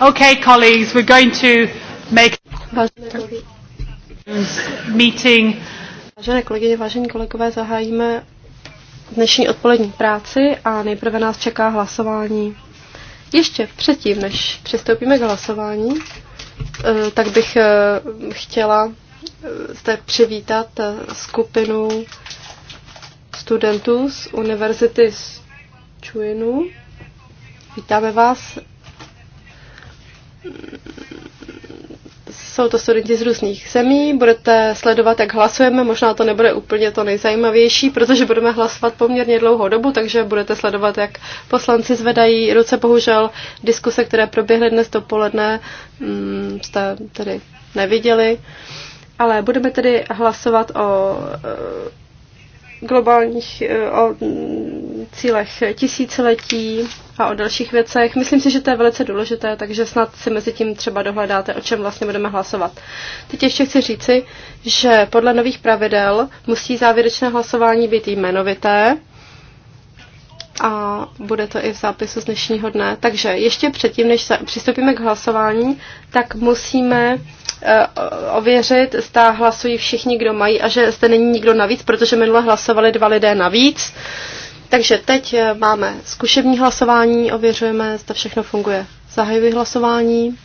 Okay, colleagues, we're going to make meeting. Vážené kolegyně, vážení kolegové, zahájíme dnešní odpolední práci a nejprve nás čeká hlasování. Ještě předtím, než přistoupíme k hlasování, eh, tak bych eh, chtěla eh, zde přivítat skupinu studentů z Univerzity z Čuinu. Vítáme vás jsou to studenti z různých zemí, budete sledovat, jak hlasujeme, možná to nebude úplně to nejzajímavější, protože budeme hlasovat poměrně dlouhou dobu, takže budete sledovat, jak poslanci zvedají ruce. Bohužel diskuse, které proběhly dnes dopoledne, mm, jste tedy neviděli, ale budeme tedy hlasovat o globálních eh, o cílech tisíciletí a o dalších věcech. Myslím si, že to je velice důležité, takže snad si mezi tím třeba dohledáte, o čem vlastně budeme hlasovat. Teď ještě chci říci, že podle nových pravidel musí závěrečné hlasování být jmenovité a bude to i v zápisu z dnešního dne. Takže ještě předtím, než se přistoupíme k hlasování, tak musíme Eh, ověřit, zda hlasují všichni, kdo mají a že zde není nikdo navíc, protože minule hlasovali dva lidé navíc. Takže teď eh, máme zkušební hlasování, ověřujeme, zda všechno funguje. Zahajuji hlasování.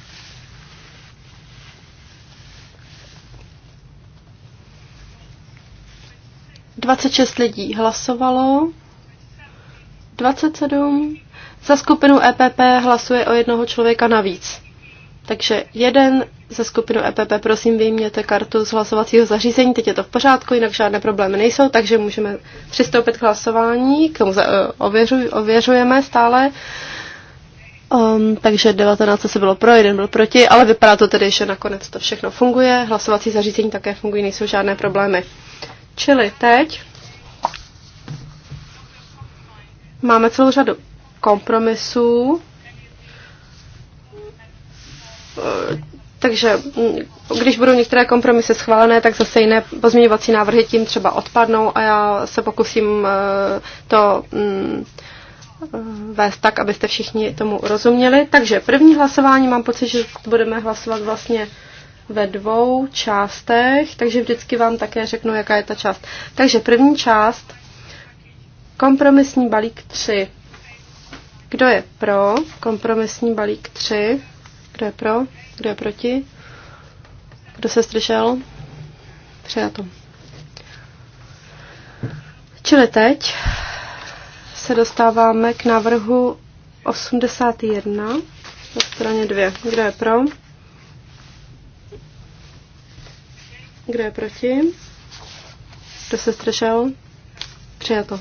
Dvacet šest lidí hlasovalo. 27. Za skupinu EPP hlasuje o jednoho člověka navíc. Takže jeden se skupinu EPP, prosím, vyjměte kartu z hlasovacího zařízení, teď je to v pořádku, jinak žádné problémy nejsou, takže můžeme přistoupit k hlasování, k tomu ověřuj, ověřujeme stále. Um, takže 19 se bylo pro, jeden byl proti, ale vypadá to tedy, že nakonec to všechno funguje, hlasovací zařízení také fungují, nejsou žádné problémy. Čili teď máme celou řadu kompromisů, takže mm, když budou některé kompromisy schválené, tak zase jiné pozměňovací návrhy tím třeba odpadnou a já se pokusím eh, to mm, eh, vést tak, abyste všichni tomu rozuměli. Takže první hlasování, mám pocit, že budeme hlasovat vlastně ve dvou částech, takže vždycky vám také řeknu, jaká je ta část. Takže první část, kompromisní balík 3. Kdo je pro kompromisní balík 3? Kdo je pro? Kdo je proti? Kdo se zdržel? Přijato. Čili teď se dostáváme k návrhu 81 na straně 2. Kdo je pro? Kdo je proti? Kdo se zdržel? Přijato.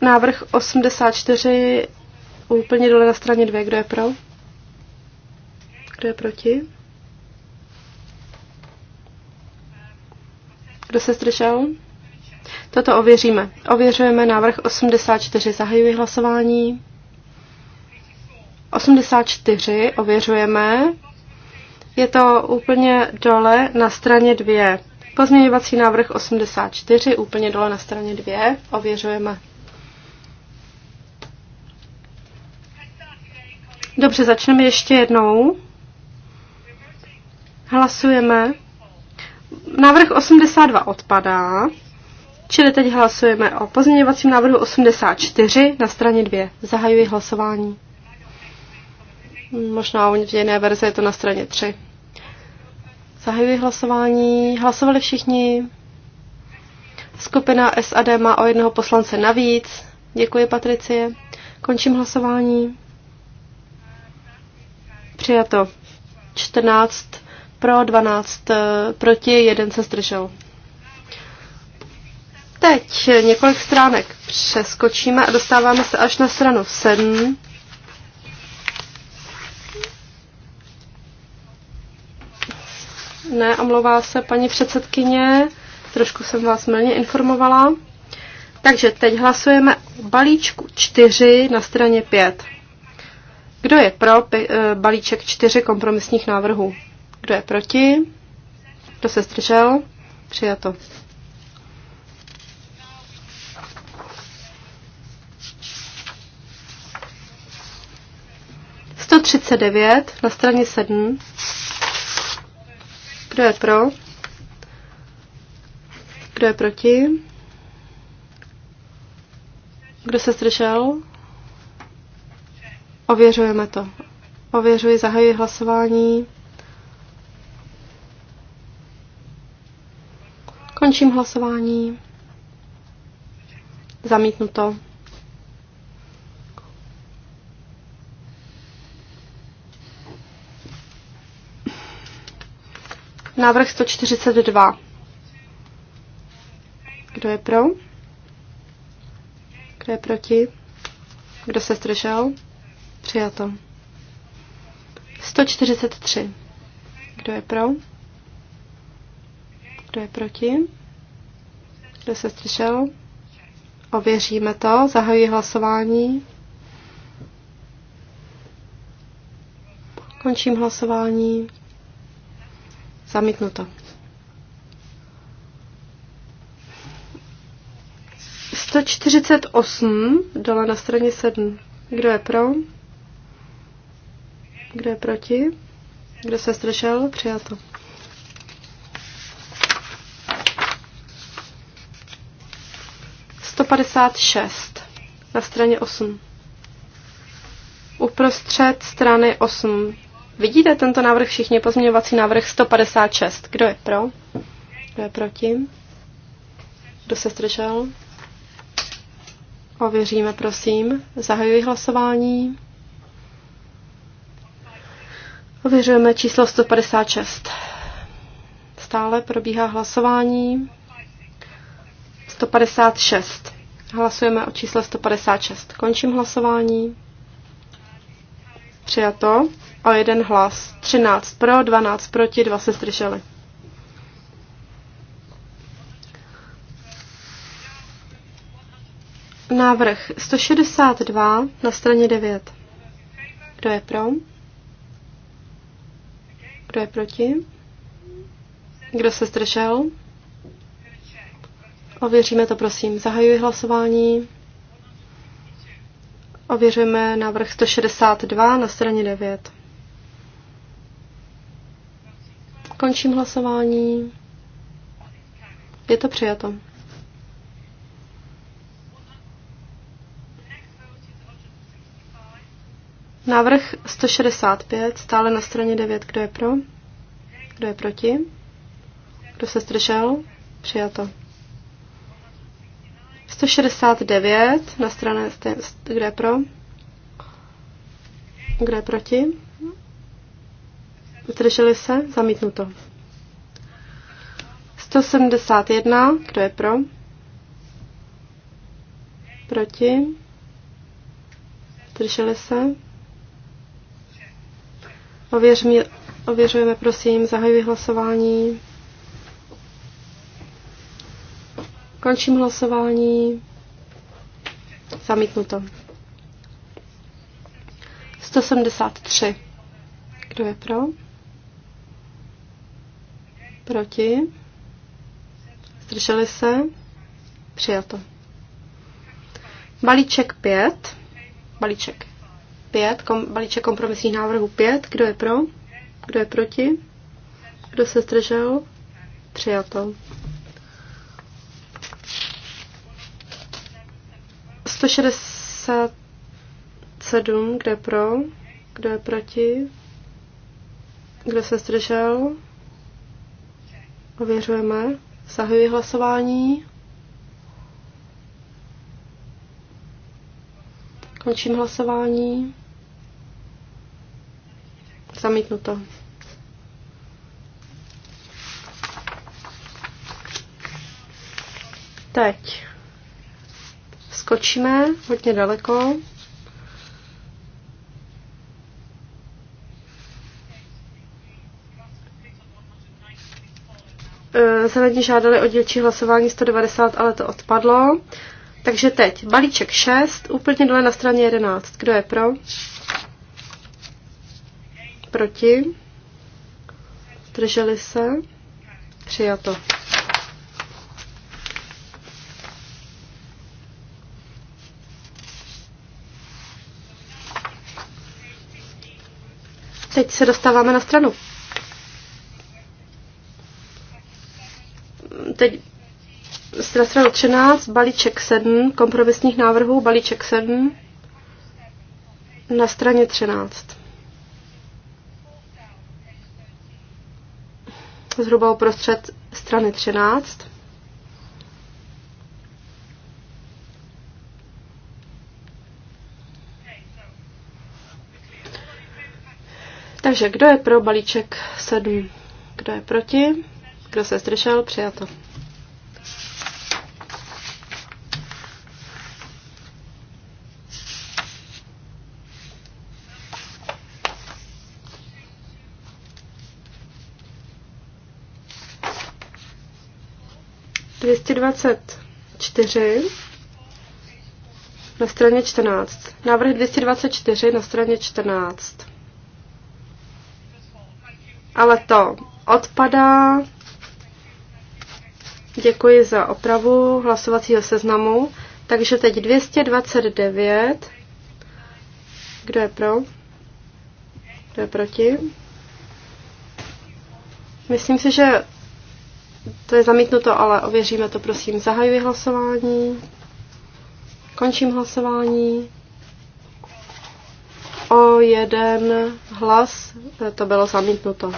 Návrh 84 Úplně dole na straně dvě, kdo je pro? Kdo je proti? Kdo se zdržel? Toto ověříme. Ověřujeme návrh 84. Zahajuji hlasování. 84 ověřujeme. Je to úplně dole na straně 2. Pozměňovací návrh 84 úplně dole na straně 2 ověřujeme. Dobře, začneme ještě jednou. Hlasujeme. Návrh 82 odpadá, čili teď hlasujeme o pozměňovacím návrhu 84 na straně 2. Zahajuji hlasování. Možná v jiné verze je to na straně 3. Zahajuji hlasování. Hlasovali všichni. Skupina SAD má o jednoho poslance navíc. Děkuji, Patricie. Končím hlasování. Přijato 14 pro, 12 eh, proti, jeden se zdržel. Teď několik stránek přeskočíme a dostáváme se až na stranu 7. Ne, omlouvá se paní předsedkyně, trošku jsem vás milně informovala. Takže teď hlasujeme o balíčku 4 na straně 5. Kdo je pro eh, balíček čtyři kompromisních návrhů? Kdo je proti? Kdo se zdržel? Přijato. Sto třicet devět na straně sedm. Kdo je pro? Kdo je proti? Kdo se zdržel? Ověřujeme to. Ověřuji, zahajuji hlasování. Končím hlasování. Zamítnu to. Návrh 142. Kdo je pro? Kdo je proti? Kdo se zdržel? Přijato. 143. Kdo je pro? Kdo je proti? Kdo se zdržel? Ověříme to. Zahajuji hlasování. Končím hlasování. Zamítnuto. 148 dole na straně 7. Kdo je pro? Kdo je proti? Kdo se zdržel? Přijato. Sto padesát šest na straně 8. Uprostřed strany 8. Vidíte tento návrh všichni, pozměňovací návrh 156. Kdo je pro? Kdo je proti? Kdo se zdržel? Ověříme, prosím. Zahajuji hlasování. Ověřujeme číslo 156. Stále probíhá hlasování. 156. Hlasujeme o čísle 156. Končím hlasování. Přijato. O jeden hlas. 13 pro, 12 proti, 2 se zdrželi. Návrh 162 na straně 9. Kdo je pro? Kdo je proti? Kdo se zdržel? Ověříme to, prosím. Zahajuji hlasování. Ověřujeme návrh 162 na straně 9. Končím hlasování. Je to přijato. Návrh 165, stále na straně 9. Kdo je pro? Kdo je proti? Kdo se zdržel? Přijato. 169 na straně, kdo je pro? Kdo je proti? Zdrželi se? Zamítnuto. 171, kdo je pro? Proti? Zdrželi se? Ověř mi, ověřujeme, prosím, zahajuji hlasování. Končím hlasování. Zamítnuto. 173. Kdo je pro? Proti? Zdrželi se? Přijato. Balíček 5. Balíček 5, kom, balíček kompromisních návrhů 5. Kdo je pro? Kdo je proti? Kdo se zdržel? Přijato. 167, Kdo je pro, kdo je proti, kdo se zdržel. Ověřujeme. Zahajuji hlasování. Končím hlasování. Zamítnuto. Teď skočíme hodně daleko. Eh, zelení žádali o dílčí hlasování 190, ale to odpadlo. Takže teď balíček 6, úplně dole na straně 11. Kdo je pro? Proti? Drželi se? Přijato. Teď se dostáváme na stranu. Teď strana 13, balíček 7, kompromisních návrhů, balíček 7, na straně 13. Zhruba uprostřed strany 13. Takže kdo je pro balíček 7? Kdo je proti? Kdo se zdržel? Přijato. 224 na straně 14. Návrh 224 na straně 14. Ale to odpadá. Děkuji za opravu hlasovacího seznamu. Takže teď 229. Kdo je pro? Kdo je proti? Myslím si, že to je zamítnuto, ale ověříme to, prosím. Zahajuji hlasování. Končím hlasování. O jeden hlas eh, to bylo zamítnuto.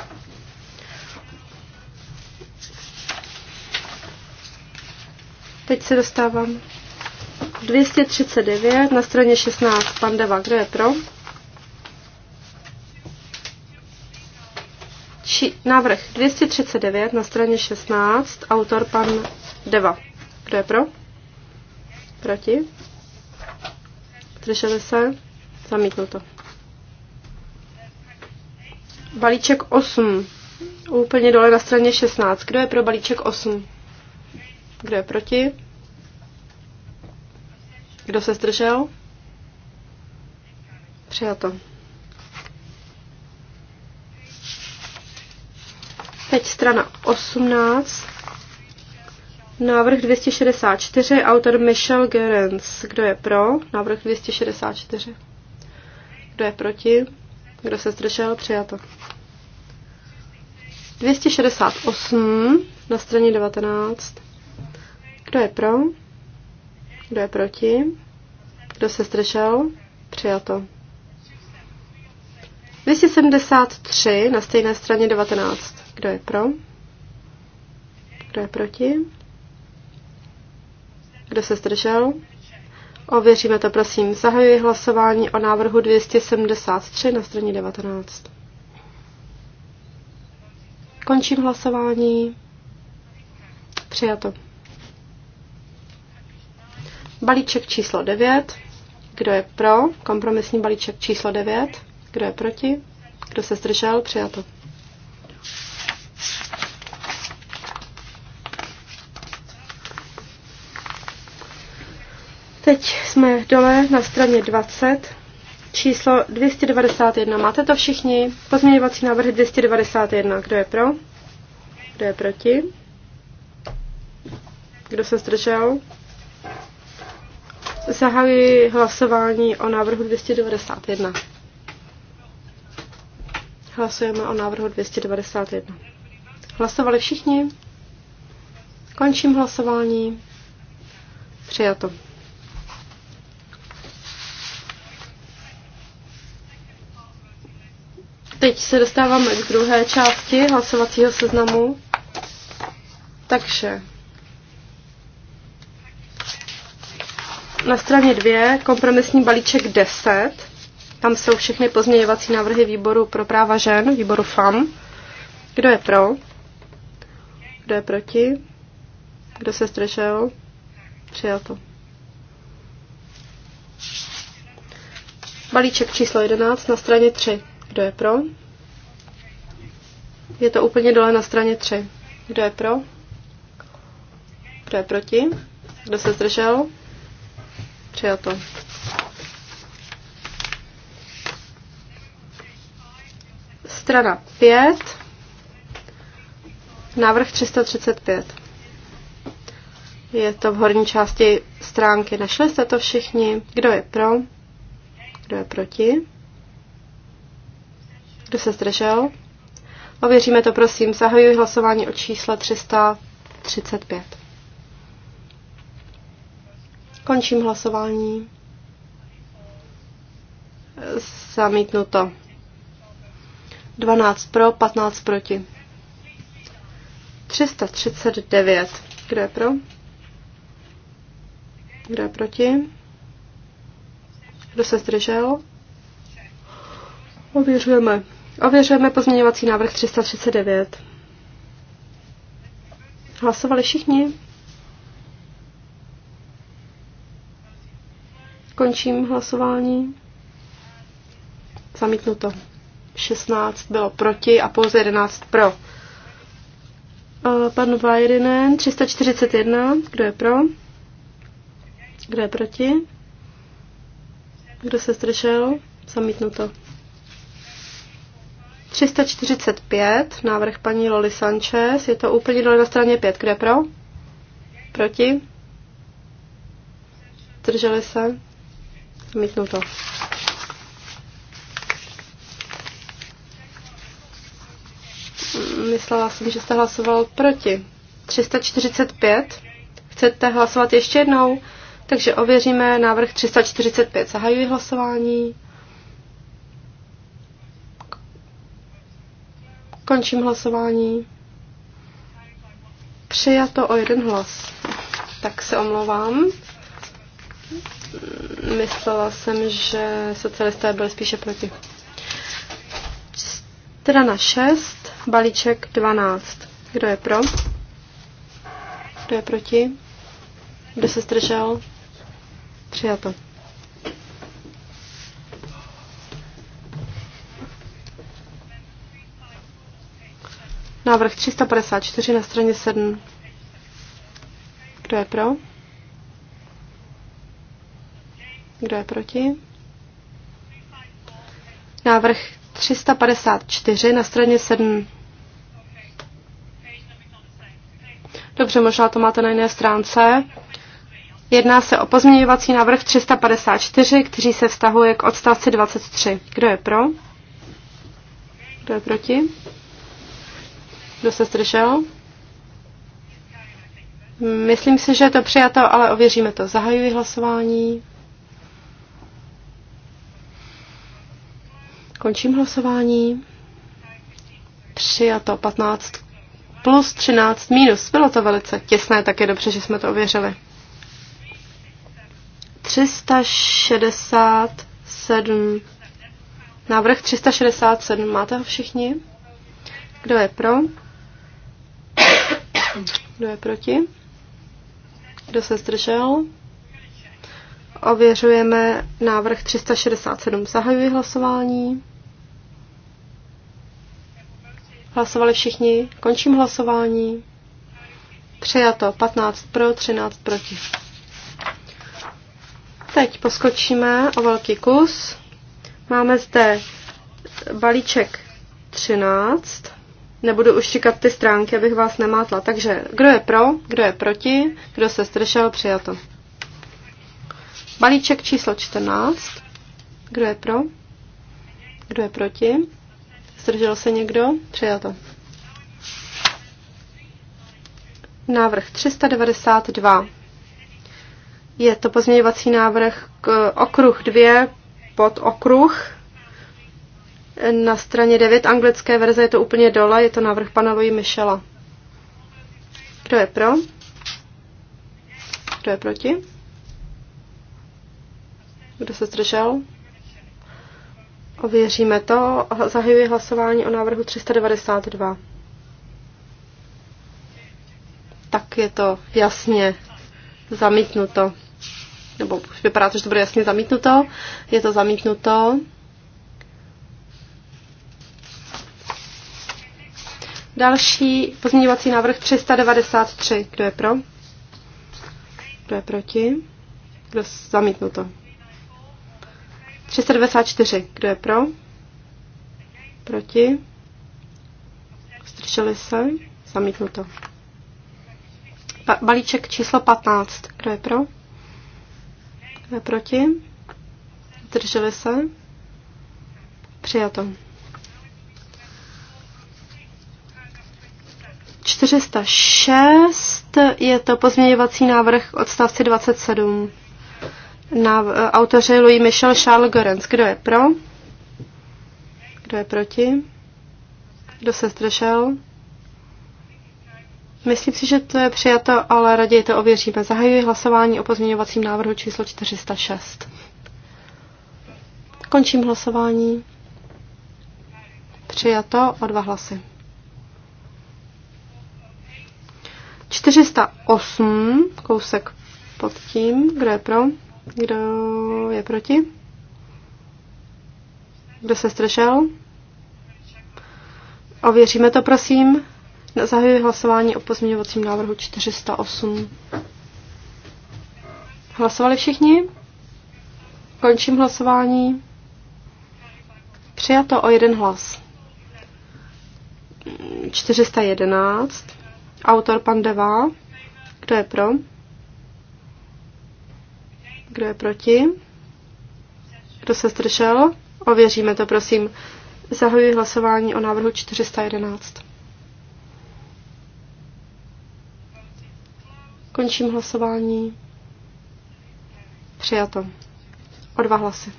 Teď se dostávám. 239 na straně 16. Deva, kdo je pro? Či, návrh 239 na straně 16, autor pan Deva. Kdo je pro? Proti? Zdrželi se? Zamítnuto. Balíček 8. Úplně dole na straně 16. Kdo je pro balíček 8? Kdo je proti? Kdo se zdržel? Přijato. Teď strana 18, návrh 264, autor Michel Gerens. Kdo je pro? Návrh 264. Kdo je proti? Kdo se zdržel? Přijato. 268 na straně 19. Kdo je pro? Kdo je proti? Kdo se zdržel? Přijato. 273 na stejné straně 19. Kdo je pro? Kdo je proti? Kdo se zdržel? Ověříme to, prosím. Zahajuji hlasování o návrhu 273 na straně 19. Končím hlasování. Přijato. Balíček číslo 9. Kdo je pro? Kompromisní balíček číslo 9. Kdo je proti? Kdo se zdržel? Přijato. Teď jsme dole na straně 20, číslo 291. Máte to všichni? Pozměňovací návrh 291. Kdo je pro? Kdo je proti? Kdo se zdržel? Zahajuji hlasování o návrhu 291. Hlasujeme o návrhu 291. Hlasovali všichni? Končím hlasování. Přijato. Teď se dostáváme k druhé části hlasovacího seznamu. Takže na straně 2 kompromisní balíček 10. Tam jsou všechny pozměňovací návrhy výboru pro práva žen, výboru FAM. Kdo je pro? Kdo je proti? Kdo se zdržel? to, Balíček číslo 11 na straně 3. Kdo je pro? Je to úplně dole na straně 3. Kdo je pro? Kdo je proti? Kdo se zdržel? to? Strana 5. Návrh 335. Je to v horní části stránky. Našli jste to všichni? Kdo je pro? Kdo je proti? Kdo se zdržel? Ověříme to, prosím. Zahajuji hlasování o čísle 335. Končím hlasování. Zamítnuto. 12 pro, 15 proti. 339. Kdo je pro? Kdo je proti? Kdo se zdržel? Ověřujeme. Ověřujeme pozměňovací návrh 339. Hlasovali všichni? Končím hlasování. Zamítnuto. 16 bylo proti a pouze 11 pro. Pan Vajrinen, 341, kdo je pro? Kdo je proti? Kdo se zdržel? Zamítnuto. 345, návrh paní Loli Sanchez, je to úplně dole na straně 5, kde pro? Proti? Drželi se? Zmítnu to. Myslela jsem, že jste hlasoval proti. 345. Chcete hlasovat ještě jednou? Takže ověříme návrh 345. Zahajuji hlasování. Končím hlasování. Přijato o jeden hlas. Tak se omlouvám. Myslela jsem, že socialisté byli spíše proti. Strana 6, balíček 12. Kdo je pro? Kdo je proti? Kdo se zdržel? Přijato. Návrh 354 na straně 7. Kdo je pro? Kdo je proti? Návrh 354 na straně 7. Dobře, možná to máte na jiné stránce. Jedná se o pozměňovací návrh 354, který se vztahuje k odstavci 23. Kdo je pro? Kdo je proti? Kdo se zdržel? Myslím si, že je to přijato, ale ověříme to. Zahajuji hlasování. Končím hlasování. Přijato 15 plus 13 minus. Bylo to velice těsné, tak je dobře, že jsme to ověřili. 367. Návrh 367. Máte ho všichni? Kdo je pro? Kdo je proti? Kdo se zdržel? Ověřujeme návrh 367. Zahajuji hlasování. Hlasovali všichni. Končím hlasování. Přijato 15 pro, 13 proti. Teď poskočíme o velký kus. Máme zde balíček 13. Nebudu už čekat ty stránky, abych vás nemátla. Takže kdo je pro, kdo je proti, kdo se stršel, přijato. Balíček číslo 14. Kdo je pro? Kdo je proti? Zdržel se někdo? Přijato. Návrh 392. Je to pozměňovací návrh k okruh 2 pod okruh na straně 9 anglické verze je to úplně dole, je to návrh pana Louis Michela. Kdo je pro? Kdo je proti? Kdo se zdržel? Ověříme to. Zahajuji hlasování o návrhu 392. Tak je to jasně zamítnuto. Nebo vypadá to, že to bude jasně zamítnuto. Je to zamítnuto. Další pozměňovací návrh 393. Kdo je pro? Kdo je proti? Kdo zamítnuto? 394. Kdo je pro? Proti? Zdrželi se? Zamítnuto. Ba- balíček číslo 15. Kdo je pro? Kdo je proti? Zdrželi se? Přijato. 406 je to pozměňovací návrh odstavci 27. Na eh, autoře Louis Michel Charles Gorens. Kdo je pro? Kdo je proti? Kdo se zdržel? Myslím si, že to je přijato, ale raději to ověříme. Zahajuji hlasování o pozměňovacím návrhu číslo 406. Končím hlasování. Přijato o dva hlasy. 408, kousek pod tím, kdo je pro, kdo je proti, kdo se zdržel. Ověříme to, prosím. Zahajuji hlasování o pozměňovacím návrhu 408. Hlasovali všichni? Končím hlasování. Přijato o jeden hlas. 411. Autor pan Deva. Kdo je pro? Kdo je proti? Kdo se zdržel? Ověříme to, prosím. Zahajuji hlasování o návrhu 411. Končím hlasování. Přijato. O dva hlasy.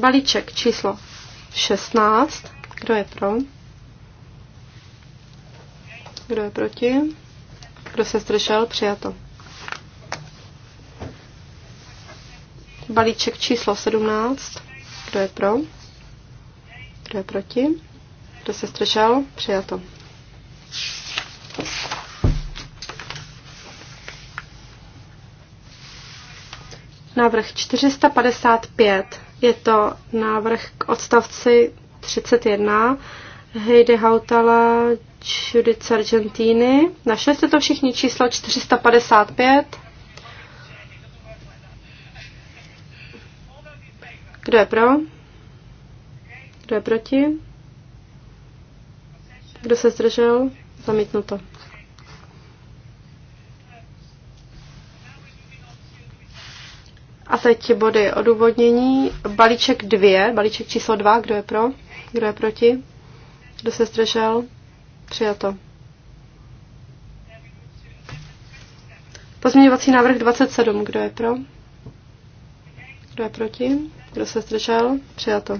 Balíček číslo 16. Kdo je pro? Kdo je proti? Kdo se zdržel? Přijato. Balíček číslo 17. Kdo je pro? Kdo je proti? Kdo se zdržel? Přijato. Návrh 455. Je to návrh k odstavci 31 Heidi Hautala, Judith Sargentini. Našli jste to všichni číslo 455. Kdo je pro? Kdo je proti? Kdo se zdržel? Zamítnuto. A teď body odůvodnění. Balíček 2, balíček číslo 2, kdo je pro, kdo je proti, kdo se zdržel, přijato. Pozměňovací návrh 27, kdo je pro, kdo je proti, kdo se zdržel, přijato.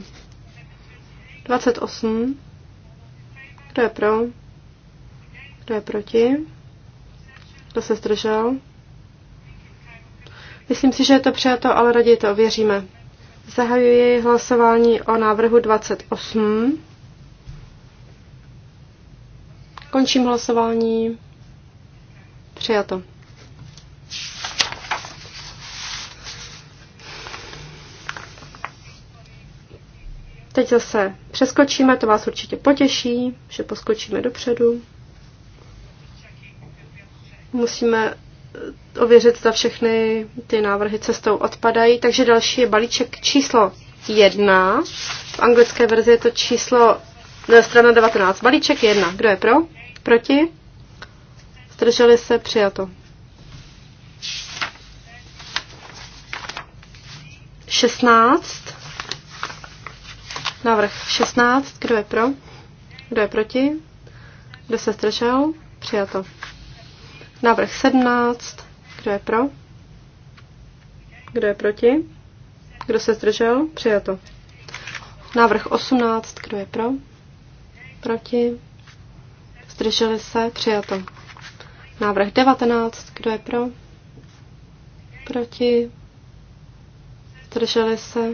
28, kdo je pro, kdo je proti, kdo se zdržel, Myslím si, že je to přijato, ale raději to ověříme. Zahajuji hlasování o návrhu 28. Končím hlasování. Přijato. Teď zase přeskočíme, to vás určitě potěší, že poskočíme dopředu. Musíme ověřit, zda všechny ty návrhy cestou odpadají. Takže další je balíček číslo 1. V anglické verzi je to číslo ne, strana 19. Balíček 1. Kdo je pro? Proti? Zdrželi se? Přijato. 16. Návrh 16. Kdo je pro? Kdo je proti? Kdo se zdržel? Přijato. Návrh 17. Kdo je pro? Kdo je proti? Kdo se zdržel? Přijato. Návrh 18. Kdo je pro? Proti? Zdrželi se? Přijato. Návrh 19. Kdo je pro? Proti? Zdrželi se?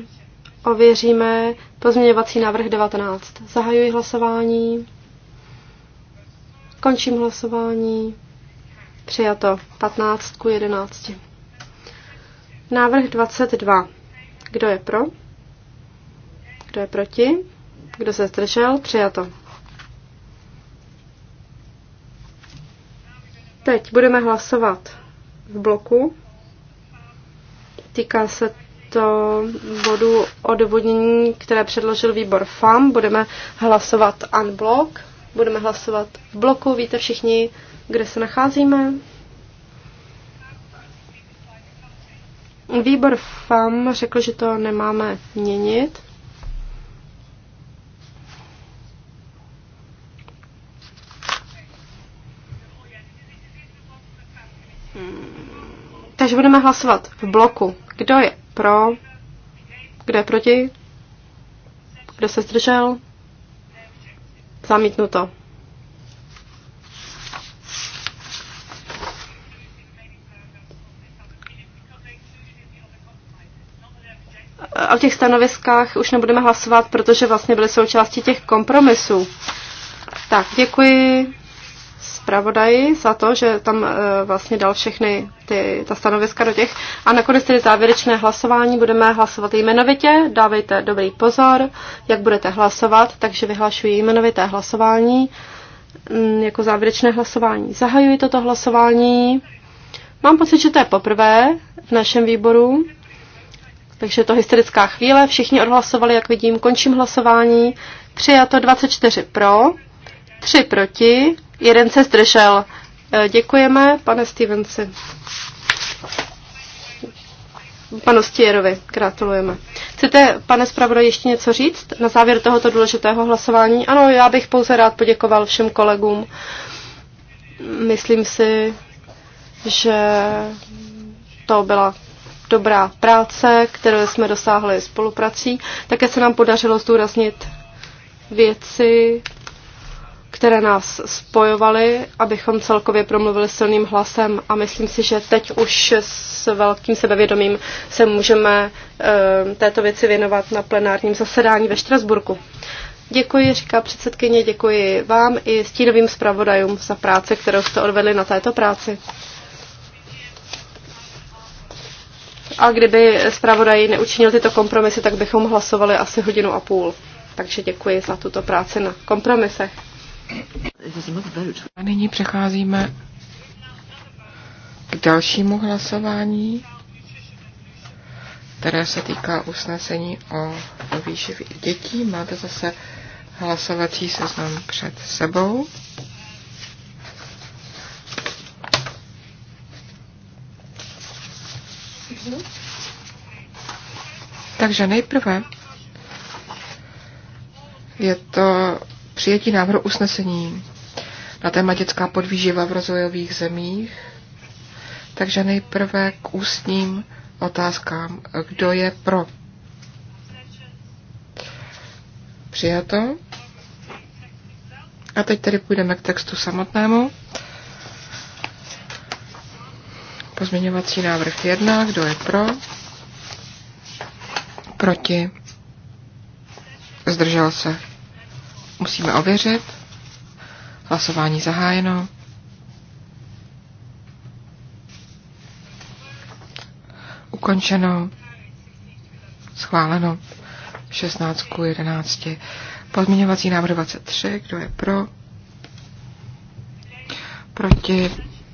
Ověříme pozměňovací návrh 19. Zahajuji hlasování. Končím hlasování. Přijato 15 ku 11. Návrh 22. Kdo je pro? Kdo je proti? Kdo se zdržel? Přijato. Teď budeme hlasovat v bloku. Týká se to bodu odvodnění, které předložil výbor FAM. Budeme hlasovat unblock. Budeme hlasovat v bloku. Víte všichni, kde se nacházíme. Výbor FAM řekl, že to nemáme měnit. Hmm. Takže budeme hlasovat v bloku. Kdo je pro? Kdo je proti? Kdo se zdržel? Zamítnuto. o těch stanoviskách už nebudeme hlasovat, protože vlastně byly součástí těch kompromisů. Tak, děkuji zpravodaji za to, že tam e, vlastně dal všechny ty, ta stanoviska do těch. A nakonec tedy závěrečné hlasování budeme hlasovat jmenovitě. Dávejte dobrý pozor, jak budete hlasovat, takže vyhlašuji jmenovité hlasování mm, jako závěrečné hlasování. Zahajuji toto hlasování. Mám pocit, že to je poprvé v našem výboru. Takže to historická chvíle, všichni odhlasovali, jak vidím, končím hlasování. Přijato 24 pro, 3 proti, jeden se zdržel. E, děkujeme, pane Stevensi. Panu Stierovi gratulujeme. Chcete, pane zpravodaj, ještě něco říct na závěr tohoto důležitého hlasování? Ano, já bych pouze rád poděkoval všem kolegům. Myslím si, že to byla dobrá práce, které jsme dosáhli spoluprací. Také se nám podařilo zdůraznit věci, které nás spojovaly, abychom celkově promluvili silným hlasem a myslím si, že teď už s velkým sebevědomím se můžeme e, této věci věnovat na plenárním zasedání ve Štrasburku. Děkuji, říká předsedkyně, děkuji vám i stínovým zpravodajům za práci, kterou jste odvedli na této práci. A kdyby zpravodaj neučinil tyto kompromisy, tak bychom hlasovali asi hodinu a půl. Takže děkuji za tuto práci na kompromisech. A nyní přecházíme k dalšímu hlasování, které se týká usnesení o výživě dětí. Máte zase hlasovací seznam před sebou. Takže nejprve je to přijetí návrhu usnesení na téma dětská podvýživa v rozvojových zemích. Takže nejprve k ústním otázkám. Kdo je pro? Přijato. A teď tedy půjdeme k textu samotnému. Pozměňovací návrh 1, kdo je pro? Proti? Zdržel se. Musíme ověřit. Hlasování zahájeno. Ukončeno. Schváleno. 16 k 11. Pozměňovací návrh 23. Kdo je pro? Proti?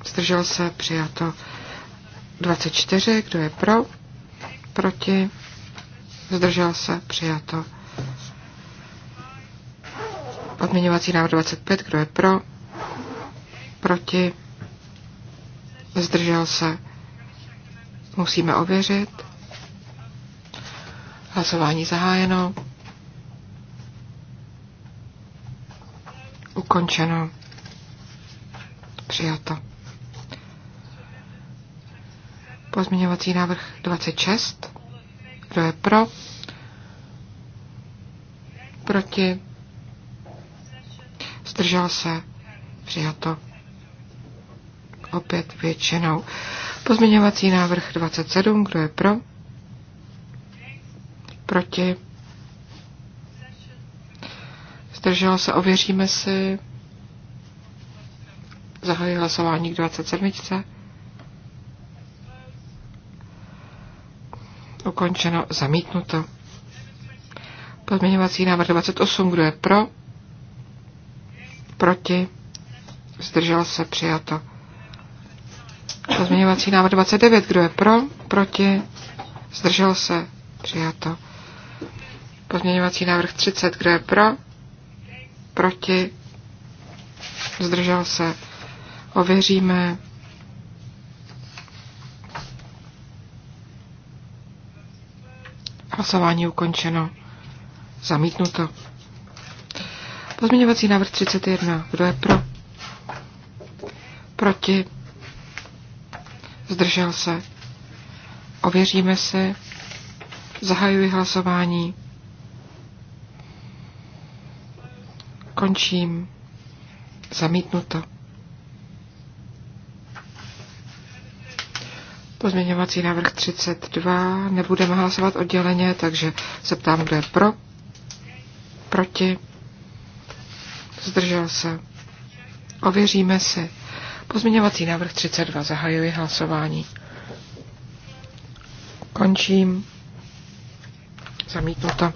Zdržel se. Přijato. 24, kdo je pro, proti, zdržel se, přijato. Odměňovací návrh 25, kdo je pro, proti, zdržel se, musíme ověřit. Hlasování zahájeno. Ukončeno. Přijato. Pozměňovací návrh 26. Kdo je pro? Proti? Zdržel se? Přijato. Opět většinou. Pozměňovací návrh 27. Kdo je pro? Proti? Zdržel se? Ověříme si. Zahajuji hlasování k 27. Ukončeno. Zamítnuto. Podměňovací návrh 28. Kdo je pro? Proti? Zdržel se. Přijato. Pozměňovací návrh 29. Kdo je pro? Proti? Zdržel se? Přijato. Pozměňovací návrh 30. Kdo je pro? Proti? Zdržel se? Ověříme. Hlasování ukončeno. Zamítnuto. Pozměňovací návrh 31. Kdo je pro? Proti? Zdržel se? Ověříme si. Zahajuji hlasování. Končím. Zamítnuto. Pozměňovací návrh 32. Nebudeme hlasovat odděleně, takže se ptám, kdo je pro, proti, zdržel se. Ověříme si. Pozměňovací návrh 32. Zahajuji hlasování. Končím. Zamítnuto.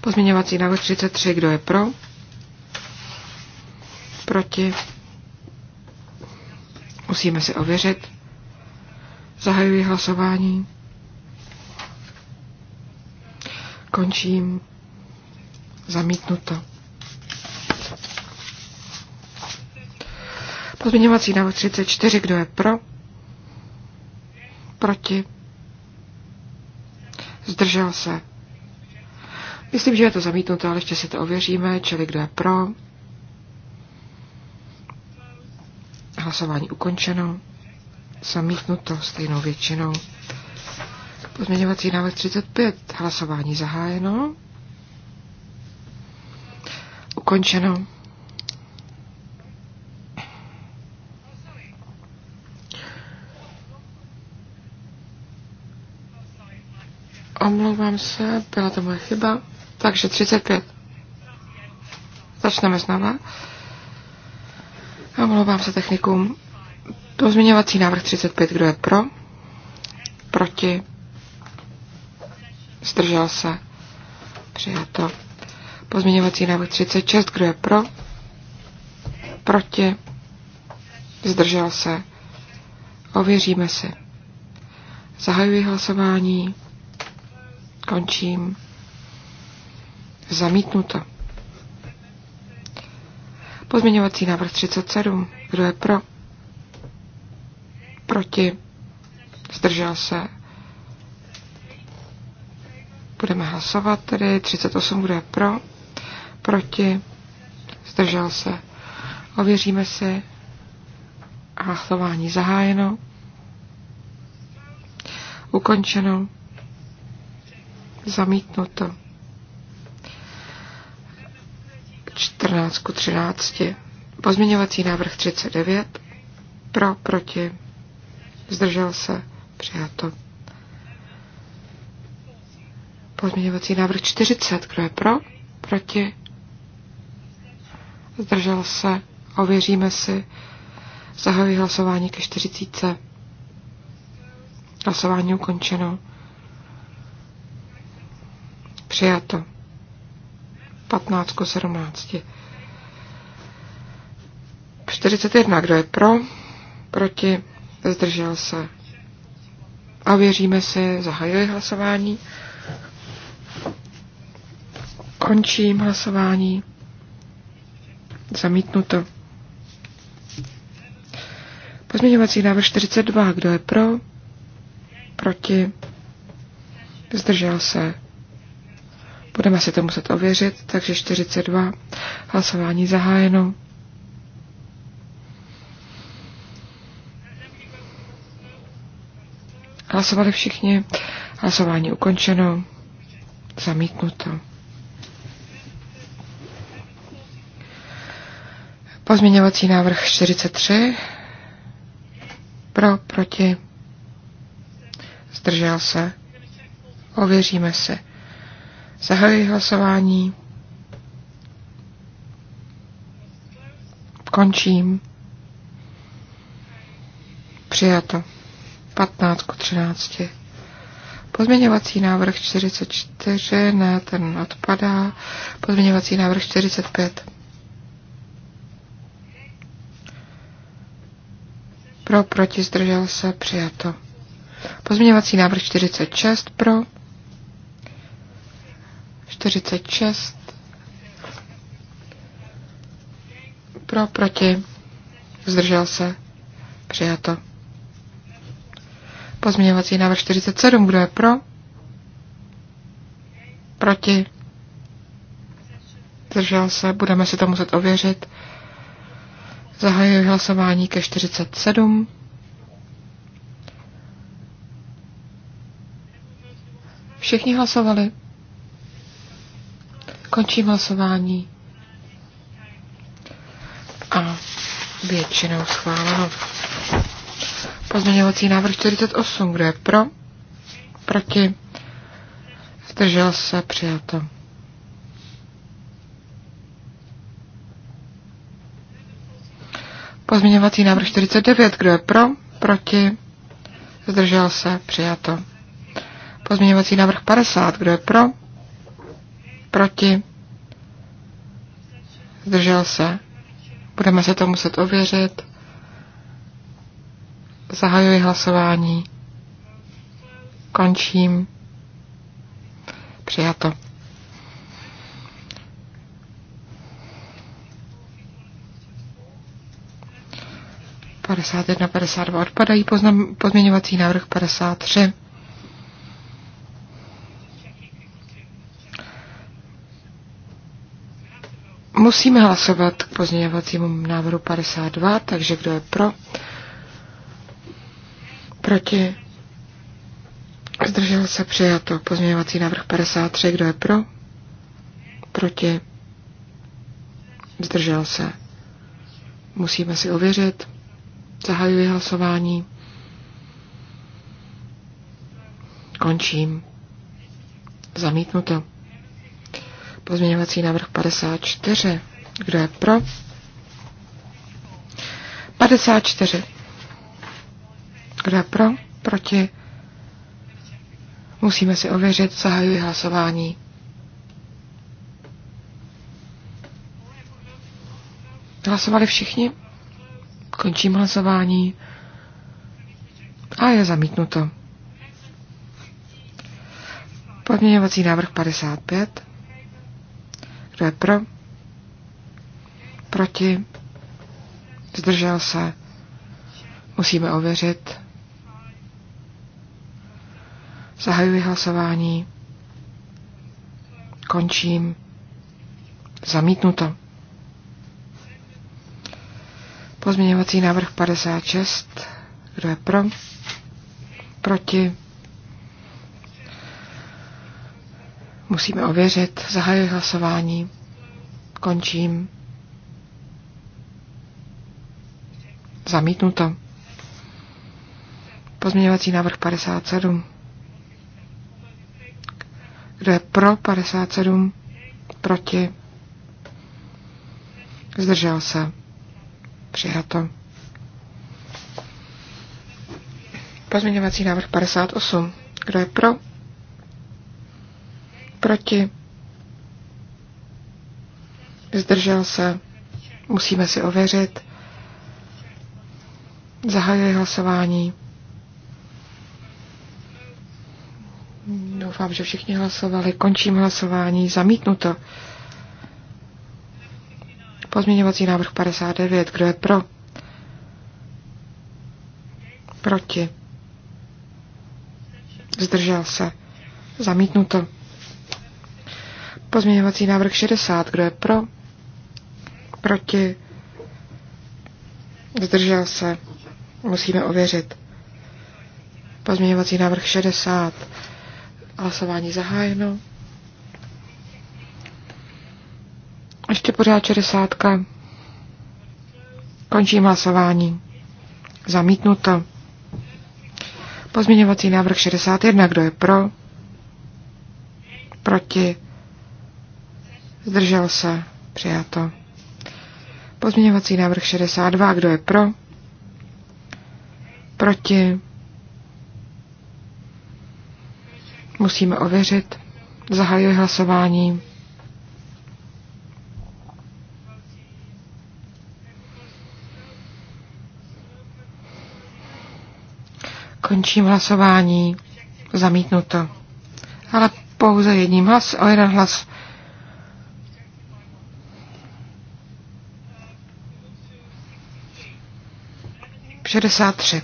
Pozměňovací návrh 33. Kdo je pro? Proti? musíme si ověřit. Zahajuji hlasování. Končím. Zamítnuto. Pozměňovací návrh 34, kdo je pro? Proti? Zdržel se. Myslím, že je to zamítnuto, ale ještě si to ověříme, čili kdo je pro? Hlasování ukončeno. Zamítnuto stejnou většinou. Pozměňovací návrh 35. Hlasování zahájeno. Ukončeno. Omlouvám se, byla to moje chyba. Takže 35. Začneme znova. Omlouvám se technikům. Pozměňovací návrh 35, kdo je pro? Proti? Zdržel se? Přijato. Pozměňovací návrh 36, kdo je pro? Proti? Zdržel se? Ověříme si. Zahajuji hlasování. Končím. Zamítnuto. Pozměňovací návrh 37. Kdo je pro? Proti? Zdržel se? Budeme hlasovat tedy. 38. Kdo je pro? Proti? Zdržel se? Ověříme si. Hlasování zahájeno. Ukončeno. Zamítnuto. 14 ku 13. Pozměňovací návrh 39. Pro, proti. Zdržel se. Přijato. Pozměňovací návrh 40. Kdo je pro? Proti. Zdržel se. Ověříme si. Zahajuji hlasování ke 40. Hlasování ukončeno. Přijato. 15 17. 41. Kdo je pro? Proti? Zdržel se. A věříme si, zahajuji hlasování. Končím hlasování. Zamítnuto. Pozměňovací návrh 42. Kdo je pro? Proti? Zdržel se. Budeme si to muset ověřit, takže 42. Hlasování zahájeno. Hlasovali všichni. Hlasování ukončeno. Zamítnuto. Pozměňovací návrh 43. Pro, proti. Zdržel se. Ověříme se. Zahajuji hlasování. Končím. Přijato. 15 k 13. Pozměňovací návrh 44, ne, ten odpadá. Pozměňovací návrh 45. Pro, proti, zdržel se, přijato. Pozměňovací návrh 46 pro. 46. Pro, proti, zdržel se, přijato. Pozměňovací návrh 47, kdo je pro? Proti? Zdržel se, budeme si to muset ověřit. Zahajuji hlasování ke 47. Všichni hlasovali. Končím hlasování. A většinou schváleno. Pozměňovací návrh 48, kdo je pro? Proti? Zdržel se, přijato. Pozměňovací návrh 49, kdo je pro? Proti? Zdržel se, přijato. Pozměňovací návrh 50, kdo je pro? Proti? Zdržel se. Budeme se to muset ověřit. Zahajuji hlasování. Končím. Přijato. Padesát jedna, padesát dva odpadají, poznam, pozměňovací návrh padesát tři. Musíme hlasovat k pozměňovacímu návrhu 52, takže kdo je pro? Proti? Zdržel se přijato. Pozměňovací návrh 53. Kdo je pro? Proti? Zdržel se. Musíme si ověřit. Zahajuji hlasování. Končím. Zamítnuto. Pozměňovací návrh 54. Kdo je pro? 54. Kdo je pro? Proti? Musíme si ověřit, zahajuji hlasování. Hlasovali všichni? Končím hlasování. A je zamítnuto. Podměňovací návrh 55. Kdo je pro? Proti? Zdržel se? Musíme ověřit. Zahajuji hlasování. Končím. Zamítnuto. Pozměňovací návrh 56. Kdo je pro? Proti? Musíme ověřit. Zahajuji hlasování. Končím. Zamítnuto. Pozměňovací návrh 57. Kdo je pro 57? Proti? Zdržel se. Přijato. Pozměňovací návrh 58. Kdo je pro? Proti? Zdržel se. Musíme si ověřit. Zahajuji hlasování. Doufám, že všichni hlasovali. Končím hlasování. Zamítnuto. Pozměňovací návrh 59. Kdo je pro? Proti. Zdržel se. Zamítnuto. Pozměňovací návrh 60. Kdo je pro? Proti. Zdržel se. Musíme ověřit. Pozměňovací návrh 60. Hlasování zahájeno. Ještě pořád 60. Končím hlasování. Zamítnuto. Pozměňovací návrh 61. Kdo je pro? Proti? Zdržel se? Přijato. Pozměňovací návrh 62. Kdo je pro? Proti? Musíme ověřit. Zahajuji hlasování. Končím hlasování. Zamítnuto. Ale pouze jedním hlas, o jeden hlas. Šedesát tři.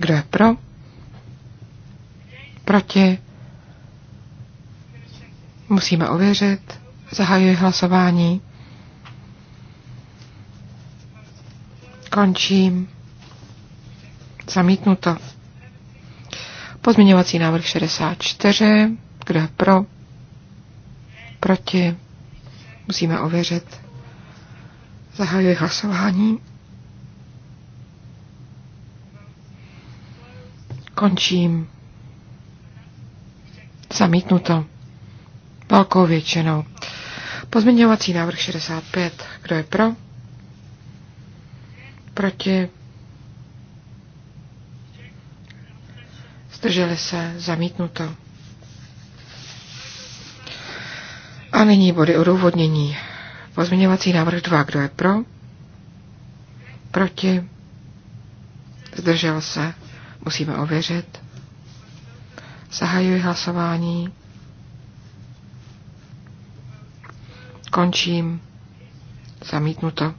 Kdo je pro? Proti? Musíme ověřit. Zahajuji hlasování. Končím. Zamítnuto. Pozměňovací návrh 64. Kdo je pro? Proti? Musíme ověřit. Zahajuji hlasování. Končím. Zamítnuto velkou většinou. Pozměňovací návrh 65. Kdo je pro? Proti? Zdrželi se? Zamítnuto. A nyní body odůvodnění. Pozměňovací návrh 2. Kdo je pro? Proti? Zdržel se? Musíme ověřit. Zahajuji hlasování. skončím. Zamítnuto.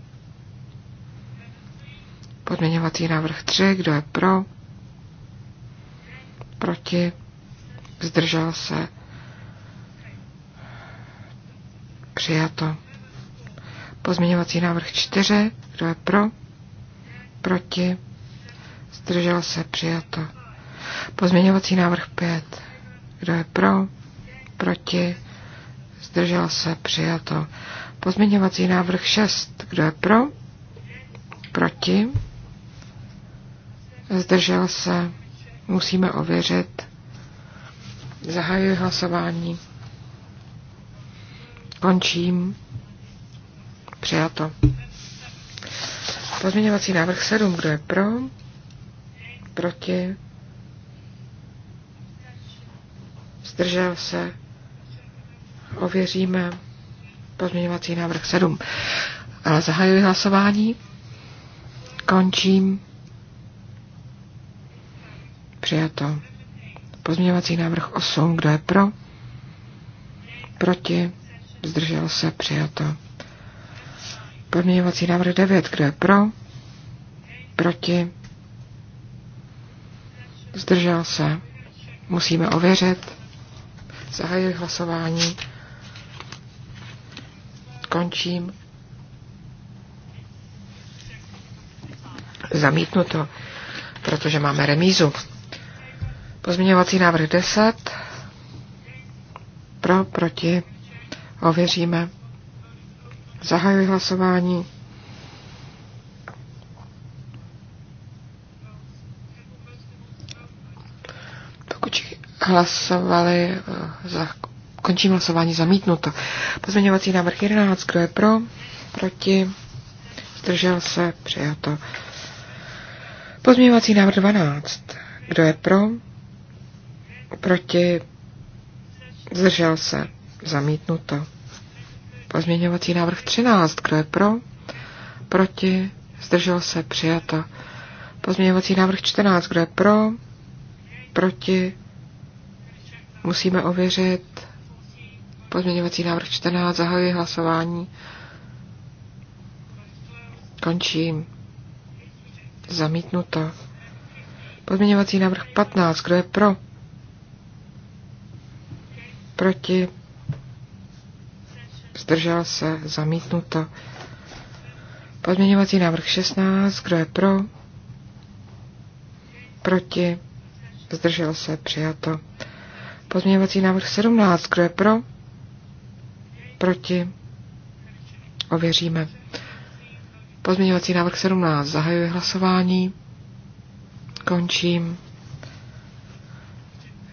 Podměňovací návrh 3. Kdo je pro? Proti? Zdržel se? Přijato. Pozměňovací návrh 4. Kdo je pro? Proti? Zdržel se? Přijato. Pozměňovací návrh 5. Kdo je pro? Proti? zdržel se, přijato. Pozměňovací návrh 6, kdo je pro, proti, zdržel se, musíme ověřit, zahajuji hlasování, končím, přijato. Pozměňovací návrh 7, kdo je pro, proti, zdržel se, Ověříme pozměňovací návrh 7. Ale zahajuji hlasování. Končím. Přijato. Pozměňovací návrh 8. Kdo je pro? Proti? Zdržel se? Přijato. Pozměňovací návrh 9. Kdo je pro? Proti? Zdržel se? Musíme ověřit. Zahajuji hlasování. Končím. Zamítnuto, protože máme remízu. Pozměňovací návrh 10. Pro, proti. Ověříme. Zahajuji hlasování. hlasovali, eh, za. Končím hlasování zamítnuto. Pozměňovací návrh 11. Kdo je pro? Proti? Zdržel se? Přijato. Pozměňovací návrh 12. Kdo je pro? Proti? Zdržel se? Zamítnuto. Pozměňovací návrh 13. Kdo je pro? Proti? Zdržel se? Přijato. Pozměňovací návrh 14. Kdo je pro? Proti? Musíme ověřit. Pozměňovací návrh 14. Zahajuji hlasování. Končím. Zamítnuto. Pozměňovací návrh 15. Kdo je pro? Proti? Zdržel se? Zamítnuto. Pozměňovací návrh 16. Kdo je pro? Proti? Zdržel se? Přijato. Pozměňovací návrh 17. Kdo je pro? Proti? Ověříme. Pozměňovací návrh 17. Zahajuji hlasování. Končím.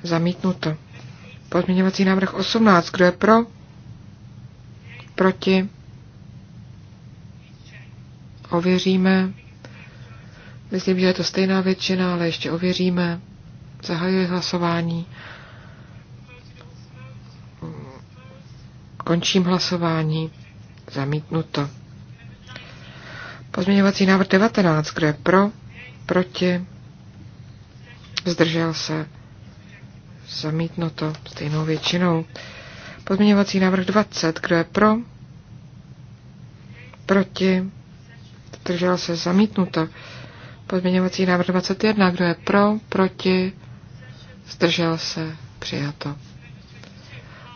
Zamítnuto. Pozměňovací návrh 18. Kdo je pro? Proti? Ověříme. Myslím, že je to stejná většina, ale ještě ověříme. Zahajuji hlasování. Končím hlasování. Zamítnuto. Pozměňovací návrh 19, kdo je pro, proti, zdržel se, zamítnuto stejnou většinou. Pozměňovací návrh 20, kdo je pro, proti, zdržel se, zamítnuto. Pozměňovací návrh 21, kdo je pro, proti, zdržel se, přijato.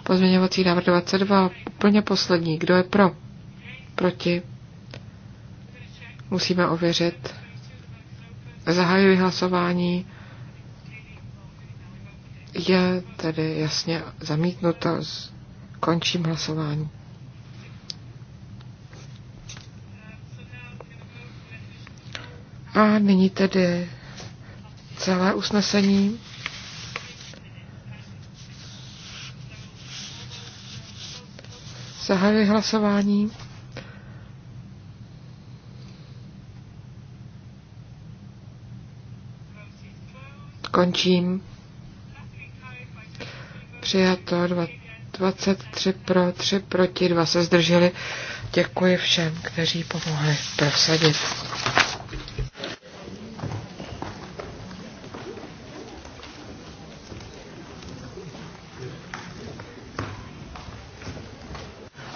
Pozměňovací návrh 22, úplně poslední. Kdo je pro? Proti? Musíme ověřit. Zahajuji hlasování. Je tedy jasně zamítnuto. Končím hlasování. A nyní tedy celé usnesení. Zahajuji hlasování. Končím. Přijato 23 pro, 3 proti, 2 se zdrželi. Děkuji všem, kteří pomohli prosadit.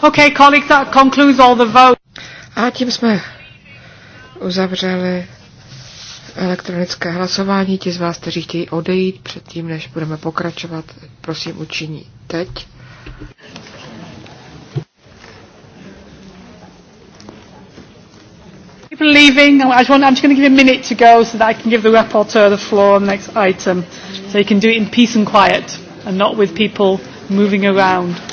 Okay, colleagues, that concludes all the votes. A tím jsme uzavřeli elektronické hlasování. Ti z vás, kteří chtějí odejít předtím, než budeme pokračovat, prosím učiní teď. leaving. I just want, I'm just going to give you a minute to go so that I can give the rapporteur the floor on the next item. So you can do it in peace and quiet and not with people moving around.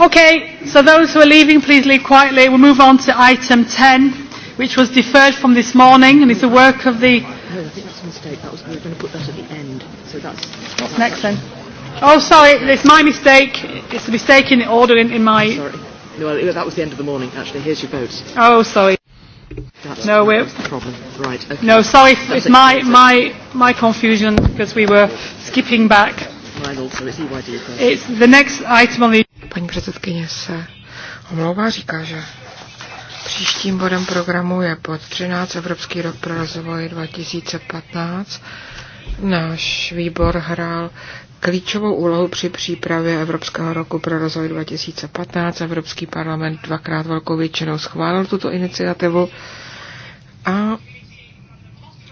Okay, so those who are leaving, please leave quietly. We'll move on to item 10, which was deferred from this morning and is the work of the... No, I think that's a mistake. That was, we were going to put that at the end. So that's... What's next then? Oh, sorry, it's my mistake. It's a mistake in the order in, in my... Sorry. No, that was the end of the morning, actually. Here's your votes. Oh, sorry. That's, no, we're, that's the problem. Right, okay. No, sorry, that's it's my, my, my confusion because we were skipping back. Mine also. It's EYD. First. It's the next item on the... Paní předsedkyně se omlouvá, říká, že příštím bodem programu je pod 13 Evropský rok pro rozvoj 2015. Náš výbor hrál klíčovou úlohu při přípravě Evropského roku pro rozvoj 2015. Evropský parlament dvakrát velkou většinou schválil tuto iniciativu a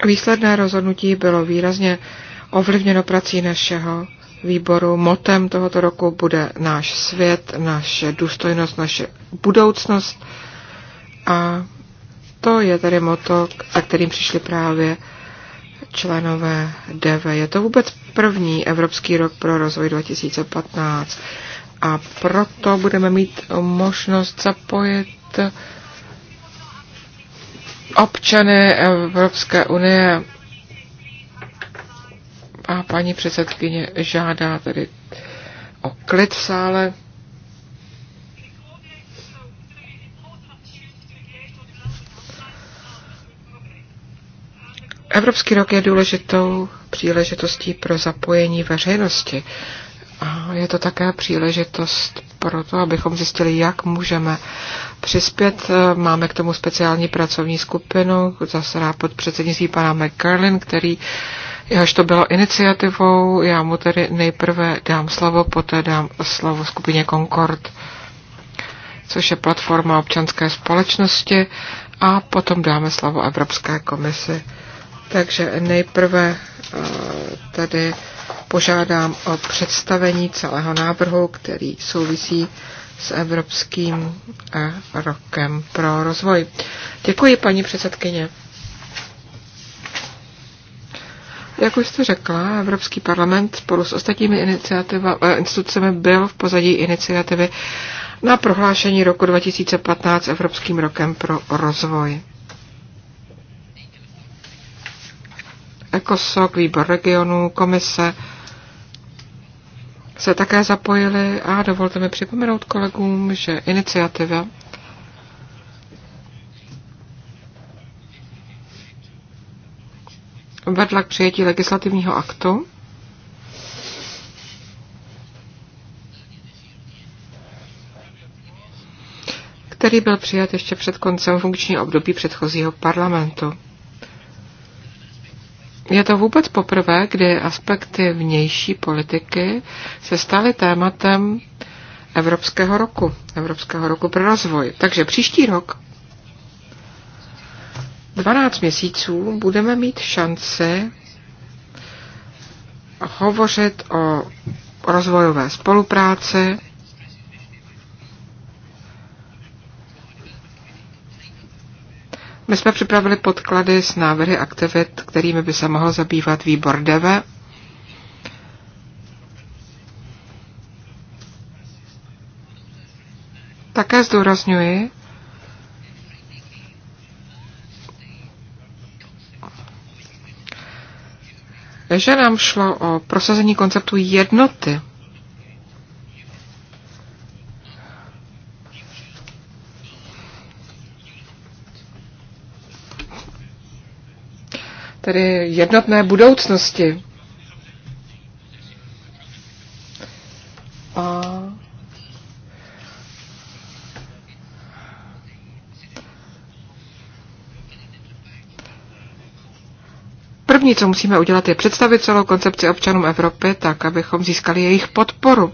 výsledné rozhodnutí bylo výrazně ovlivněno prací našeho výboru. Motem tohoto roku bude náš svět, naše důstojnost, naše budoucnost. A to je tedy moto, za kterým přišli právě členové DV. Je to vůbec první Evropský rok pro rozvoj 2015 a proto budeme mít možnost zapojit občany Evropské unie a paní předsedkyně žádá tedy o klid v sále. Evropský rok je důležitou příležitostí pro zapojení veřejnosti. A je to také příležitost pro to, abychom zjistili, jak můžeme přispět. Máme k tomu speciální pracovní skupinu, zasedá pod předsednictví pana McCarlin, který jehož to bylo iniciativou. Já mu tedy nejprve dám slovo, poté dám slovo skupině Concord, což je platforma občanské společnosti, a potom dáme slovo Evropské komisi. Takže nejprve eh, tedy požádám o představení celého návrhu, který souvisí s Evropským eh, rokem pro rozvoj. Děkuji, paní předsedkyně. Jak už jste řekla, Evropský parlament spolu s ostatními eh, institucemi byl v pozadí iniciativy na prohlášení roku 2015 Evropským rokem pro rozvoj. ECOSOC, výbor regionů, komise se také zapojili a dovolte mi připomenout kolegům, že iniciativa vedla k přijetí legislativního aktu, který byl přijat ještě před koncem funkční období předchozího parlamentu. Je to vůbec poprvé, kdy aspekty vnější politiky se staly tématem Evropského roku, Evropského roku pro rozvoj. Takže příští rok 12 měsíců budeme mít šance hovořit o rozvojové spolupráce, My jsme připravili podklady s návrhy aktivit, kterými by se mohl zabývat výbor DEVE. Také zdůrazňuji, že nám šlo o prosazení konceptu jednoty. Tedy jednotné budoucnosti. A První, co musíme udělat, je představit celou koncepci občanům Evropy tak, abychom získali jejich podporu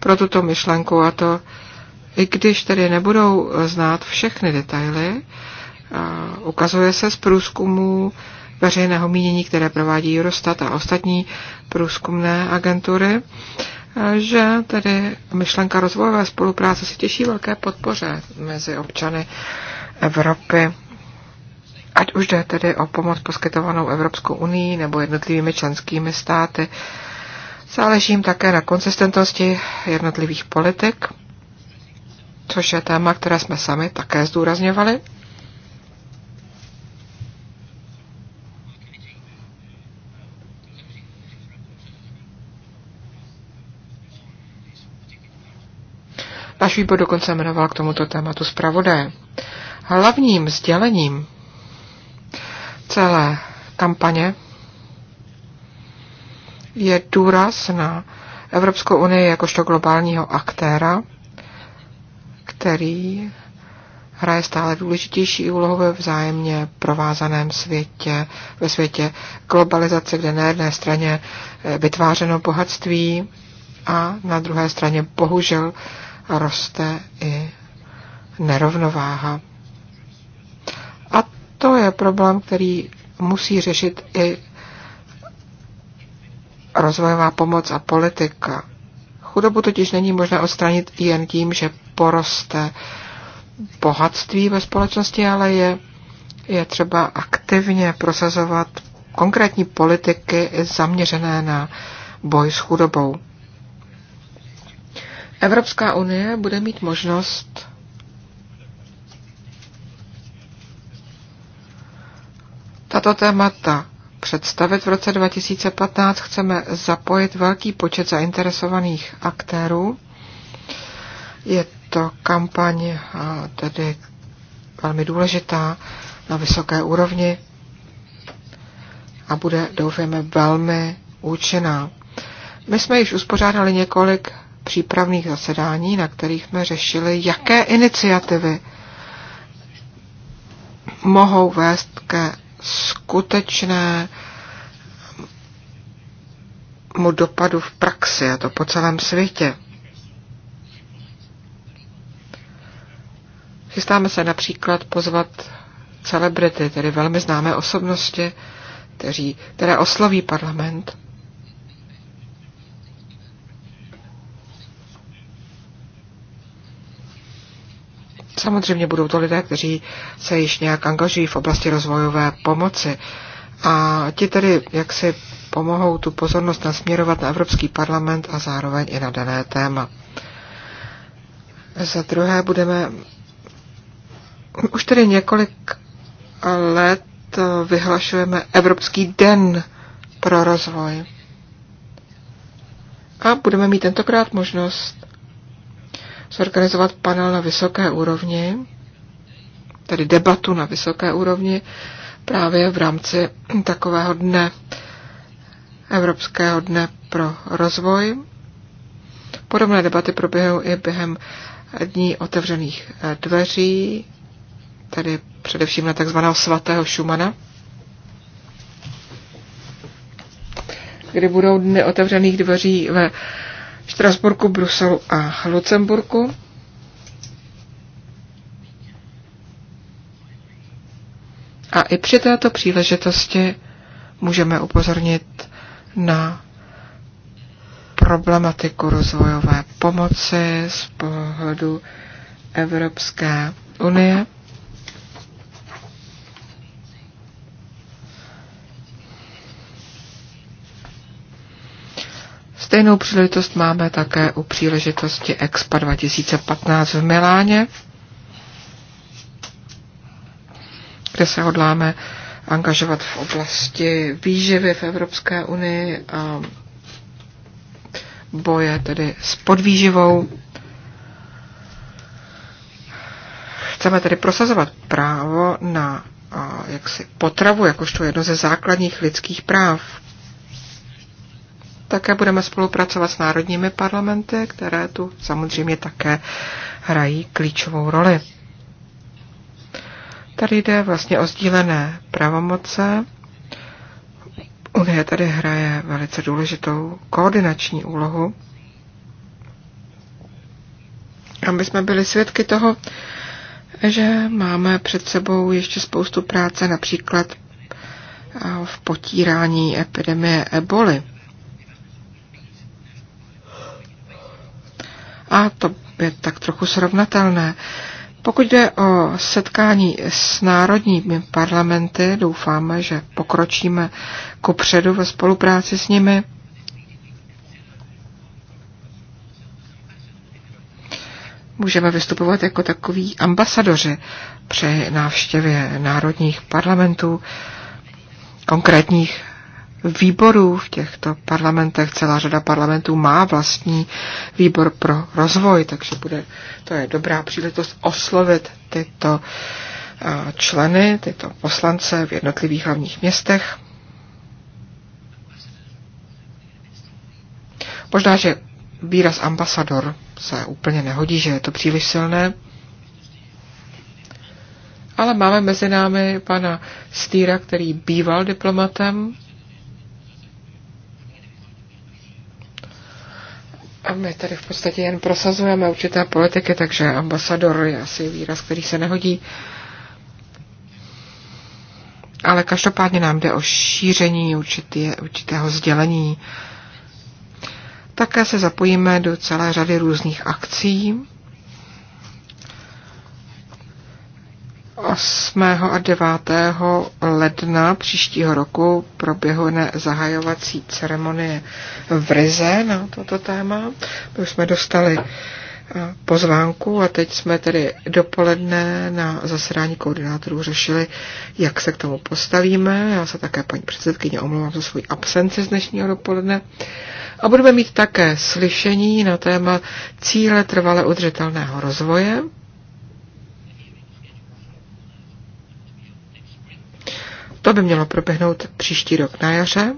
pro tuto myšlenku a to, i když tedy nebudou znát všechny detaily, ukazuje se z průzkumu veřejného mínění, které provádí Eurostat a ostatní průzkumné agentury, že tedy myšlenka rozvojové spolupráce se těší velké podpoře mezi občany Evropy. Ať už jde tedy o pomoc poskytovanou Evropskou unii nebo jednotlivými členskými státy, záleží jim také na konsistentnosti jednotlivých politik, což je téma, které jsme sami také zdůrazňovali. Náš výbor dokonce jmenoval k tomuto tématu zpravodaje. Hlavním sdělením celé kampaně je důraz na Evropskou unii jakožto globálního aktéra, který hraje stále důležitější úlohu ve vzájemně provázaném světě, ve světě globalizace, kde na jedné straně eh, vytvářeno bohatství a na druhé straně bohužel roste i nerovnováha. To je problém, který musí řešit i rozvojová pomoc a politika. Chudobu totiž není možné odstranit jen tím, že poroste bohatství ve společnosti, ale je, je třeba aktivně prosazovat konkrétní politiky zaměřené na boj s chudobou. Evropská unie bude mít možnost tato témata představit v roce 2015. Chceme zapojit velký počet zainteresovaných aktérů. Je to kampaň eh, tedy velmi důležitá na vysoké úrovni a bude, doufáme velmi účinná. My jsme již uspořádali několik přípravných zasedání, na kterých jsme řešili, jaké iniciativy mohou vést ke skutečné mu dopadu v praxi, a to po celém světě. Chystáme se například pozvat celebrity, tedy velmi známé osobnosti, kteří, které osloví parlament Samozřejmě budou to lidé, kteří se již nějak angažují v oblasti rozvojové pomoci. A ti tedy, jak si pomohou tu pozornost nasměrovat na Evropský parlament a zároveň i na dané téma. Za druhé budeme už tedy několik let vyhlašujeme Evropský den pro rozvoj. A budeme mít tentokrát možnost zorganizovat panel na vysoké úrovni, tedy debatu na vysoké úrovni, právě v rámci takového dne, Evropského dne pro rozvoj. Podobné debaty proběhou i během dní otevřených eh, dveří, tedy především na takzvaného svatého Šumana, kdy budou dny otevřených dveří ve Štrasburku, Bruselu a Lucemburku. A i při této příležitosti můžeme upozornit na problematiku rozvojové pomoci z pohledu Evropské unie. Stejnou příležitost máme také u příležitosti Expo 2015 v Miláně, kde se hodláme angažovat v oblasti výživy v Evropské unii a boje tedy s podvýživou. Chceme tedy prosazovat právo na jaksi potravu jakožto jedno ze základních lidských práv. Také budeme spolupracovat s národními parlamenty, které tu samozřejmě také hrají klíčovou roli. Tady jde vlastně o sdílené pravomoce. Unie tady hraje velice důležitou koordinační úlohu. Aby jsme byli svědky toho, že máme před sebou ještě spoustu práce, například v potírání epidemie eboli. A to je tak trochu srovnatelné. Pokud jde o setkání s národními parlamenty, doufáme, že pokročíme ku předu ve spolupráci s nimi. Můžeme vystupovat jako takoví ambasadoři při návštěvě národních parlamentů, konkrétních výborů v těchto parlamentech. Celá řada parlamentů má vlastní výbor pro rozvoj, takže bude, to je dobrá příležitost oslovit tyto členy, tyto poslance v jednotlivých hlavních městech. Možná, že výraz ambasador se úplně nehodí, že je to příliš silné. Ale máme mezi námi pana Stýra, který býval diplomatem A my tady v podstatě jen prosazujeme určité politiky, takže ambasador je asi výraz, který se nehodí. Ale každopádně nám jde o šíření určitě, určitého sdělení. Také se zapojíme do celé řady různých akcí, 8. a 9. ledna příštího roku proběhne zahajovací ceremonie v Rize na toto téma. My už jsme dostali eh, pozvánku a teď jsme tedy dopoledne na zasedání koordinátorů řešili, jak se k tomu postavíme. Já se také paní předsedkyně omlouvám za svůj absenci z dnešního dopoledne. A budeme mít také slyšení na téma cíle trvale udržitelného rozvoje. To by mělo proběhnout příští rok na jaře.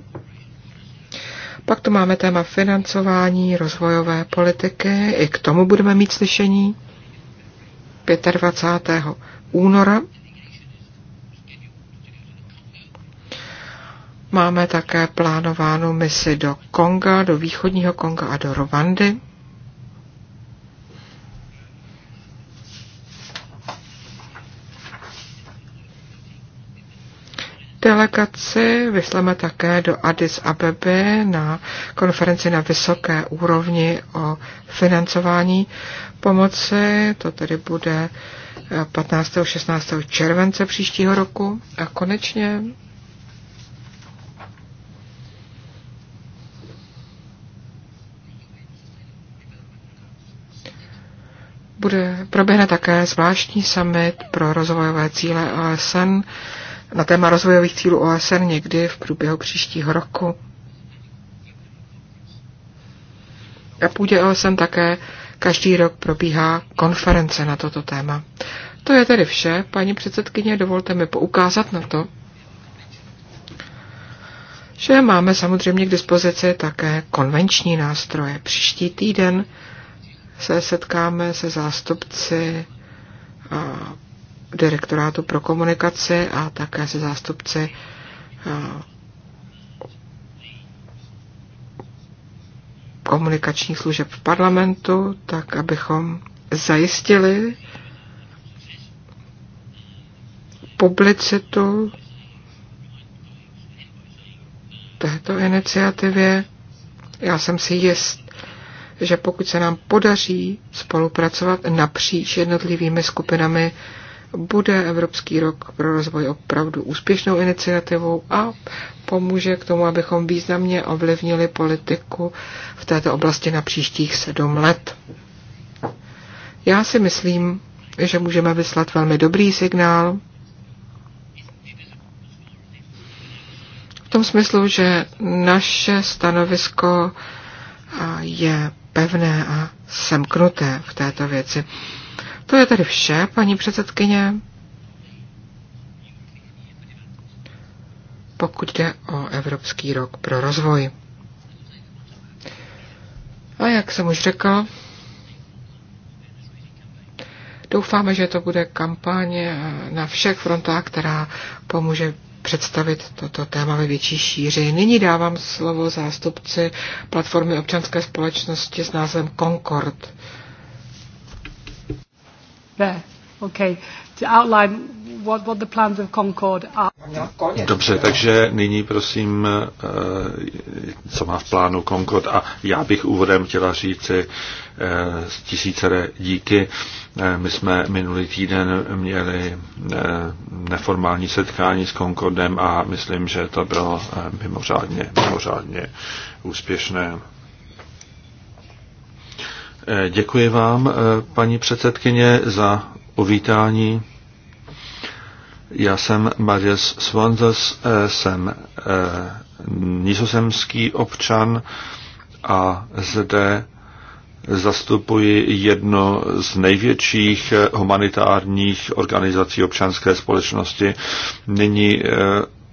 Pak tu máme téma financování, rozvojové politiky. I k tomu budeme mít slyšení 25. února. Máme také plánovánu misi do Konga, do východního Konga a do Rwandy. Delegaci vysleme také do Addis Abebe na konferenci na vysoké úrovni o financování pomoci. To tedy bude eh, 15. 16. července příštího roku. A konečně bude, proběhne také zvláštní summit pro rozvojové cíle OSN na téma rozvojových cílů OSN někdy v průběhu příštího roku. Na půdě OSN také každý rok probíhá konference na toto téma. To je tedy vše. Paní předsedkyně, dovolte mi poukázat na to, že máme samozřejmě k dispozici také konvenční nástroje. Příští týden se setkáme se zástupci direktorátu pro komunikaci a také se zástupci eh, komunikačních služeb v parlamentu, tak abychom zajistili publicitu této iniciativě. Já jsem si jist, že pokud se nám podaří spolupracovat napříč jednotlivými skupinami bude Evropský rok pro rozvoj opravdu úspěšnou iniciativou a pomůže k tomu, abychom významně ovlivnili politiku v této oblasti na příštích sedm let. Já si myslím, že můžeme vyslat velmi dobrý signál v tom smyslu, že naše stanovisko je pevné a semknuté v této věci. To je tedy vše, paní předsedkyně. Pokud jde o Evropský rok pro rozvoj. A jak jsem už řekl, doufáme, že to bude kampaně na všech frontách, která pomůže představit toto téma ve větší šíři. Nyní dávám slovo zástupci platformy občanské společnosti s názvem Concord. There. Okay. To outline what, what the plans of Concord are. Dobře, takže nyní prosím, eh, co má v plánu Concord. A já bych úvodem chtěla říci eh, tisícere díky. Eh, my jsme minulý týden měli neformální setkání s Concordem a myslím, že to bylo mimořádně, mimořádně úspěšné. Eh, děkuji vám, eh, paní předsedkyně, za uvítání. Já jsem Marius Swanzes, eh, jsem nizozemský občan a zde zastupuji jedno z největších humanitárních organizací občanské společnosti. Nyní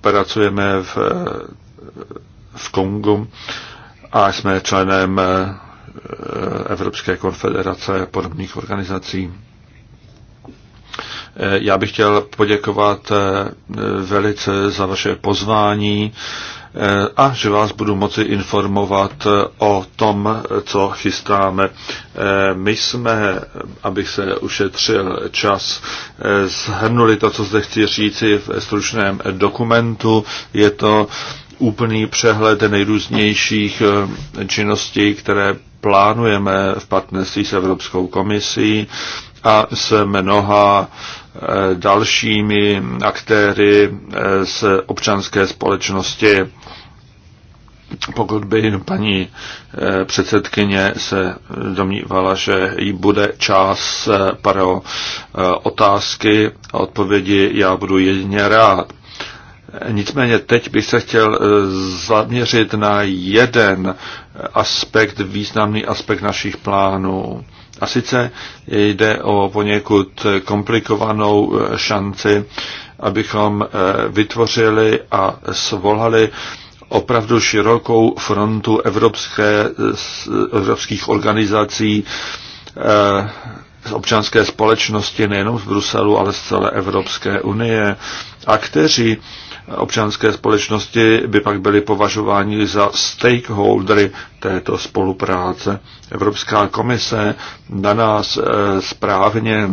pracujeme v, v Kongu a jsme členem Evropské konfederace podobných organizací. Já bych chtěl poděkovat eh, velice za vaše pozvání eh, a že vás budu moci informovat eh, o tom, co chystáme. My jsme, abych se ušetřil čas, zhrnuli to, co zde chci říci v stručném dokumentu. Je to úplný přehled nejrůznějších eh, činností, které plánujeme v partnerství s Evropskou komisí a s mnoha eh, dalšími aktéry eh, z občanské společnosti. Pokud by paní předsedkyně se domnívala, že jí bude čas pro otázky a odpovědi, já budu jedině rád. Nicméně teď bych se chtěl e, zaměřit na jeden aspekt, významný aspekt našich plánů. A sice jde o poněkud komplikovanou e, šanci, abychom e, vytvořili a svolali opravdu širokou frontu evropské, evropských organizací z občanské společnosti nejenom z Bruselu, ale z celé Evropské unie a kteří občanské společnosti by pak byly považováni za stakeholdery této spolupráce. Evropská komise na nás eh, správně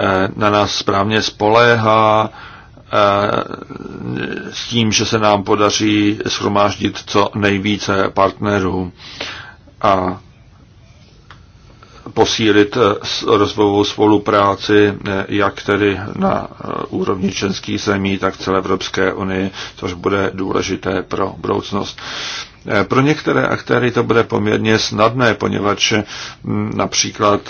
eh, na nás správně spoléhá eh, s tím, že se nám podaří schromáždit co nejvíce partnerů. A posílit eh, rozvojovou spolupráci eh, jak tedy na eh, úrovni členských zemí, tak celé Evropské unii, což bude důležité pro budoucnost. Pro některé aktéry to bude poměrně snadné, poněvadž mm, například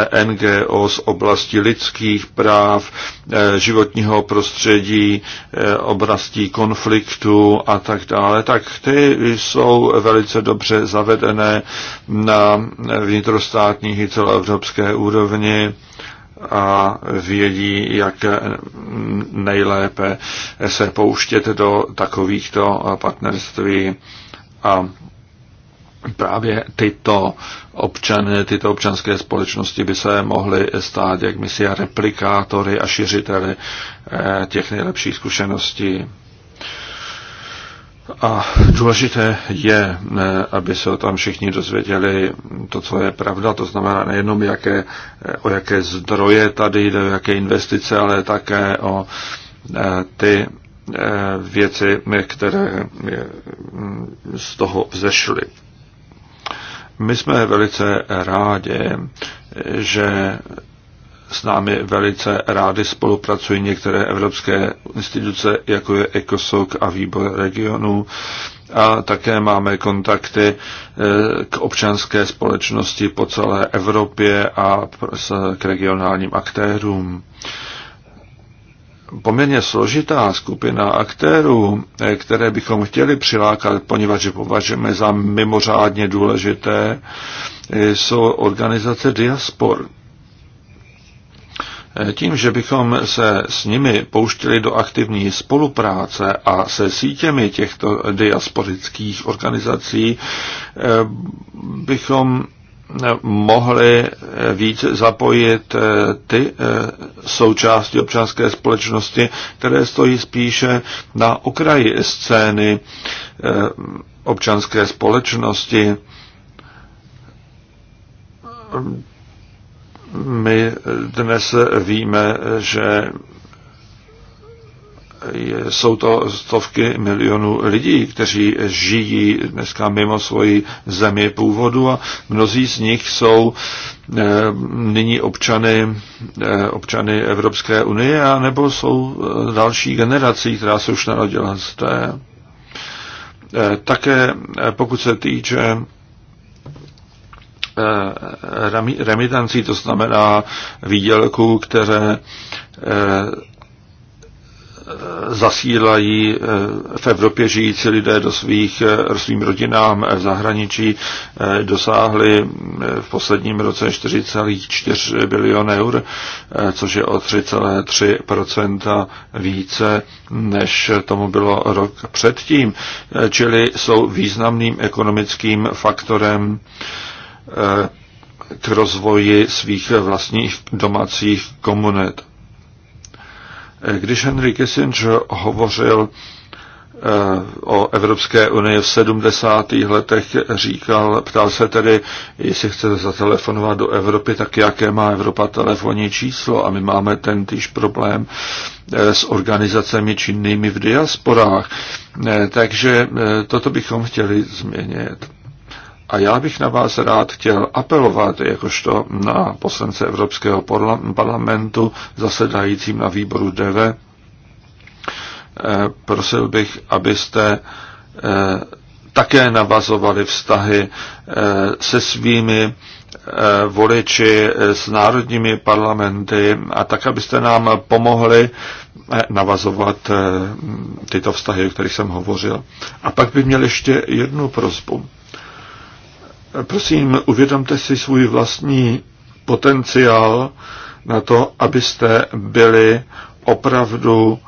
eh, NGO z oblasti lidských práv, eh, životního prostředí, eh, oblastí konfliktu a tak dále, tak ty jsou velice dobře zavedené na vnitrostátních i celoevropské úrovni a vědí, jak mm, nejlépe se pouštět do takovýchto partnerství. A právě tyto občany, tyto občanské společnosti by se mohly stát jak misi replikátory a šiřiteli eh, těch nejlepších zkušeností. A důležité je, eh, aby se tam všichni dozvěděli to, co je pravda, to znamená nejenom jaké, eh, o jaké zdroje tady jde, o jaké investice, ale také o ty Eh, věci, které mm, z toho vzešly. My jsme velice rádi, že s námi velice rádi spolupracují některé evropské instituce, jako je ECOSOC a výbor regionů. A také máme kontakty eh, k občanské společnosti po celé Evropě a k regionálním aktérům poměrně složitá skupina aktérů, eh, které bychom chtěli přilákat, poněvadž je považujeme za mimořádně důležité, eh, jsou organizace diaspor. Eh, tím, že bychom se s nimi pouštili do aktivní spolupráce a se sítěmi těchto diasporických organizací, bychom mohli eh, víc zapojit eh, ty eh, součásti občanské společnosti, které stojí spíše na okraji scény občanské společnosti. My dnes víme, že jsou to stovky milionů lidí, kteří žijí dneska mimo svoji zemi původu a mnozí z nich jsou eh, nyní občany, eh, občany Evropské unie a nebo jsou eh, další generací, která se už narodila z té. Také pokud se týče remitancí, to znamená výdělků, které zasílají eh, v Evropě žijící lidé do svých, eh, svým rodinám v zahraničí, eh, dosáhly v posledním roce 4,4 bilion eur, což je o 3,3 více, než tomu bylo rok předtím. Čili jsou významným ekonomickým faktorem k rozvoji svých vlastních domácích komunit. Když Henry Kissinger hovořil eh, o Evropské unii v 70. letech říkal, ptal se tedy, jestli chcete zatelefonovat do Evropy, tak jaké má Evropa telefonní číslo a my máme ten týž problém eh, s organizacemi činnými v diasporách. Eh, takže toto bychom chtěli změnit. A já bych na vás rád chtěl apelovat, jakožto na poslance Evropského parlamentu, zasedajícím na výboru DV, eh, prosil bych, abyste eh, také navazovali vztahy eh, se svými voliči s národními parlamenty a tak, abyste nám pomohli navazovat tyto vztahy, o kterých jsem hovořil. A pak bych měl ještě jednu prozbu. Eh, prosím, uvědomte si svůj vlastní potenciál na to, abyste byli opravdu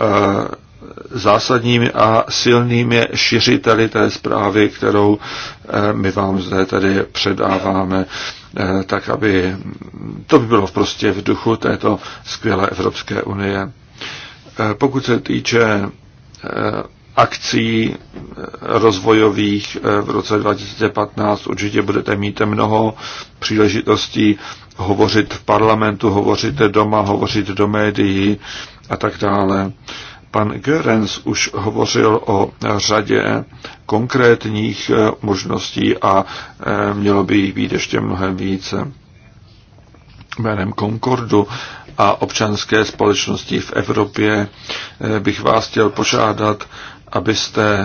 eh, zásadními a silnými šiřiteli té zprávy, kterou eh, my vám zde tady předáváme, tak aby to by bylo prostě v duchu této skvělé Evropské unie. Pokud se týče akcí eh, rozvojových eh, v roce 2015. Určitě budete mít mnoho příležitostí hovořit v parlamentu, hovořit doma, hovořit do médií a tak dále. Pan Görens už hovořil o řadě konkrétních eh, možností a mělo by jich být ještě mnohem více. Jménem Concordu a občanské společnosti v Evropě bych vás chtěl požádat, abyste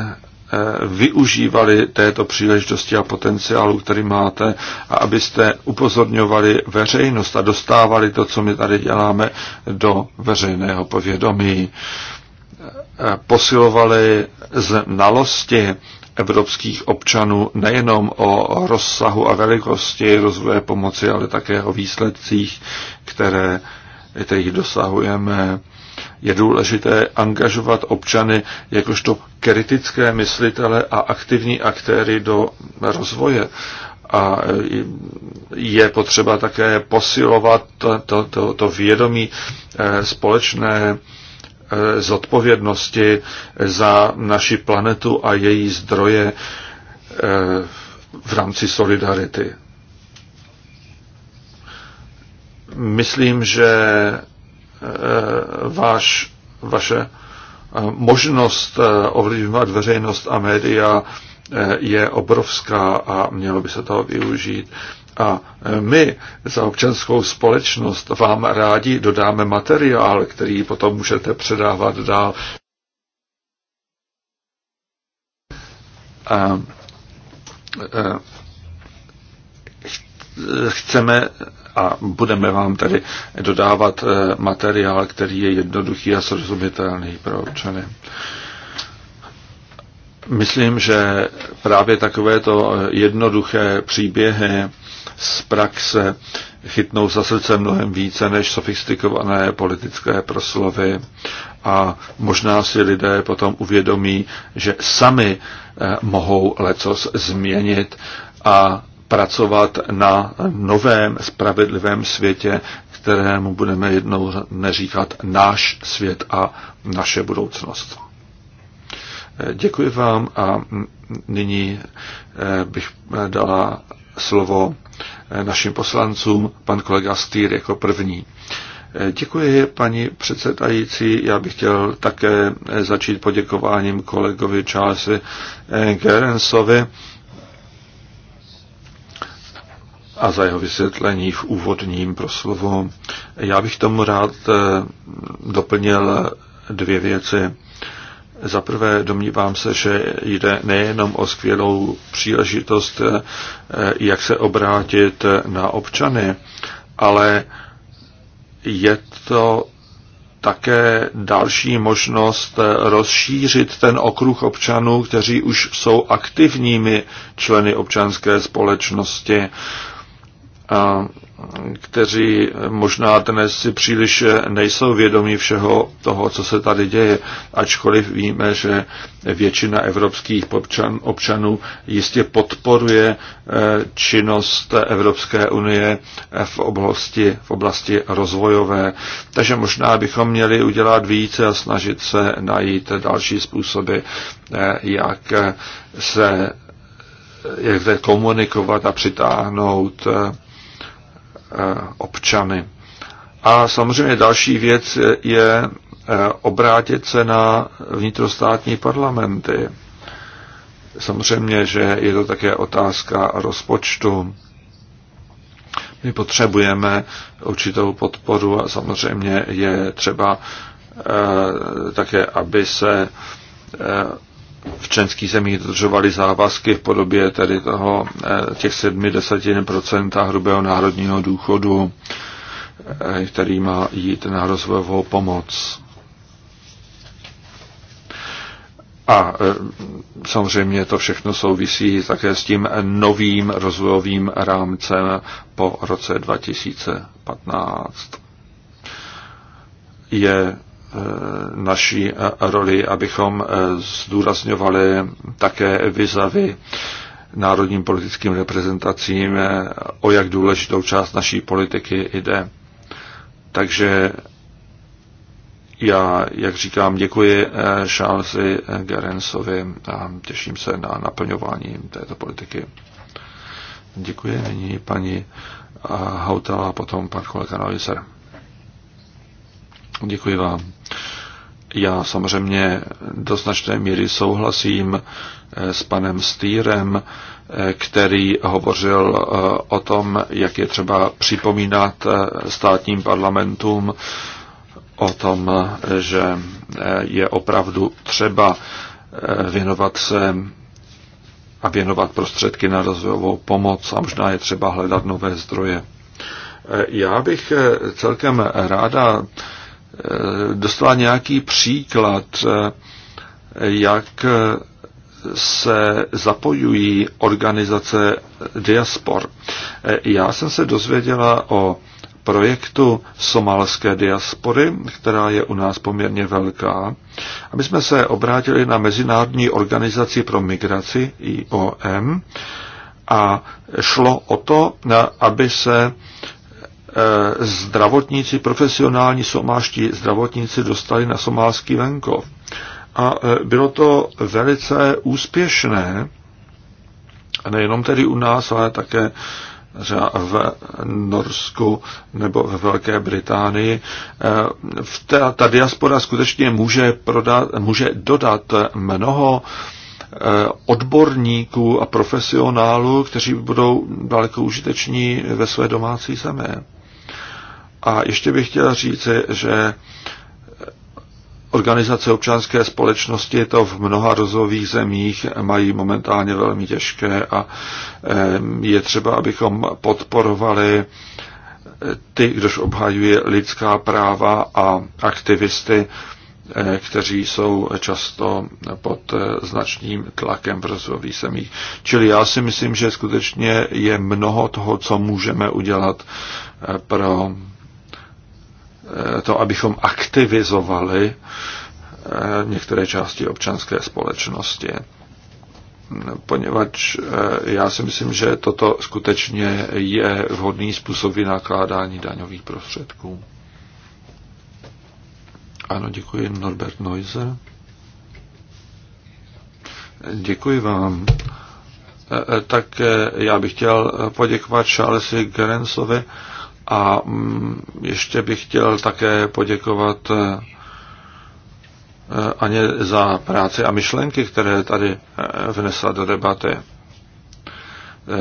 eh, využívali této příležitosti a potenciálu, který máte, a abyste upozorňovali veřejnost a dostávali to, co my tady děláme, do veřejného povědomí. Eh, posilovali znalosti evropských občanů nejenom o rozsahu a velikosti rozvoje pomoci, ale také o výsledcích, které teď dosahujeme je důležité angažovat občany jakožto kritické myslitele a aktivní aktéry do rozvoje. A je potřeba také posilovat to, to, to, to vědomí eh, společné eh, zodpovědnosti za naši planetu a její zdroje eh, v rámci solidarity. Myslím, že Eh, váš, vaše eh, možnost eh, ovlivňovat veřejnost a média je obrovská a mělo by se toho využít. A my za občanskou společnost vám rádi dodáme materiál, který potom můžete předávat dál. A, a, chceme a budeme vám tedy dodávat eh, materiál, který je jednoduchý a srozumitelný pro občany. Myslím, že právě takovéto eh, jednoduché příběhy z praxe chytnou za srdce mnohem více než sofistikované politické proslovy a možná si lidé potom uvědomí, že sami eh, mohou lecos změnit a pracovat na novém spravedlivém světě, kterému budeme jednou neříkat náš svět a naše budoucnost. Děkuji vám a nyní eh, bych dala slovo eh, našim poslancům, pan kolega Stýr jako první. Eh, děkuji, paní předsedající. Já bych chtěl také začít poděkováním kolegovi Charlesovi Gerensovi a za jeho vysvětlení v úvodním proslovu. Já bych tomu rád eh, doplnil eh, dvě věci. Za prvé domnívám se, že jde nejenom o skvělou příležitost, eh, jak se obrátit na občany, ale je to také další možnost rozšířit ten okruh občanů, kteří už jsou aktivními členy občanské společnosti kteří možná dnes si příliš nejsou vědomí všeho toho, co se tady děje, ačkoliv víme, že většina evropských občan, občanů jistě podporuje e, činnost Evropské unie v oblasti, v oblasti rozvojové. Takže možná bychom měli udělat více a snažit se najít další způsoby, e, jak se jak komunikovat a přitáhnout e, Eh, občany. A samozřejmě další věc je eh, obrátit se na vnitrostátní parlamenty. Samozřejmě, že je to také otázka rozpočtu. My potřebujeme určitou podporu a samozřejmě je třeba eh, také, aby se v členských zemích dodržovali závazky v podobě tedy toho, eh, těch 7,1% hrubého národního důchodu, eh, který má jít na rozvojovou pomoc. A eh, samozřejmě to všechno souvisí také s tím novým rozvojovým rámcem po roce 2015. Je Eh, naší roli, abychom eh, zdůrazňovali také vyzavy národním politickým reprezentacím, eh, o jak důležitou část naší politiky jde. Takže já, jak říkám, děkuji Charlesi Gerensovi a těším se na naplňování této politiky. Děkuji nyní paní Hautala a potom pan kolega Neuser. Děkuji vám. Já samozřejmě do značné míry souhlasím eh, s panem Stýrem, eh, který hovořil eh, o tom, jak je třeba připomínat státním parlamentům o tom, že je opravdu třeba věnovat se a věnovat prostředky na rozvojovou pomoc a možná je třeba hledat nové zdroje. Já bych celkem ráda Eh, dostala nějaký příklad, eh, jak se zapojují organizace diaspor. Eh, já jsem se dozvěděla o projektu somalské diaspory, která je u nás poměrně velká. A my jsme se obrátili na Mezinárodní organizaci pro migraci IOM a šlo o to, aby se Eh, zdravotníci, profesionální somáští zdravotníci dostali na somálský venkov. A eh, bylo to velice úspěšné, nejenom tedy u nás, ale také třeba v Norsku nebo ve Velké Británii. Eh, v ta, ta diaspora skutečně může, prodat, může dodat mnoho odborníků a profesionálů, kteří budou daleko užiteční ve své domácí zemi. A ještě bych chtěl říct, že organizace občanské společnosti to v mnoha rozových zemích mají momentálně velmi těžké a eh, je třeba, abychom podporovali eh, ty, kdož obhajují lidská práva a aktivisty, eh, kteří jsou často pod značným tlakem v rozvojových zemích. Čili já si myslím, že skutečně je mnoho toho, co můžeme udělat pro Eh, to, abychom aktivizovali eh, některé části občanské společnosti. Poněvadž eh, já si myslím, že toto skutečně je vhodný způsob vynakládání daňových prostředků. Ano, děkuji Norbert Neuser. Děkuji vám. Tak já bych chtěl poděkovat Charlesi Gerensovi a mm, ještě bych chtěl také poděkovat eh, eh, Aně za práci a myšlenky, které tady eh, vnesla do debaty,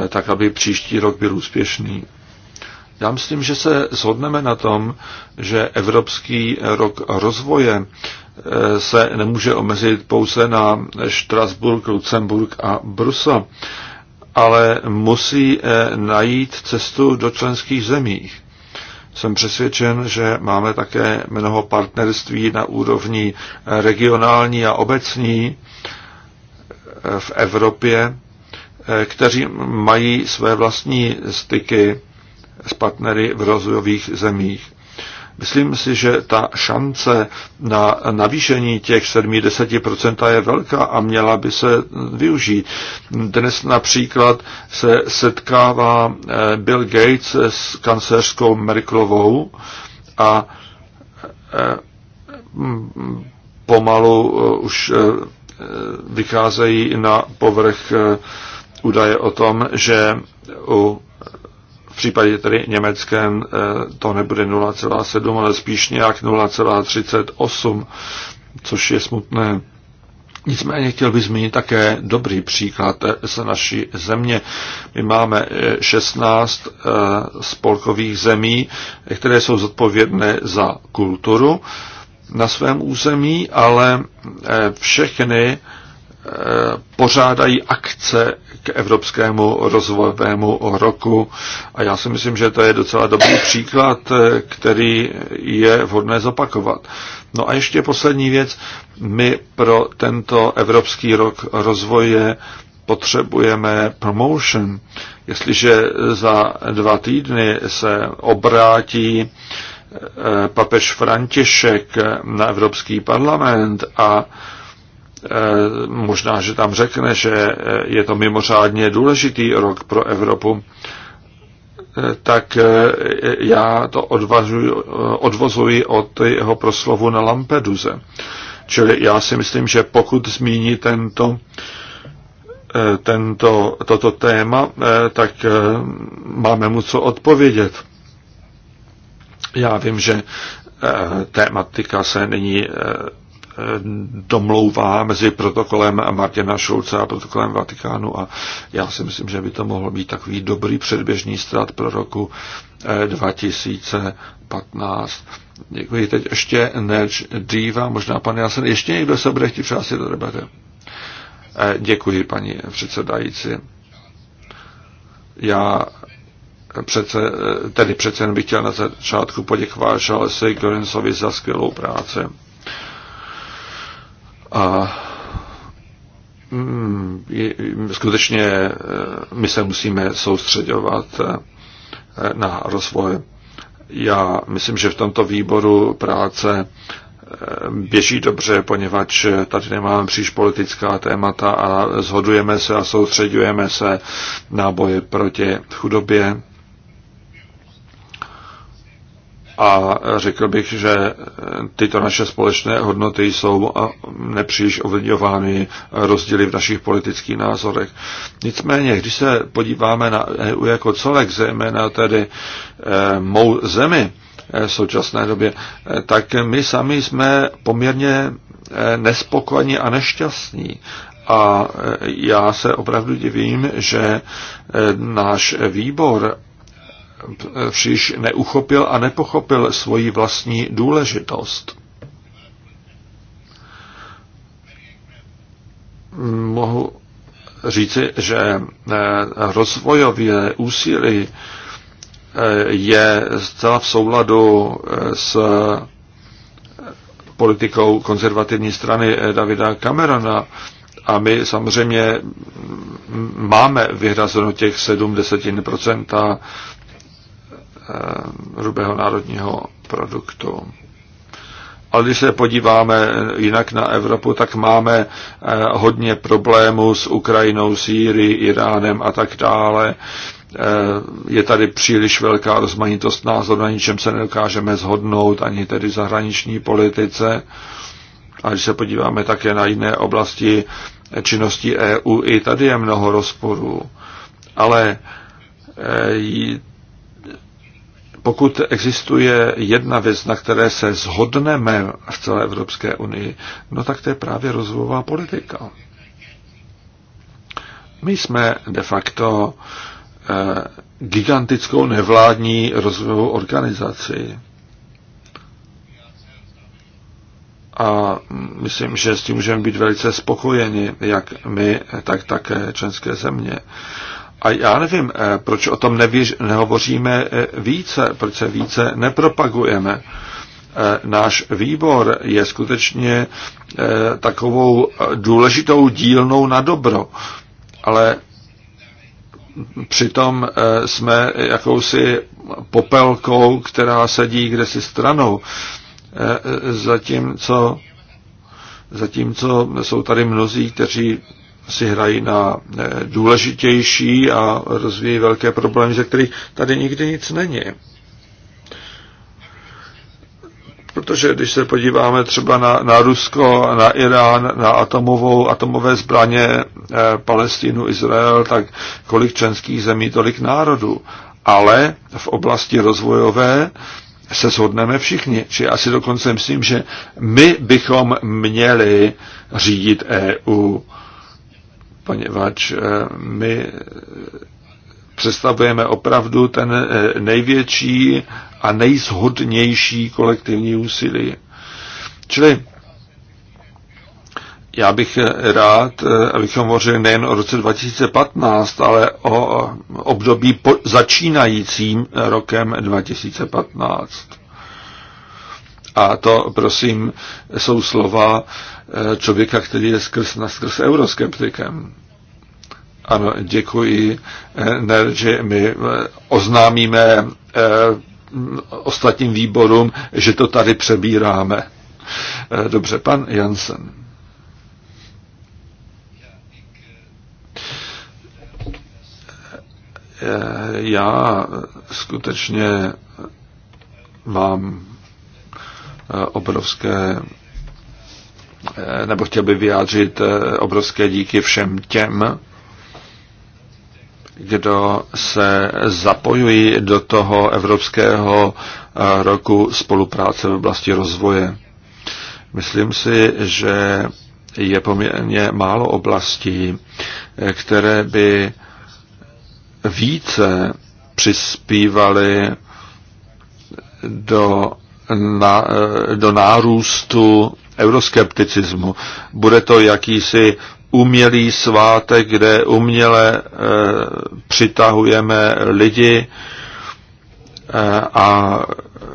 tak aby příští rok byl úspěšný. Já myslím, že se shodneme na tom, že Evropský rok rozvoje se nemůže omezit pouze na Štrasburg, Lucemburg a Brusel ale musí eh, najít cestu do členských zemích. Jsem přesvědčen, že máme také mnoho partnerství na úrovni eh, regionální a obecní eh, v Evropě, kteří mají své vlastní styky s partnery v rozvojových zemích. Myslím si, že ta šance na navýšení těch 7-10% je velká a měla by se využít. Dnes například se setkává eh, Bill Gates s kancerskou Merklovou a eh, pomalu eh, už vycházejí na povrch údaje o tom, že u v případě tedy německém eh, to nebude 0,7, ale spíš nějak 0,38, což je smutné. Nicméně chtěl bych zmínit také dobrý příklad eh, z naší země. My máme 16 eh, spolkových zemí, které jsou zodpovědné za kulturu na svém území, ale všechny pořádají akce k Evropskému rozvojovému roku. A já si myslím, že to je docela dobrý příklad, který je vhodné zopakovat. No a ještě poslední věc. My pro tento Evropský rok rozvoje potřebujeme promotion. Jestliže za dva týdny se obrátí eh, papež František na Evropský parlament a Eh, možná, že tam řekne, že eh, je to mimořádně důležitý rok pro Evropu, eh, tak já to odvažuji, odvozuji od jeho proslovu na Lampeduze. Čili já si myslím, že pokud zmíní tento, tento, toto téma, tak máme mu co odpovědět. Já vím, že tématika se nyní domlouvá mezi protokolem Martina Šulce a protokolem Vatikánu a já si myslím, že by to mohl být takový dobrý předběžný strat pro roku 2015. Eh, děkuji. Teď ještě Nerč Diva, možná pan Jasen. Ještě někdo se bude chtít přihlásit do debaty? Eh, děkuji, paní předsedající. Já přece, eh, tedy přece jen bych chtěl na začátku poděkovat Charlesi Gorensovi za skvělou práci. A mm, skutečně eh, my se musíme soustředovat eh, na rozvoj. Já myslím, že v tomto výboru práce eh, běží dobře, poněvadž tady nemáme příliš politická témata a zhodujeme se a soustředujeme se na boje proti chudobě a řekl bych, že tyto naše společné hodnoty jsou nepříliš ovlivňovány rozdíly v našich politických názorech. Nicméně, když se podíváme na EU jako celek, zejména tedy eh, mou zemi eh, v současné době, eh, tak my sami jsme poměrně nespokojení a nešťastní. A já se opravdu divím, že náš výbor příliš neuchopil a nepochopil svoji vlastní důležitost. Mohu říci, že eh, rozvojové úsilí eh, je zcela v souladu eh, s politikou konzervativní strany Davida Camerona a my samozřejmě mm, máme vyhrazeno těch 7 desetin procenta Eh, hrubého národního produktu. Ale když se podíváme jinak na Evropu, tak máme eh, hodně problémů s Ukrajinou, Sýrií, Iránem a tak dále. Eh, je tady příliš velká rozmanitost názorů, na ničem se nedokážeme zhodnout, ani tedy zahraniční politice. A když se podíváme také na jiné oblasti činnosti EU, i tady je mnoho rozporů. Ale pokud existuje jedna věc, na které se zhodneme v celé Evropské unii, no tak to je právě rozvojová politika. My jsme de facto eh, gigantickou nevládní rozvojovou organizaci. A myslím, že s tím můžeme být velice spokojeni, jak my, tak také členské země. A já nevím, eh, proč o tom nevíž, nehovoříme eh, více, proč se více nepropagujeme. Eh, náš výbor je skutečně takovou důležitou dílnou na dobro, ale přitom jsme jakousi popelkou, která sedí kde si stranou. Zatímco, zatímco jsou tady mnozí, kteří si hrají na eh, důležitější a rozvíjí velké problémy, ze kterých tady nikdy nic není. Protože když se podíváme třeba na, na Rusko, na Irán, na atomovou, atomové zbraně eh, Palestínu, Izrael, tak kolik členských zemí, tolik národů. Ale v oblasti rozvojové se shodneme všichni. Či já si dokonce myslím, že my bychom měli řídit EU poněvadž eh, my představujeme opravdu ten eh, největší a nejshodnější kolektivní úsilí. Čili já bych eh, rád, abychom hovořili nejen o roce 2015, ale o období po, začínajícím rokem 2015. A to, prosím, jsou slova, Eh, člověka, který je skrz, skrz euroskeptikem. Ano, děkuji. Eh, ne, že my eh, oznámíme ostatním výborům, že to tady přebíráme. Dobře, pan Jansen. Já skutečně mám obrovské Eh, nebo chtěl by vyjádřit eh, obrovské díky všem těm, kdo se zapojují do toho Evropského eh, roku spolupráce v oblasti rozvoje. Myslím si, že je poměrně málo oblastí, které by více přispívaly do, na, do nárůstu euroskepticismu. Bude to jakýsi umělý svátek, kde uměle e, přitahujeme lidi e, a eh,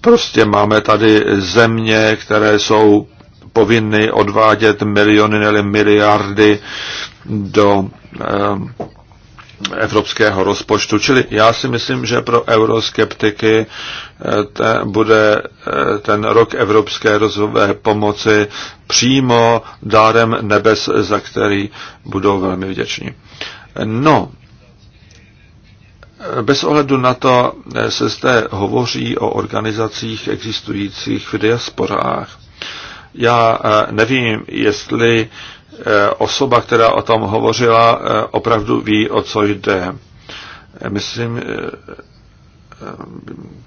prostě máme tady země, které jsou povinny odvádět miliony nebo miliardy do e, evropského rozpočtu. Čili já si myslím, že pro euroskeptiky eh, ten bude eh, ten rok evropské rozvojové pomoci přímo dárem nebes, za který budou velmi vděční. No, bez ohledu na to eh, se zde hovoří o organizacích existujících v diasporách. Já nevím, jestli Eh, osoba, která o tom hovořila, eh, opravdu ví, o co jde. Eh, myslím,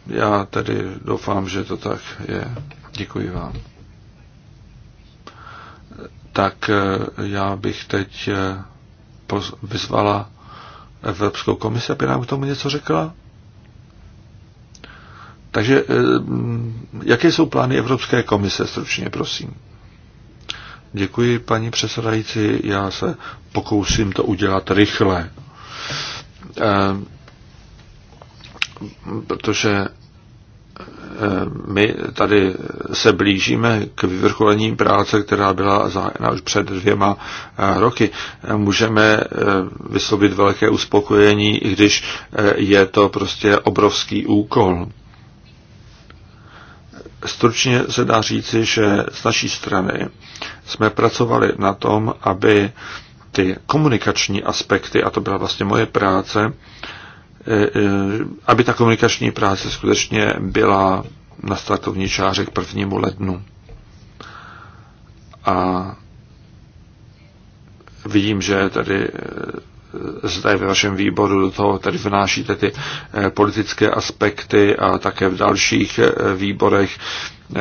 já tedy doufám, že to tak je. Děkuji vám. Tak já bych teď vyzvala Evropskou komisi, aby nám k tomu něco řekla. Takže jaké jsou plány Evropské komise, stručně prosím? Děkuji, paní předsedající. Já se pokusím to udělat rychle, eh, protože eh, my tady se blížíme k vyvrcholení práce, která byla zahájena už před dvěma eh, roky. Můžeme vyslovit velké uspokojení, i když je to prostě obrovský úkol. Stručně se dá říci, že z naší strany jsme pracovali na tom, aby ty komunikační aspekty, a to byla vlastně moje práce, e, e, aby ta komunikační práce skutečně byla na startovní čáře k prvnímu lednu. A vidím, že tady e, E, zde ve vašem výboru do toho tady vnášíte ty e, politické aspekty a také v dalších e, výborech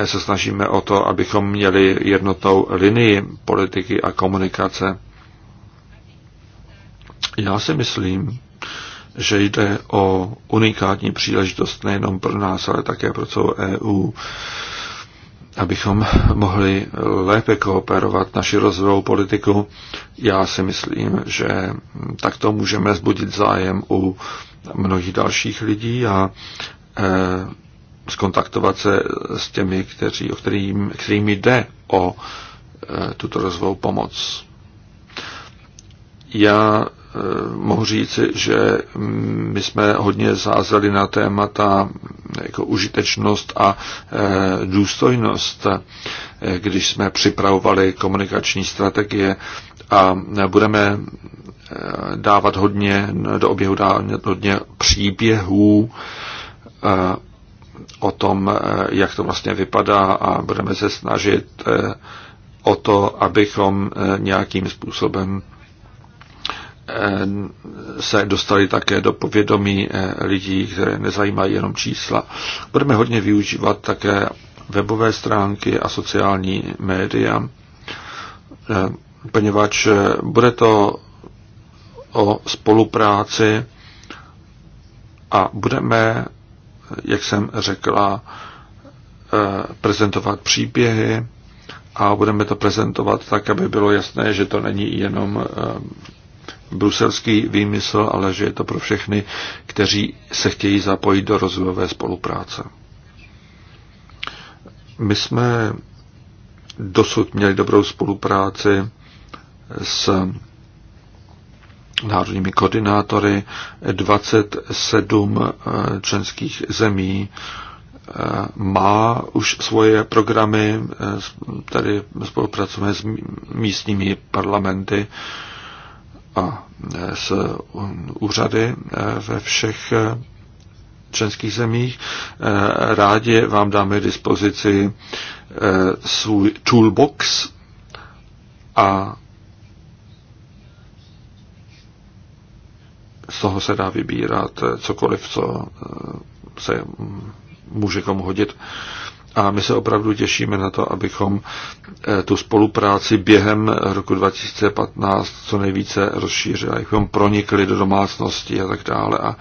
se snažíme o to, abychom měli jednotnou linii politiky a komunikace. Já si myslím, že jde o unikátní příležitost nejenom pro nás, ale také pro celou EU abychom mohli lépe kooperovat naši rozvojovou politiku. Já si myslím, že takto můžeme zbudit zájem u mnohých dalších lidí a e, skontaktovat se s těmi, kteří, o kterým, kterým jde o e, tuto rozvojovou pomoc. Já Eh, mohu říci, že my jsme hodně zázeli na témata jako užitečnost a eh, důstojnost, eh, když jsme připravovali komunikační strategie a budeme dávat hodně do oběhu dávat hodně příběhů o tom, jak to vlastně vypadá a budeme se snažit o to, abychom nějakým způsobem Eh, se dostali také do povědomí eh, lidí, které nezajímají jenom čísla. Budeme hodně využívat také webové stránky a sociální média, eh, poněvadž bude to o spolupráci a budeme, jak jsem řekla, prezentovat příběhy a budeme to prezentovat tak, aby bylo jasné, že to není jenom bruselský výmysl, ale že je to pro všechny, kteří se chtějí zapojit do rozvojové spolupráce. My jsme dosud měli dobrou spolupráci s národními koordinátory 27 eh, členských zemí eh, má už svoje programy, eh, tady spolupracujeme s místními parlamenty a e, s um, úřady e, ve všech e, členských zemích. Rádi vám dáme k dispozici svůj toolbox a z toho se dá vybírat cokoliv, co se může komu hodit. A my se opravdu těšíme na to, abychom eh, tu spolupráci během roku 2015 co nejvíce rozšířili, abychom pronikli do domácností a tak dále. A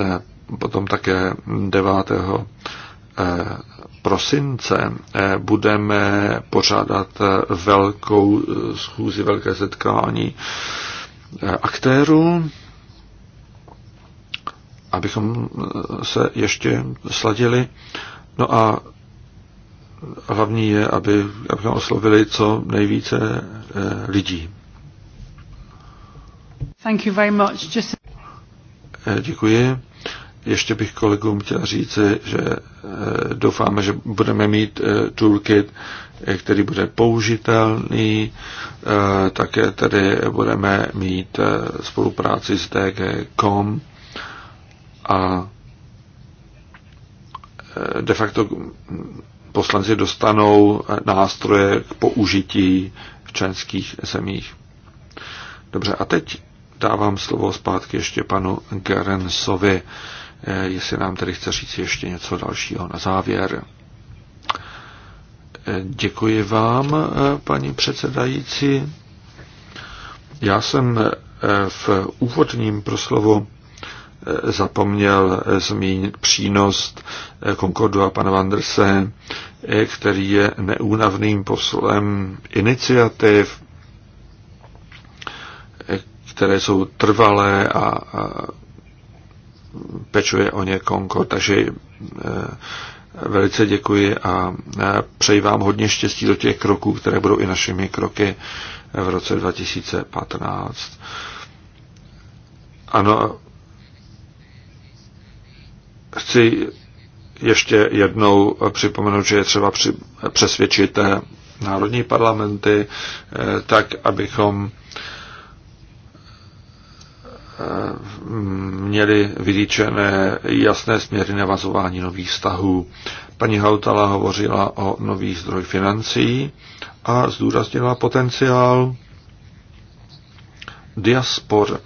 eh, potom také 9. Eh, prosince budeme pořádat velkou schůzi, velké setkání aktérů, abychom se ještě sladili No a hlavní je, aby, aby oslovili co nejvíce eh, lidí. Thank you very much. Just... Eh, děkuji. Ještě bych kolegům chtěl říci, že eh, doufáme, že budeme mít toolkit, který bude použitelný. Také tady budeme mít spolupráci s DG.com a de facto poslanci dostanou nástroje k použití v členských zemích. Dobře, a teď dávám slovo zpátky ještě panu Gerensovi, jestli nám tedy chce říct ještě něco dalšího na závěr. Děkuji vám, paní předsedající. Já jsem v úvodním proslovu zapomněl zmínit přínos Concordu a pana Vandrse, který je neúnavným poslem iniciativ, které jsou trvalé a pečuje o ně Concord. Takže e, velice děkuji a e, přeji vám hodně štěstí do těch kroků, které budou i našimi kroky v roce 2015. Ano, Chci ještě jednou připomenout, že je třeba přesvědčit eh, národní parlamenty eh, tak, abychom eh, měli vylíčené jasné směry navazování nových vztahů. Paní Hautala hovořila o nových zdroj financí a zdůraznila potenciál diaspor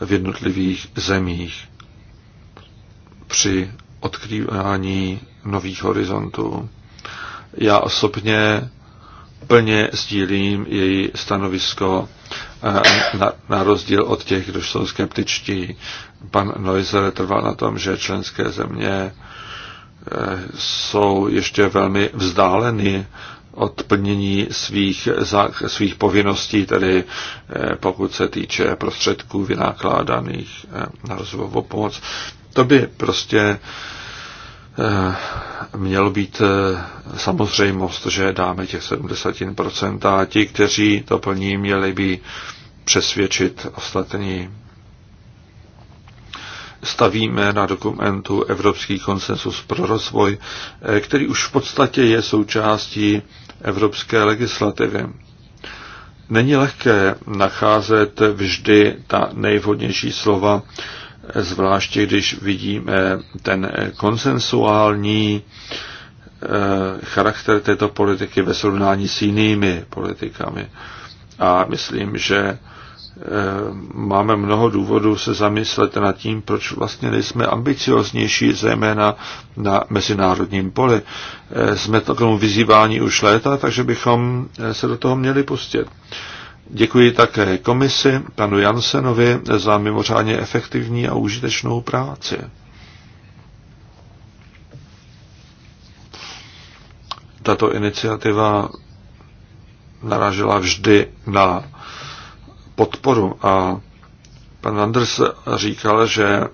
v jednotlivých zemích při odkrývání nových horizontů. Já osobně plně sdílím její stanovisko eh, na, na rozdíl od těch, kdo jsou skeptičtí. Pan Neuser trvá na tom, že členské země eh, jsou ještě velmi vzdáleny od plnění svých, svých povinností, tedy eh, pokud se týče prostředků vynákládaných na rozvojovou pomoc. To by prostě eh, měl být eh, samozřejmost, že dáme těch 70% a ti, kteří to plní, měli by přesvědčit ostatní. Stavíme na dokumentu Evropský konsensus pro rozvoj, eh, který už v podstatě je součástí evropské legislativy. Není lehké nacházet vždy ta nejvhodnější slova zvláště když vidíme ten konsensuální eh, charakter této politiky ve srovnání s jinými politikami. A myslím, že eh, máme mnoho důvodů se zamyslet nad tím, proč vlastně nejsme ambicioznější, zejména na mezinárodním poli. Eh, jsme to k tomu vyzývání už léta, takže bychom se do toho měli pustit. Děkuji také komisi, panu Jansenovi, za mimořádně efektivní a užitečnou práci. Tato iniciativa narážela vždy na podporu a pan Anders říkal, že eh,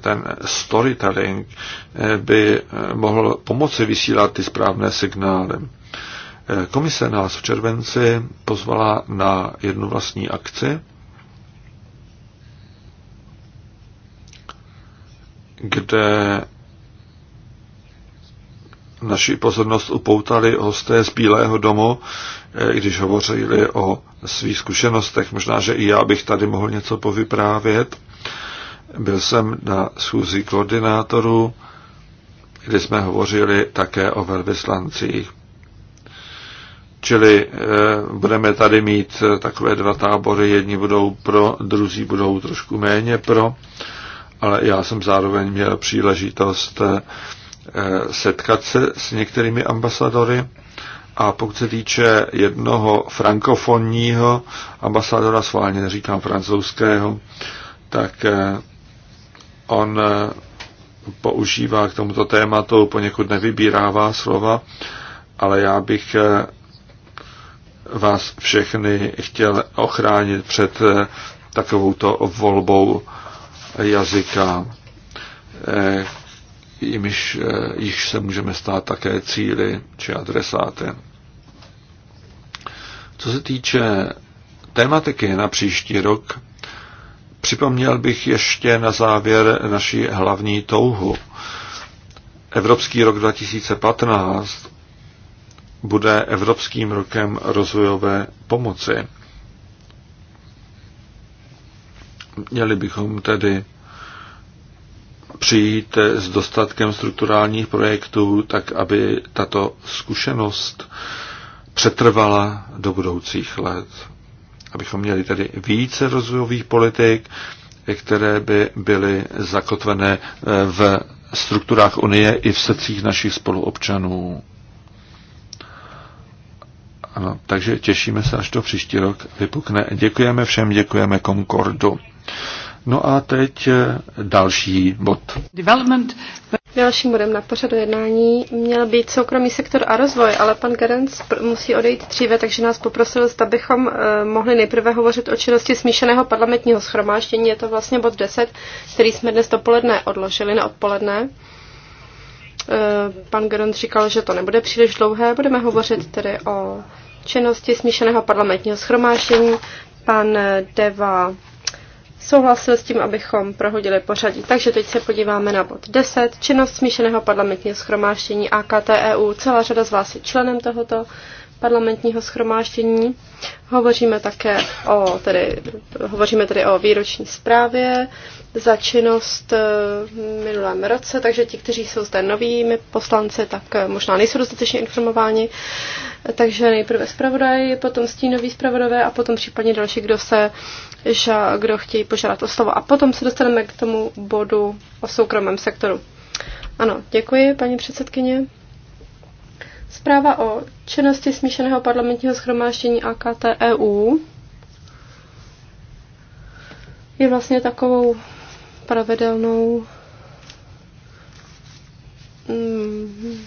ten storytelling eh, by eh, mohl pomoci vysílat ty správné signály. Komise nás v červenci pozvala na jednu vlastní akci, kde naši pozornost upoutali hosté z Bílého domu, eh, když hovořili o svých zkušenostech. Možná, že i já bych tady mohl něco povyprávět. Byl jsem na schůzi koordinátorů, kdy jsme hovořili také o velvyslancích. Čili eh, budeme tady mít eh, takové dva tábory, jedni budou pro, druzí budou trošku méně pro, ale já jsem zároveň měl příležitost eh, setkat se s některými ambasadory a pokud se týče jednoho frankofonního ambasadora, sválně neříkám francouzského, tak on používá k tomuto tématu, poněkud nevybírává slova, ale já bych vás všechny chtěl ochránit před eh, takovouto volbou jazyka, eh, jimž, eh, již se můžeme stát také cíly či adresáty. Co se týče tématiky na příští rok, připomněl bych ještě na závěr naši hlavní touhu. Evropský rok 2015 bude Evropským rokem rozvojové pomoci. Měli bychom tedy přijít s dostatkem strukturálních projektů, tak aby tato zkušenost přetrvala do budoucích let. Abychom měli tedy více rozvojových politik, které by byly zakotvené v strukturách Unie i v srdcích našich spoluobčanů. Ano, takže těšíme se, až to příští rok vypukne. Děkujeme všem, děkujeme Concordu. No a teď eh, další bod. Development. Dalším bodem na pořadu jednání měl být soukromý sektor a rozvoj, ale pan Gerenc musí odejít dříve, takže nás poprosil, zda bychom eh, mohli nejprve hovořit o činnosti smíšeného parlamentního schromáždění. Je to vlastně bod 10, který jsme dnes dopoledne odložili na odpoledne. Eh, pan Gerenc říkal, že to nebude příliš dlouhé. Budeme hovořit tedy o činnosti smíšeného parlamentního schromáždění. Pan Deva souhlasil s tím, abychom prohodili pořadí. Takže teď se podíváme na bod 10. Činnost smíšeného parlamentního schromáždění AKTEU. Celá řada z vás je členem tohoto parlamentního schromáždění. Hovoříme také o, tedy, hovoříme tedy o výroční zprávě za činnost eh, v minulém roce, takže ti, kteří jsou zde novými poslanci, tak eh, možná nejsou dostatečně informováni. Takže nejprve zpravodaj, potom stínový zpravodové a potom případně další, kdo se že, kdo chtějí požádat o slovo. A potom se dostaneme k tomu bodu o soukromém sektoru. Ano, děkuji, paní předsedkyně. Zpráva o činnosti smíšeného parlamentního schromáždění AKT EU je vlastně takovou pravidelnou mm,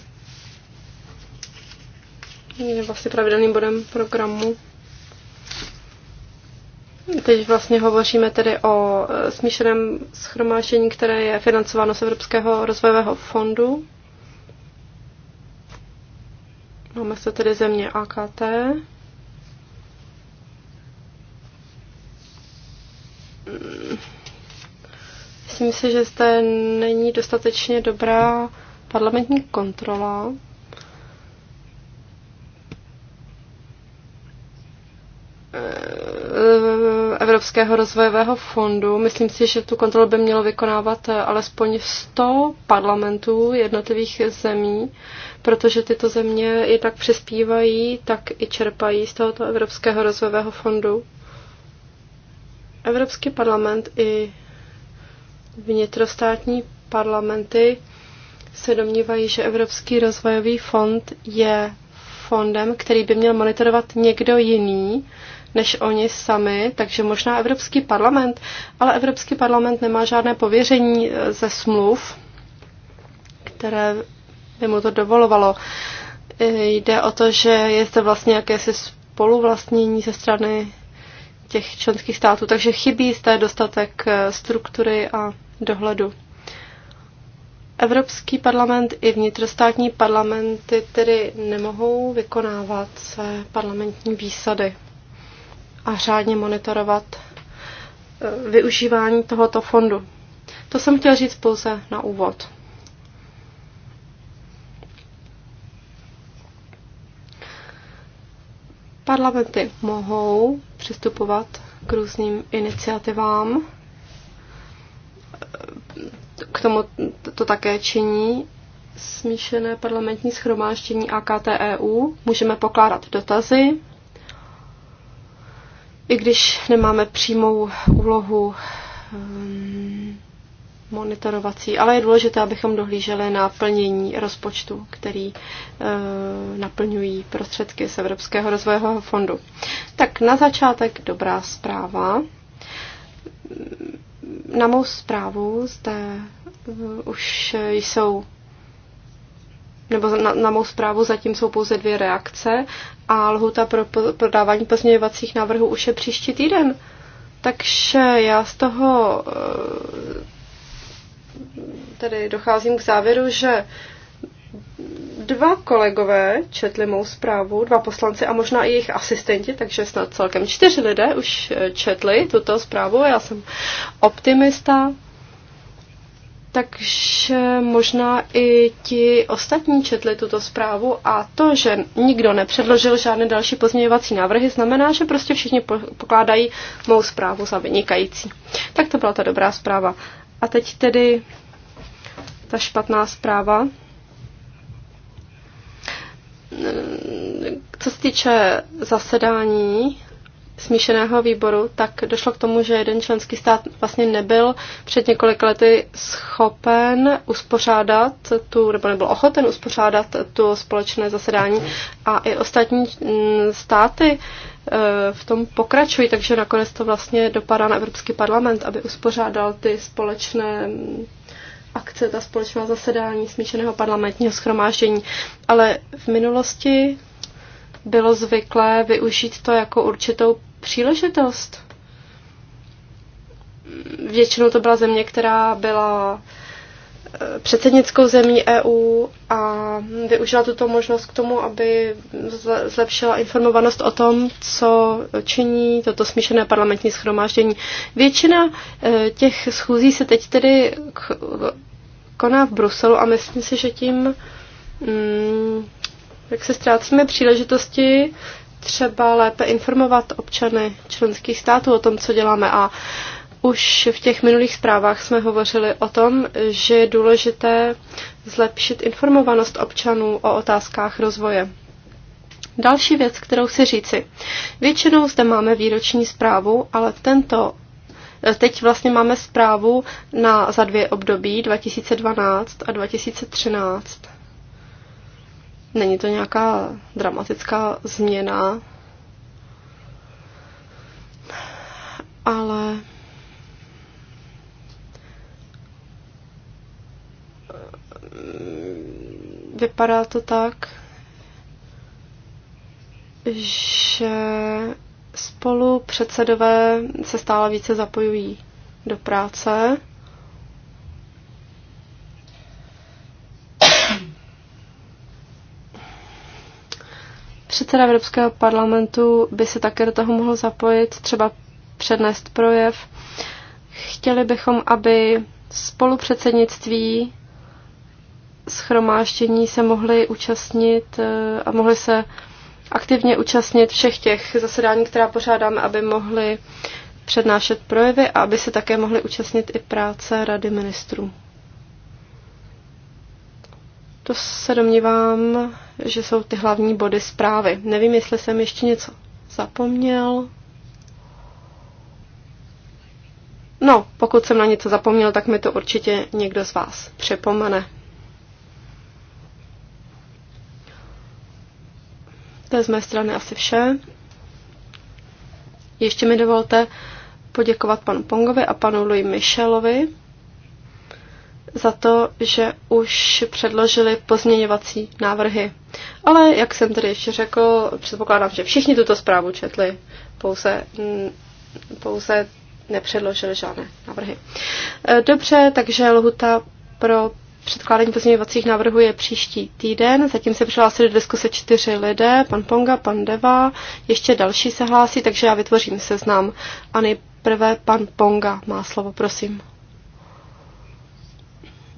je vlastně pravidelným bodem programu. Teď vlastně hovoříme tedy o e, smíšeném schromáždění, které je financováno z Evropského rozvojového fondu. Máme se tedy země AKT. Mm. Myslím si, že zde není dostatečně dobrá parlamentní kontrola. Eh, Evropského rozvojového fondu. Myslím si, že tu kontrolu by mělo vykonávat eh, alespoň 100 parlamentů jednotlivých zemí, protože tyto země i tak přispívají, tak i čerpají z tohoto Evropského rozvojového fondu. Evropský parlament i vnitrostátní parlamenty se domnívají, že Evropský rozvojový fond je fondem, který by měl monitorovat někdo jiný než oni sami, takže možná Evropský parlament, ale Evropský parlament nemá žádné pověření eh, ze smluv, které by mu to dovolovalo. Eh, jde o to, že je to vlastně jakési spoluvlastnění ze strany těch členských států, takže chybí zde dostatek eh, struktury a dohledu. Evropský parlament i vnitrostátní parlamenty tedy nemohou vykonávat své parlamentní výsady a řádně monitorovat eh, využívání tohoto fondu. To jsem chtěl říct pouze na úvod. Parlamenty mohou přistupovat k různým iniciativám. K tomu to také činí smíšené parlamentní schromáždění AKTEU. Můžeme pokládat dotazy, i když nemáme přímou úlohu ehm, monitorovací, ale je důležité, abychom dohlíželi na plnění rozpočtu, který e, naplňují prostředky z Evropského rozvojového fondu. Tak na začátek dobrá zpráva. Na mou zprávu zde eh, už jsou nebo na, na mou zprávu zatím jsou pouze dvě reakce a lhuta pro prodávání pozměňovacích návrhů už je příští týden. Takže já z toho eh, tedy docházím k závěru, že dva kolegové četli mou zprávu, dva poslanci a možná i jejich asistenti, takže snad celkem čtyři lidé už eh, četli tuto zprávu. Já jsem optimista, takže možná i ti ostatní četli tuto zprávu a to, že nikdo nepředložil žádné další pozměňovací návrhy, znamená, že prostě všichni pokládají mou zprávu za vynikající. Tak to byla ta dobrá zpráva. A teď tedy ta špatná zpráva. Co se týče zasedání smíšeného výboru, tak došlo k tomu, že jeden členský stát vlastně nebyl před několika lety schopen uspořádat tu, nebo nebyl ochoten uspořádat tu společné zasedání a i ostatní mm, státy uh, Eh, v tom pokračují, takže nakonec to vlastně dopadá na Evropský parlament, aby uspořádal ty společné mm, akce, ta společná zasedání smíšeného parlamentního schromáždění. Ale v minulosti bylo zvyklé využít to jako určitou příležitost. Většinou to byla země, která byla Eh, předsednickou zemí EU a využila tuto možnost k tomu, aby zlepšila informovanost o tom, co činí toto smíšené parlamentní schromáždění. Většina eh, těch schůzí se teď tedy koná v Bruselu a myslím si, že tím, mm, jak se ztrácíme příležitosti, třeba lépe informovat občany členských států o tom, co děláme. A už v těch minulých zprávách jsme hovořili o tom, že je důležité zlepšit informovanost občanů o otázkách rozvoje. Další věc, kterou si říci. Většinou zde máme výroční zprávu, ale tento Teď vlastně máme zprávu na, za dvě období 2012 a 2013. Není to nějaká dramatická změna, ale vypadá to tak, že spolu předsedové se stále více zapojují do práce. Předseda Evropského parlamentu by se také do toho mohl zapojit, třeba přednést projev. Chtěli bychom, aby spolupředsednictví schromáštění se mohli účastnit eh, a mohli se aktivně účastnit všech těch zasedání, která pořádáme, aby mohli přednášet projevy a aby se také mohli účastnit i práce Rady ministrů. To se domnívám, že jsou ty hlavní body zprávy. Nevím, jestli jsem ještě něco zapomněl. No, pokud jsem na něco zapomněl, tak mi to určitě někdo z vás přepomene. To je z mé strany asi vše. Ještě mi dovolte poděkovat panu Pongovi a panu Louis Michelovi za to, že už předložili pozměňovací návrhy. Ale, jak jsem tedy ještě řekl, předpokládám, že všichni tuto zprávu četli, pouze, pouze nepředložili žádné návrhy. E, dobře, takže lhuta pro Předkládání pozměňovacích návrhů je příští týden. Zatím se přihlásili do diskuse čtyři lidé, pan Ponga, pan Deva, ještě další se hlásí, takže já vytvořím seznam. A nejprve pan Ponga má slovo, prosím.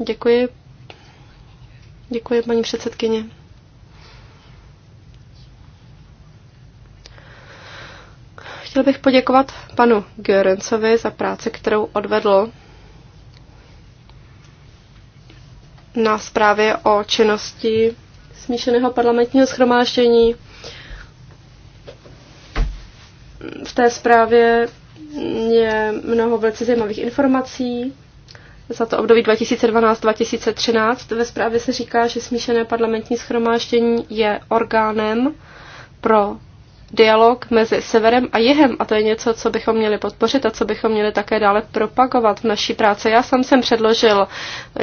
Děkuji. Děkuji, paní předsedkyně. Chtěl bych poděkovat panu Görencovi za práci, kterou odvedl na zprávě o činnosti smíšeného parlamentního schromáždění. V té zprávě je mnoho velice zajímavých informací. Za to období 2012-2013 ve zprávě se říká, že smíšené parlamentní schromáždění je orgánem pro dialog mezi severem a jihem a to je něco, co bychom měli podpořit a co bychom měli také dále propagovat v naší práci. Já sám jsem předložil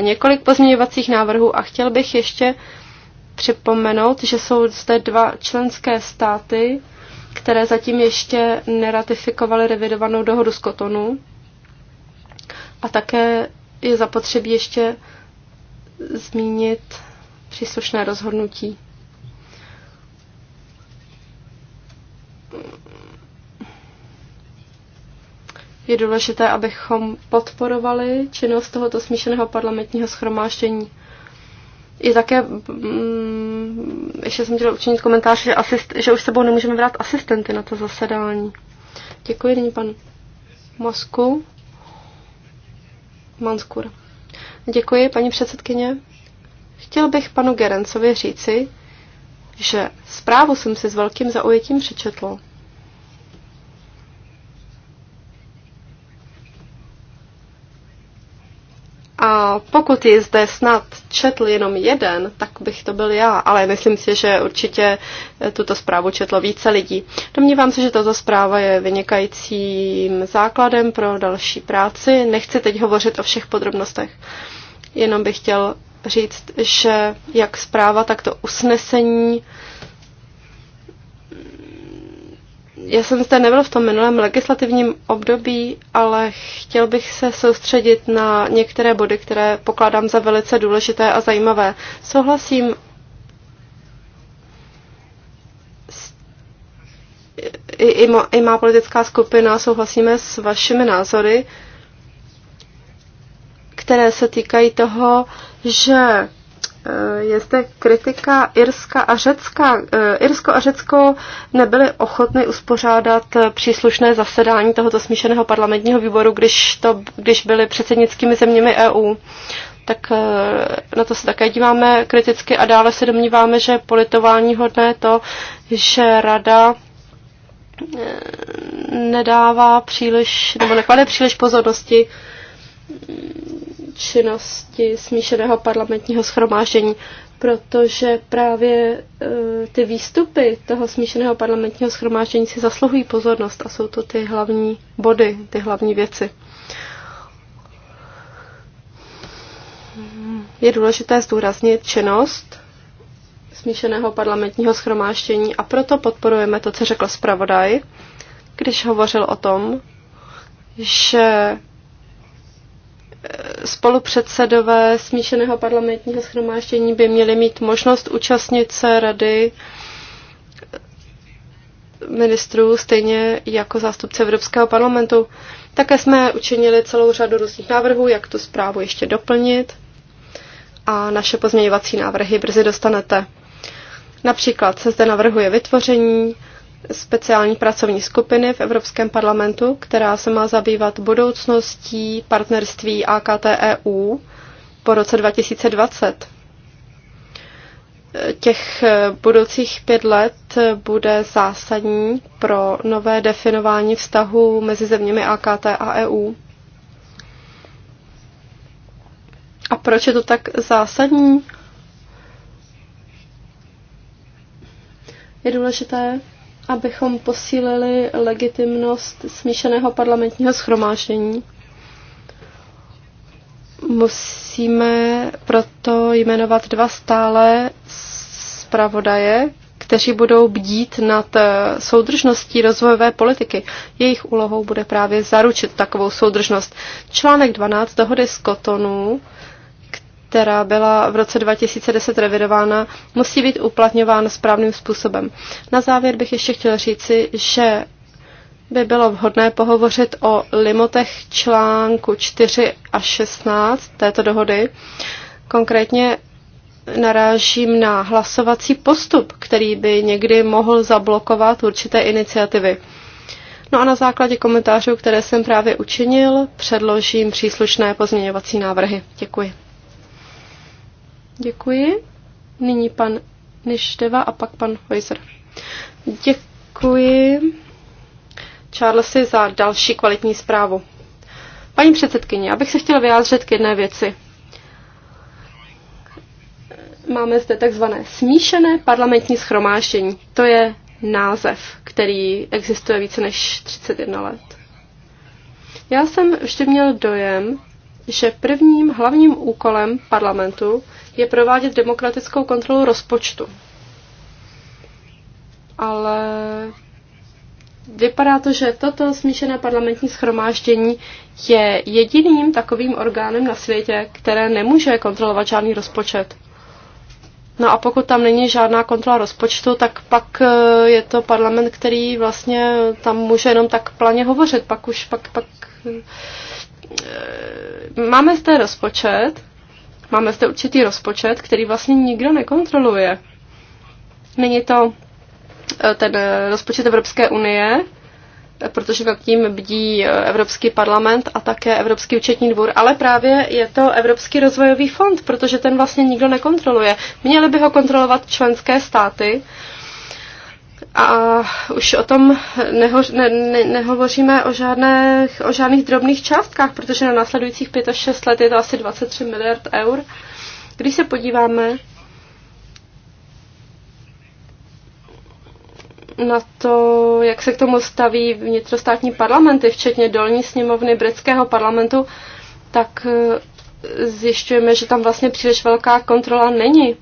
několik pozměňovacích návrhů a chtěl bych ještě připomenout, že jsou zde dva členské státy, které zatím ještě neratifikovaly revidovanou dohodu z Kotonu a také je zapotřebí ještě zmínit příslušné rozhodnutí. je důležité, abychom podporovali činnost tohoto smíšeného parlamentního schromáždění. Je také, mm, ještě jsem chtěla učinit komentář, že, asist, že už sebou nemůžeme brát asistenty na to zasedání. Děkuji, nyní pan Mosku. Manskur. Děkuji, paní předsedkyně. Chtěl bych panu Gerencovi říci, že zprávu jsem si s velkým zaujetím přečetl. A pokud ji zde snad četl jenom jeden, tak bych to byl já, ale myslím si, že určitě tuto zprávu četlo více lidí. Domnívám se, že tato zpráva je vynikajícím základem pro další práci. Nechci teď hovořit o všech podrobnostech, jenom bych chtěl říct, že jak zpráva, tak to usnesení. Já jsem zde nebyl v tom minulém legislativním období, ale chtěl bych se soustředit na některé body, které pokládám za velice důležité a zajímavé. Souhlasím i, i, i má politická skupina, souhlasíme s vašimi názory, které se týkají toho, že eh, je zde kritika Irska a Řecka. Eh, Irsko a Řecko nebyly ochotny uspořádat eh, příslušné zasedání tohoto smíšeného parlamentního výboru, když, to, když byly předsednickými zeměmi EU. Tak na to se také díváme kriticky a dále se domníváme, že politování hodné to, že rada nedává příliš, nebo neklade příliš pozornosti činnosti smíšeného parlamentního schromáždění, protože právě eh, ty výstupy toho smíšeného parlamentního schromáždění si zasluhují pozornost a jsou to ty hlavní body, ty hlavní věci. Je důležité zdůraznit činnost smíšeného parlamentního schromáždění a proto podporujeme to, co řekl zpravodaj, když hovořil o tom, že spolupředsedové smíšeného parlamentního schromáždění by měli mít možnost účastnit se rady ministrů, stejně jako zástupce Evropského parlamentu. Také jsme učinili celou řadu různých návrhů, jak tu zprávu ještě doplnit a naše pozměňovací návrhy brzy dostanete. Například se zde navrhuje vytvoření speciální pracovní skupiny v Evropském parlamentu, která se má zabývat budoucností partnerství AKT-EU po roce 2020. Těch eh, budoucích pět let bude zásadní pro nové definování vztahu mezi zeměmi AKT a EU. A proč je to tak zásadní? Je důležité abychom posílili legitimnost smíšeného parlamentního schromáždění. Musíme proto jmenovat dva stále zpravodaje, kteří budou bdít nad eh, soudržností rozvojové politiky. Jejich úlohou bude právě zaručit takovou soudržnost. Článek 12 dohody z Kotonu která byla v roce 2010 revidována, musí být uplatňována správným způsobem. Na závěr bych ještě chtěla říci, že by bylo vhodné pohovořit o limitech článku 4 a 16 této dohody. Konkrétně narážím na hlasovací postup, který by někdy mohl zablokovat určité iniciativy. No a na základě komentářů, které jsem právě učinil, předložím příslušné pozměňovací návrhy. Děkuji. Děkuji. Nyní pan Ništeva a pak pan Hojzer. Děkuji Charlesi za další kvalitní zprávu. Paní předsedkyně, já bych se chtěla vyjádřit k jedné věci. Máme zde takzvané smíšené parlamentní schromáždění. To je název, který existuje více než 31 let. Já jsem vždy měl dojem, že prvním hlavním úkolem parlamentu je provádět demokratickou kontrolu rozpočtu. Ale vypadá to, že toto smíšené parlamentní schromáždění je jediným takovým orgánem na světě, které nemůže kontrolovat žádný rozpočet. No a pokud tam není žádná kontrola rozpočtu, tak pak eh, je to parlament, který vlastně tam může jenom tak planě hovořit. Pak už, pak, pak... Eh, máme zde rozpočet, Máme zde určitý rozpočet, který vlastně nikdo nekontroluje. Není to e, ten rozpočet Evropské unie, e, protože nad tím bdí e, Evropský parlament a také Evropský účetní dvůr, ale právě je to Evropský rozvojový fond, protože ten vlastně nikdo nekontroluje. Měly by ho kontrolovat členské státy a už o tom neho, ne, ne, nehovoříme o, žádných, o žádných drobných částkách, protože na následujících 5 až 6 let je to asi 23 miliard eur. Když se podíváme na to, jak se k tomu staví vnitrostátní parlamenty, včetně dolní sněmovny britského parlamentu, tak eh, zjišťujeme, že tam vlastně příliš velká kontrola není.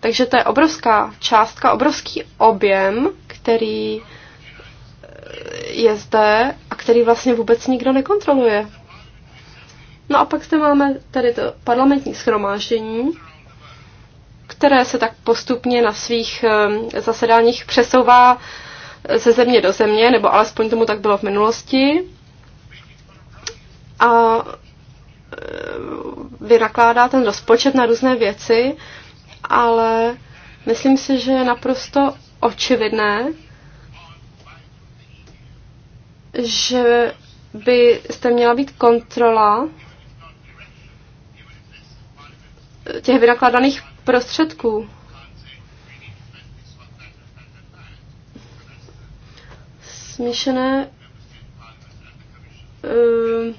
Takže to je obrovská částka, obrovský objem, který eh, je zde a který vlastně vůbec nikdo nekontroluje. No a pak zde máme tady to parlamentní schromáždění, které se tak postupně na svých eh, zasedáních přesouvá eh, ze země do země, nebo alespoň tomu tak bylo v minulosti. A vynakládá ten rozpočet na různé věci ale myslím si, že je naprosto očividné, že byste měla být kontrola těch vynakladaných prostředků. Smíšené uh,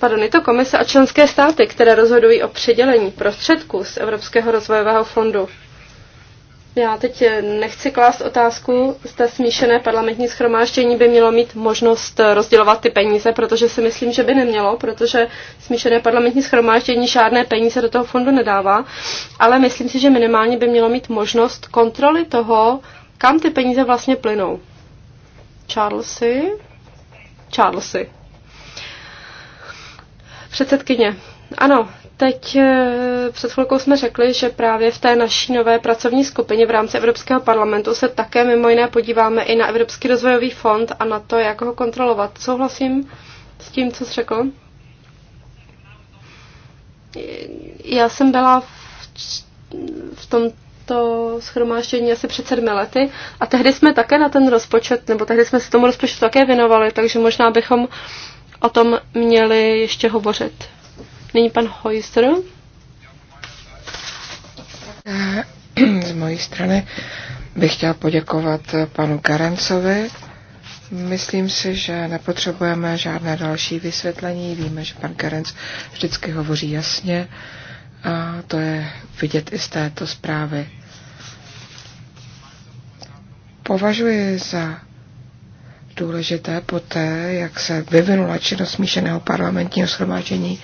pardon, je to komise a členské státy, které rozhodují o předělení prostředků z Evropského rozvojového fondu. Já teď eh, nechci klást otázku, zda smíšené parlamentní schromáždění by mělo mít možnost eh, rozdělovat ty peníze, protože si myslím, že by nemělo, protože smíšené parlamentní schromáždění žádné peníze do toho fondu nedává, ale myslím si, že minimálně by mělo mít možnost kontroly toho, kam ty peníze vlastně plynou. Charlesy? Charlesy. Předsedkyně, ano, teď eh, před chvilkou jsme řekli, že právě v té naší nové pracovní skupině v rámci Evropského parlamentu se také mimo jiné podíváme i na Evropský rozvojový fond a na to, jak ho kontrolovat. Souhlasím s tím, co jsi řekl? Já jsem byla v, v tomto schromáždění asi před sedmi lety a tehdy jsme také na ten rozpočet, nebo tehdy jsme se tomu rozpočtu také věnovali, takže možná bychom o tom měli ještě hovořit. Nyní pan Hojstr? Z mojí strany bych chtěla poděkovat panu Karencovi. Myslím si, že nepotřebujeme žádné další vysvětlení. Víme, že pan Karenc vždycky hovoří jasně a to je vidět i z této zprávy. Považuji za důležité poté, jak se vyvinula činnost smíšeného parlamentního shromáždění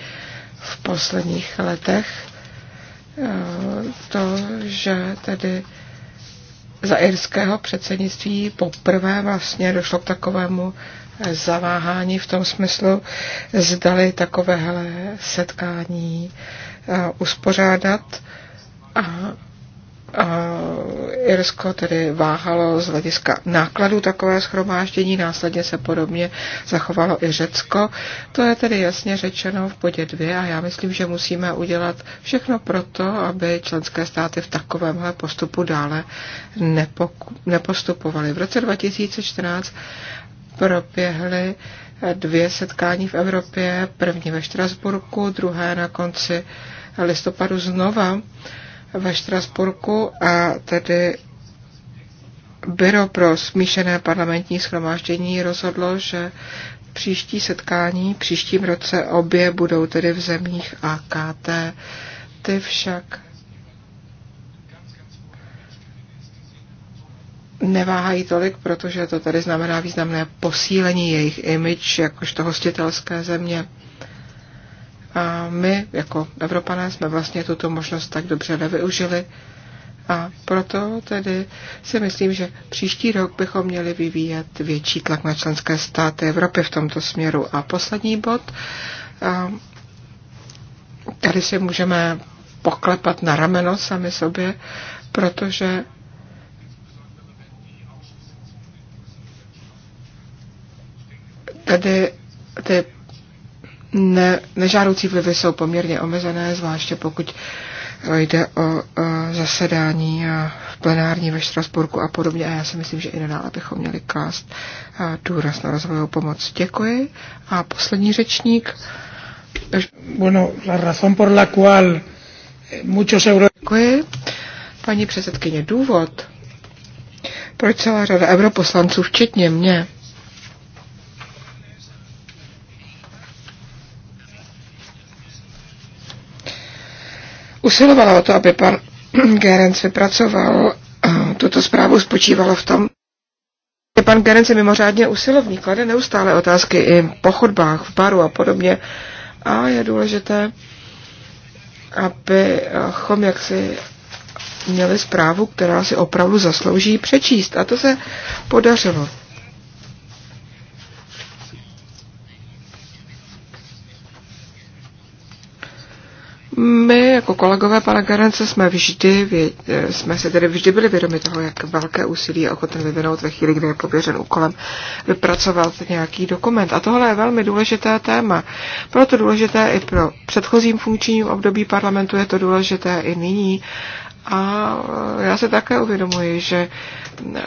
v posledních letech, eh, to, že tedy za irského předsednictví poprvé vlastně došlo k takovému eh, zaváhání v tom smyslu, zdali takovéhle setkání eh, uspořádat a Irsko tedy váhalo z hlediska nákladů takové schromáždění, následně se podobně zachovalo i Řecko. To je tedy jasně řečeno v bodě dvě a já myslím, že musíme udělat všechno proto, aby členské státy v takovémhle postupu dále nepostupovaly. V roce 2014 proběhly eh, dvě setkání v Evropě, první ve Štrasburku, druhé na konci listopadu znova ve Štrasburku a tedy Byro pro smíšené parlamentní schromáždění rozhodlo, že příští setkání příštím roce obě budou tedy v zemích AKT. Ty však neváhají tolik, protože to tady znamená významné posílení jejich image jakožto hostitelské země. A my, jako Evropané, jsme vlastně tuto možnost tak dobře nevyužili. A proto tedy si myslím, že příští rok bychom měli vyvíjet větší tlak na členské státy Evropy v tomto směru. A poslední bod, tady si můžeme poklepat na rameno sami sobě, protože tedy ty ne, nežádoucí vlivy jsou poměrně omezené, zvláště pokud jde o zasedání v plenární ve Štrasburku a podobně. A já si myslím, že i nadále bychom měli klást důraz na rozvojovou pomoc. Děkuji. A poslední řečník. Bueno, la razón por la cual eh, muchos euro... Děkuji. Paní předsedkyně, důvod, proč celá řada europoslanců, včetně mě, usilovala o to, aby pan Gerenc vypracoval tuto zprávu, spočívalo v tom, že pan Gerenc je mimořádně usilovný, klade neustále otázky i po chodbách, v baru a podobně. A je důležité, abychom jaksi měli zprávu, která si opravdu zaslouží přečíst. A to se podařilo. My jako kolegové pana Garance jsme vždy, eh, jsme se tedy vždy byli vědomi toho, jak velké úsilí je ochoten vyvinout ve chvíli, kdy je pověřen úkolem vypracovat nějaký dokument. A tohle je velmi důležité téma. Proto důležité i pro předchozím funkčním období parlamentu, je to důležité i nyní. A eh, já se také uvědomuji, že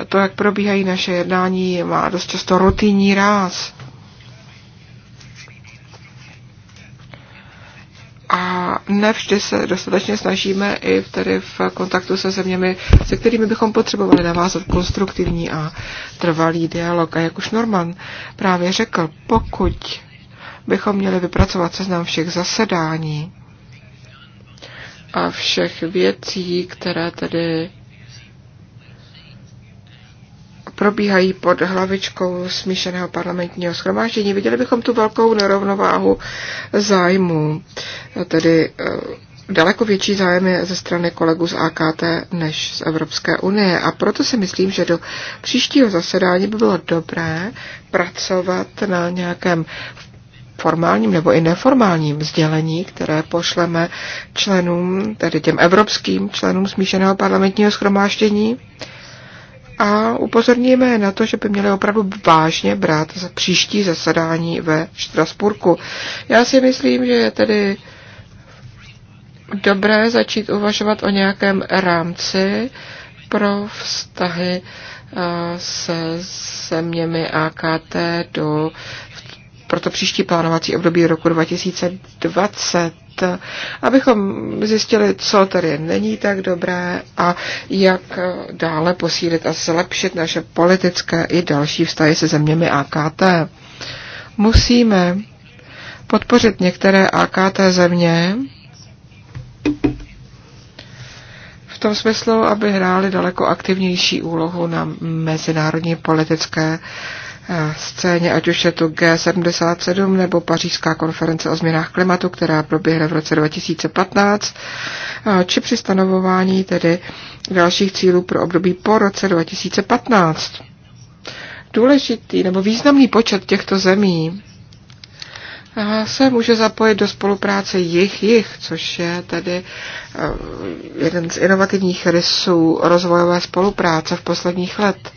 to, jak probíhají naše jednání, má dost často rutinní ráz. a nevždy se dostatečně snažíme i tady v kontaktu se zeměmi, se kterými bychom potřebovali navázat konstruktivní a trvalý dialog. A jak už Norman právě řekl, pokud bychom měli vypracovat seznam všech zasedání a všech věcí, které tedy probíhají pod hlavičkou smíšeného parlamentního schromáždění. Viděli bychom tu velkou nerovnováhu zájmu, tedy eh, daleko větší zájmy ze strany kolegů z AKT než z Evropské unie a proto si myslím, že do příštího zasedání by bylo dobré pracovat na nějakém formálním nebo i neformálním sdělení, které pošleme členům, tedy těm evropským členům smíšeného parlamentního schromáždění, a upozorníme je na to, že by měli opravdu vážně brát za příští zasedání ve Štrasburku. Já si myslím, že je tedy dobré začít uvažovat o nějakém rámci pro vztahy se zeměmi AKT do proto příští plánovací období roku 2020 abychom zjistili, co tady není tak dobré a jak dále posílit a zlepšit naše politické i další vztahy se zeměmi AKT. Musíme podpořit některé AKT země v tom smyslu, aby hráli daleko aktivnější úlohu na mezinárodní politické uh, scéně, ať už je to G77 nebo Pařížská konference o změnách klimatu, která proběhne v roce 2015, či při stanovování tedy dalších cílů pro období po roce 2015. Důležitý nebo významný počet těchto zemí se může zapojit do spolupráce jich-jich, což je tedy jeden z inovativních rysů rozvojové spolupráce v posledních letech.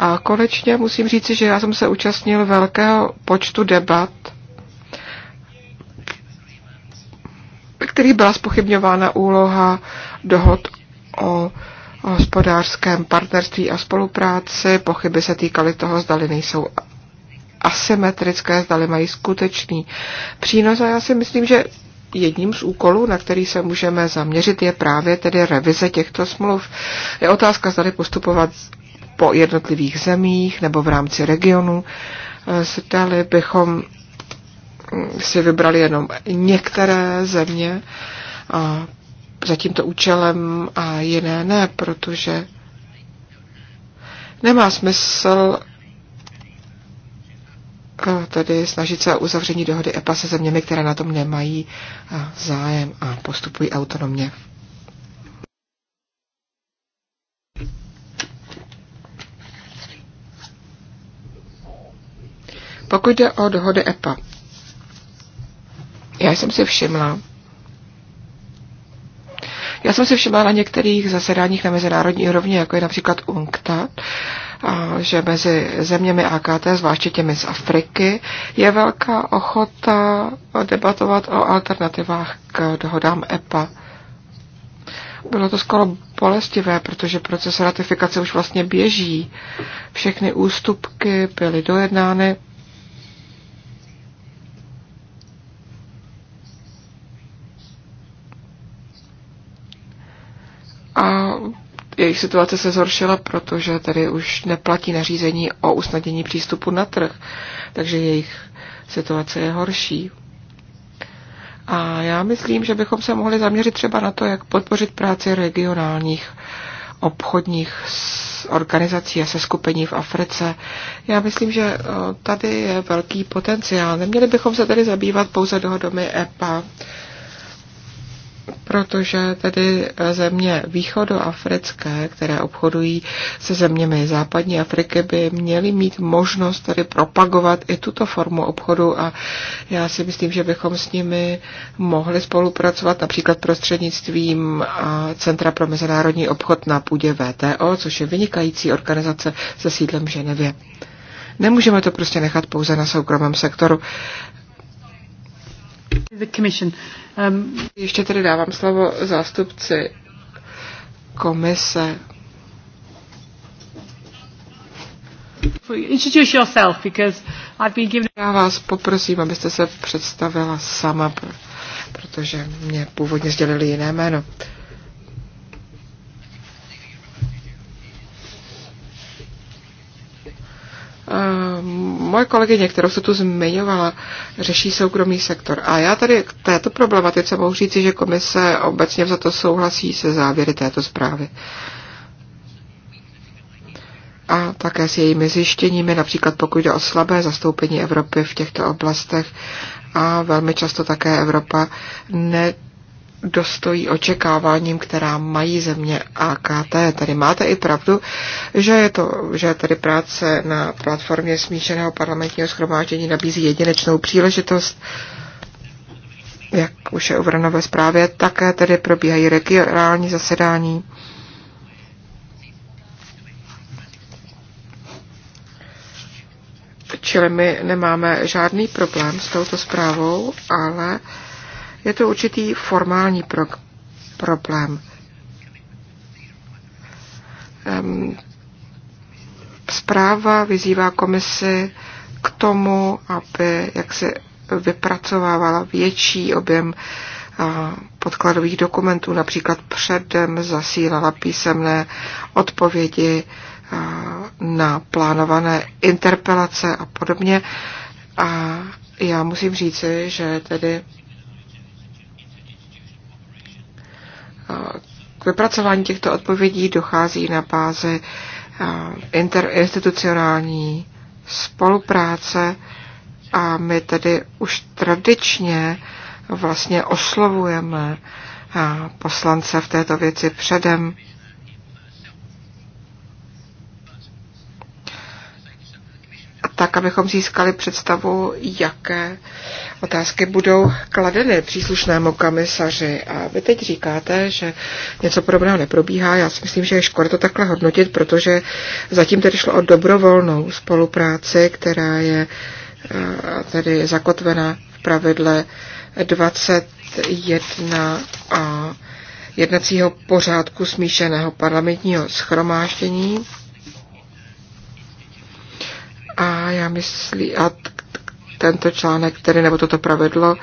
A konečně musím říci, že já jsem se účastnil velkého počtu debat, který byla spochybňována úloha dohod o hospodářském partnerství a spolupráci. Pochyby se týkaly toho, zdali nejsou asymetrické, zdali mají skutečný přínos. A já si myslím, že jedním z úkolů, na který se můžeme zaměřit, je právě tedy revize těchto smluv. Je otázka, zdali postupovat po jednotlivých zemích nebo v rámci regionu. Eh, Dali bychom mm, si vybrali jenom některé země a za tímto účelem a jiné ne, protože nemá smysl eh, tedy snažit se o uzavření dohody EPA se zeměmi, které na tom nemají eh, zájem a postupují autonomně Pokud jde o dohody EPA, já jsem si všimla, já jsem si všimla na některých zasedáních na mezinárodní úrovni, jako je například UNCTAD, že mezi zeměmi AKT, zvláště těmi z Afriky, je velká ochota debatovat o alternativách k dohodám EPA. Bylo to skoro bolestivé, protože proces ratifikace už vlastně běží. Všechny ústupky byly dojednány a jejich situace se zhoršila, protože tady už neplatí nařízení o usnadnění přístupu na trh, takže jejich situace je horší. A já myslím, že bychom se mohli zaměřit třeba na to, jak podpořit práci regionálních obchodních organizací a se skupení v Africe. Já myslím, že eh, tady je velký potenciál. Neměli bychom se tady zabývat pouze dohodami EPA protože tedy eh, země východoafrické, které obchodují se zeměmi západní Afriky, by měly mít možnost tedy propagovat i tuto formu obchodu a já si myslím, že bychom s nimi mohli spolupracovat například prostřednictvím eh, Centra pro mezinárodní obchod na půdě VTO, což je vynikající organizace se sídlem v Ženevě. Nemůžeme to prostě nechat pouze na soukromém sektoru. Um, Ještě tedy dávám slovo zástupci komise. Introduce yourself, because I've been given... Já vás poprosím, abyste se představila sama, protože mě původně sdělili jiné jméno. Uh, moje kolegyně, kterou se tu zmiňovala, řeší soukromý sektor. A já tady k této problematice mohu říci, že komise obecně za to souhlasí se závěry této zprávy. A také s jejími zjištěními, například pokud jde o slabé zastoupení Evropy v těchto oblastech, a velmi často také Evropa ne, dostojí očekáváním, která mají země AKT. Tady máte i pravdu, že je to, že tady práce na platformě smíšeného parlamentního schromáždění nabízí jedinečnou příležitost jak už je uvedeno ve zprávě, také tedy probíhají regionální zasedání. Čili my nemáme žádný problém s touto zprávou, ale uh, je to určitý formální pro, problém. Um, zpráva vyzývá komisi k tomu, aby jak se vypracovávala větší objem podkladových dokumentů, například předem zasílala písemné odpovědi na plánované interpelace a podobně. A já musím říci, že tedy K vypracování těchto odpovědí dochází na bázi interinstitucionální spolupráce a my tedy už tradičně vlastně oslovujeme poslance v této věci předem tak abychom získali představu, jaké otázky budou kladeny příslušnému komisaři. A vy teď říkáte, že něco podobného neprobíhá. Já si myslím, že je škoda to takhle hodnotit, protože zatím tedy šlo o dobrovolnou spolupráci, která je eh, tedy zakotvena v pravidle 21 a jednacího pořádku smíšeného parlamentního schromáždění. A já myslím, a tento článek, který nebo toto pravidlo,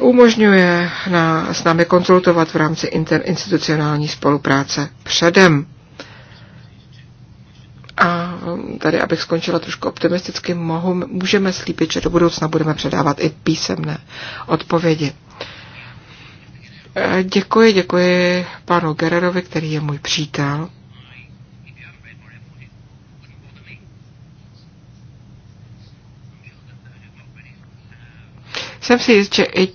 umožňuje na, s námi konzultovat v rámci interinstitucionální spolupráce předem. A um, tady, abych skončila trošku optimisticky, mohu, můžeme slíbit, že do budoucna budeme předávat i písemné odpovědi. E, děkuji, děkuji panu Gererovi, který je můj přítel. Jsem si jist, že i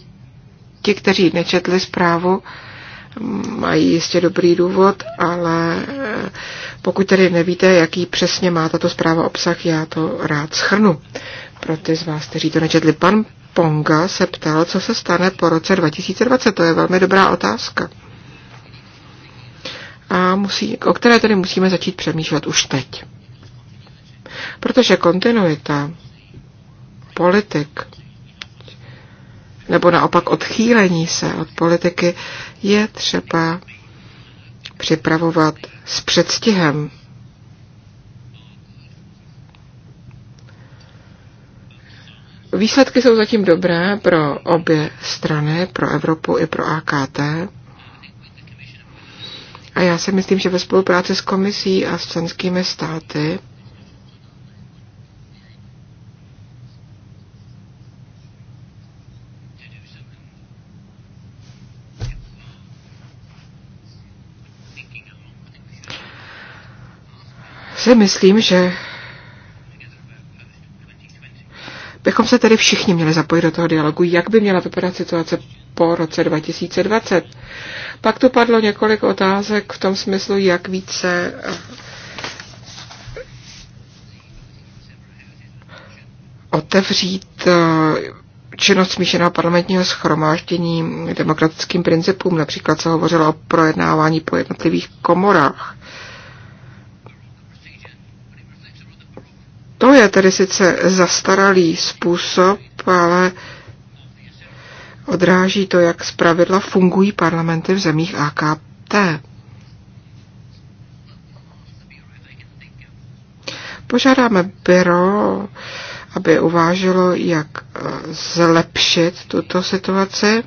ti, kteří nečetli zprávu, mají jistě dobrý důvod, ale eh, pokud tedy nevíte, jaký přesně má tato zpráva obsah, já to rád schrnu. Pro ty z vás, kteří to nečetli, pan Ponga se ptal, co se stane po roce 2020. To je velmi dobrá otázka. A musí, o které tedy musíme začít přemýšlet už teď. Protože kontinuita politik nebo naopak odchýlení se od politiky, je třeba připravovat s předstihem. Výsledky jsou zatím dobré pro obě strany, pro Evropu i pro AKT. A já si myslím, že ve spolupráci s komisí a s členskými státy si myslím, že bychom se tedy všichni měli zapojit do toho dialogu, jak by měla vypadat situace po roce 2020. Pak tu padlo několik otázek v tom smyslu, jak více eh, otevřít eh, činnost smíšeného parlamentního schromáždění demokratickým principům. Například se hovořilo o projednávání po jednotlivých komorách. To je tedy sice zastaralý způsob, ale odráží to, jak zpravidla fungují parlamenty v zemích AKT. Požádáme byro, aby uvážilo, jak zlepšit tuto situaci.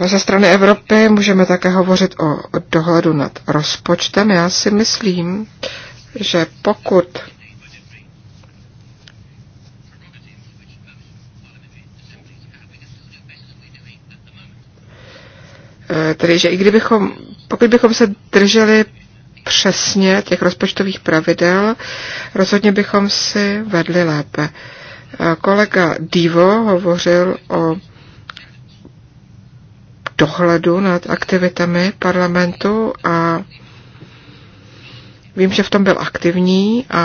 No, ze strany Evropy můžeme také hovořit o dohledu nad rozpočtem. Já si myslím, že pokud eh, tedy, že i kdybychom, pokud bychom se drželi přesně těch rozpočtových pravidel, rozhodně bychom si vedli lépe. Eh, kolega Divo hovořil o dohledu nad aktivitami parlamentu a vím, že v tom byl aktivní a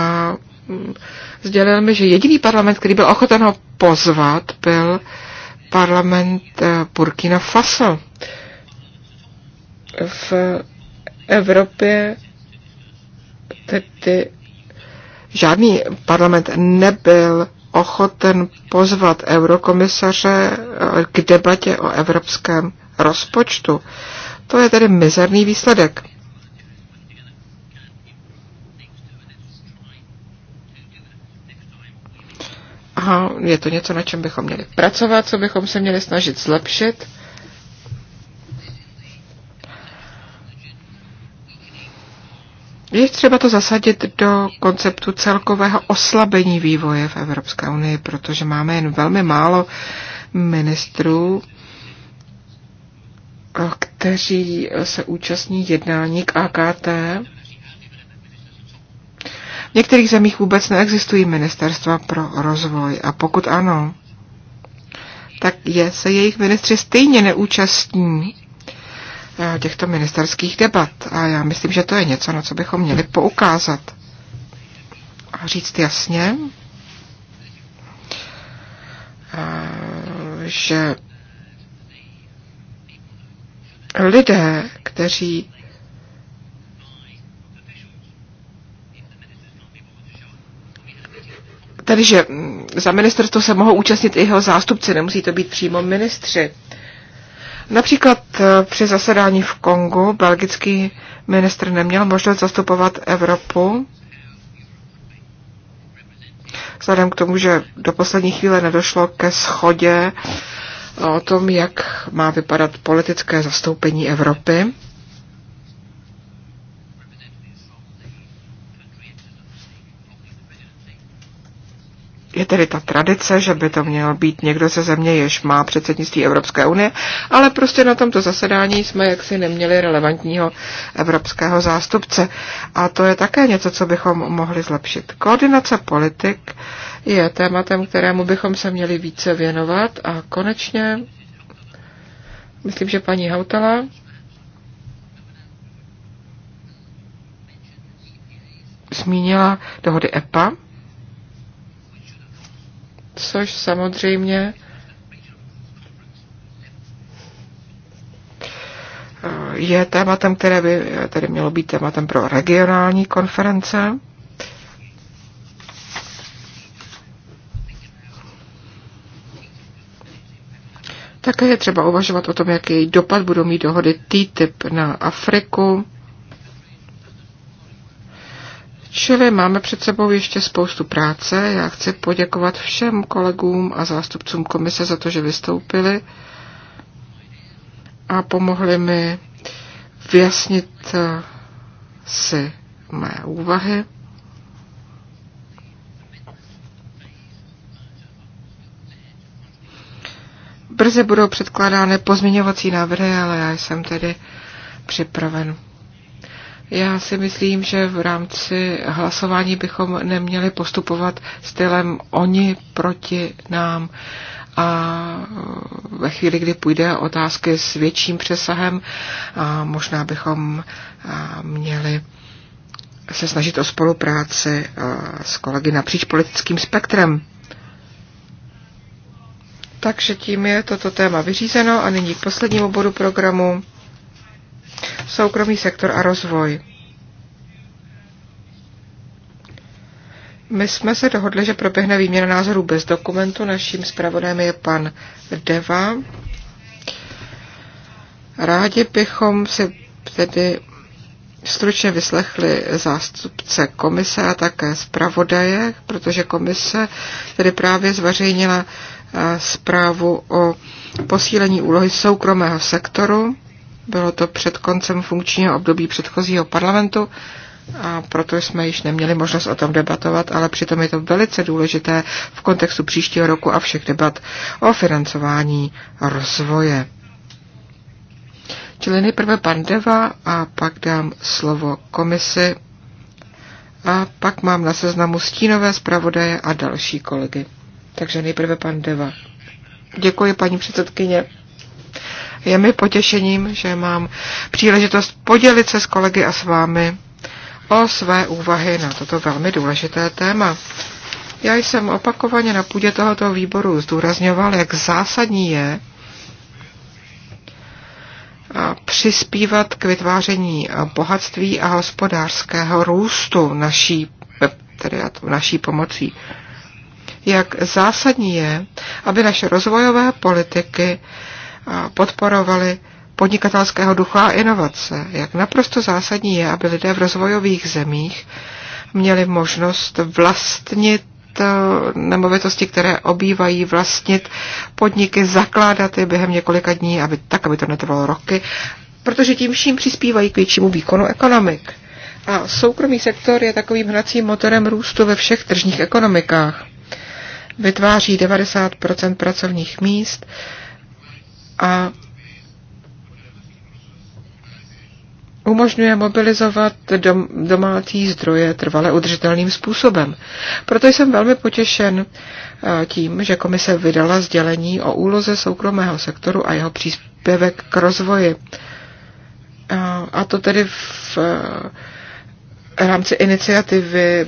sdělil mi, že jediný parlament, který byl ochoten ho pozvat, byl parlament eh, Burkina Faso. V Evropě tedy žádný parlament nebyl ochoten pozvat eurokomisaře eh, k debatě o evropském rozpočtu. To je tedy mizerný výsledek. A je to něco, na čem bychom měli pracovat, co bychom se měli snažit zlepšit. Je třeba to zasadit do konceptu celkového oslabení vývoje v Evropské unii, protože máme jen velmi málo ministrů, kteří se účastní jednání k AKT. V některých zemích vůbec neexistují ministerstva pro rozvoj a pokud ano, tak je, se jejich ministři stejně neúčastní eh, těchto ministerských debat. A já myslím, že to je něco, na co bychom měli poukázat. A říct jasně, eh, že lidé, kteří Tedy, že mm, za ministerstvo se mohou účastnit i jeho zástupci, nemusí to být přímo ministři. Například e, při zasedání v Kongu belgický ministr neměl možnost zastupovat Evropu, vzhledem k tomu, že do poslední chvíle nedošlo ke schodě o tom, jak má vypadat politické zastoupení Evropy. je tedy ta tradice, že by to měl být někdo ze země, jež má předsednictví Evropské unie, ale prostě na tomto zasedání jsme jaksi neměli relevantního evropského zástupce. A to je také něco, co bychom mohli zlepšit. Koordinace politik je tématem, kterému bychom se měli více věnovat a konečně myslím, že paní Hautala zmínila dohody EPA, což samozřejmě eh, je tématem, které by tedy mělo být tématem pro regionální konference. Také je třeba uvažovat o tom, jaký dopad budou mít dohody TTIP na Afriku. Šéfe, máme před sebou ještě spoustu práce. Já chci poděkovat všem kolegům a zástupcům komise za to, že vystoupili a pomohli mi vyjasnit eh, si mé úvahy. Brzy budou předkládány pozměňovací návrhy, ale já jsem tedy připraven já si myslím, že v rámci hlasování bychom neměli postupovat stylem oni proti nám. A ve chvíli, kdy půjde otázky s větším přesahem, a možná bychom měli se snažit o spolupráci s kolegy napříč politickým spektrem. Takže tím je toto téma vyřízeno a nyní k poslednímu bodu programu soukromý sektor a rozvoj. My jsme se dohodli, že proběhne výměna názorů bez dokumentu. Naším zpravodajem je pan Deva. Rádi bychom si tedy stručně vyslechli zástupce komise a také zpravodaje, protože komise tedy právě zveřejnila eh, zprávu o posílení úlohy soukromého sektoru bylo to před koncem funkčního období předchozího parlamentu a proto jsme již neměli možnost o tom debatovat, ale přitom je to velice důležité v kontextu příštího roku a všech debat o financování rozvoje. Čili nejprve pan Deva a pak dám slovo komisi a pak mám na seznamu stínové zpravodaje a další kolegy. Takže nejprve pan Deva. Děkuji, paní předsedkyně. Je mi potěšením, že mám příležitost podělit se s kolegy a s vámi o své úvahy na toto velmi důležité téma. Já jsem opakovaně na půdě tohoto výboru zdůrazňoval, jak zásadní je přispívat k vytváření bohatství a hospodářského růstu naší, tedy naší pomocí. Jak zásadní je, aby naše rozvojové politiky podporovali podnikatelského ducha a inovace. Jak naprosto zásadní je, aby lidé v rozvojových zemích měli možnost vlastnit eh, nemovitosti, které obývají, vlastnit podniky, zakládat je během několika dní, aby, tak, aby to netrvalo roky, protože tím vším přispívají k většímu výkonu ekonomik. A soukromý sektor je takovým hnacím motorem růstu ve všech tržních ekonomikách. Vytváří 90 pracovních míst, a umožňuje mobilizovat dom, domácí zdroje trvale udržitelným způsobem. Proto jsem velmi potěšen eh, tím, že komise vydala sdělení o úloze soukromého sektoru a jeho příspěvek k rozvoji. Eh, a to tedy v eh, rámci iniciativy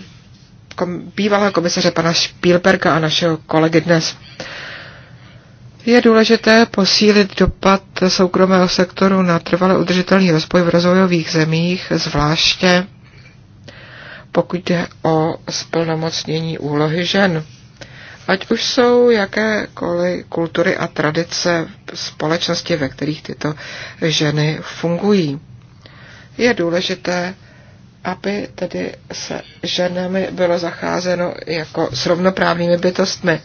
bývalého komisaře pana Spielberga a našeho kolegy dnes je důležité posílit dopad soukromého sektoru na trvale udržitelný rozvoj v rozvojových zemích, zvláště pokud jde o splnomocnění úlohy žen. Ať už jsou jakékoliv kultury a tradice společnosti, ve kterých tyto ženy fungují. Je důležité, aby tedy se ženami bylo zacházeno jako s rovnoprávnými bytostmi.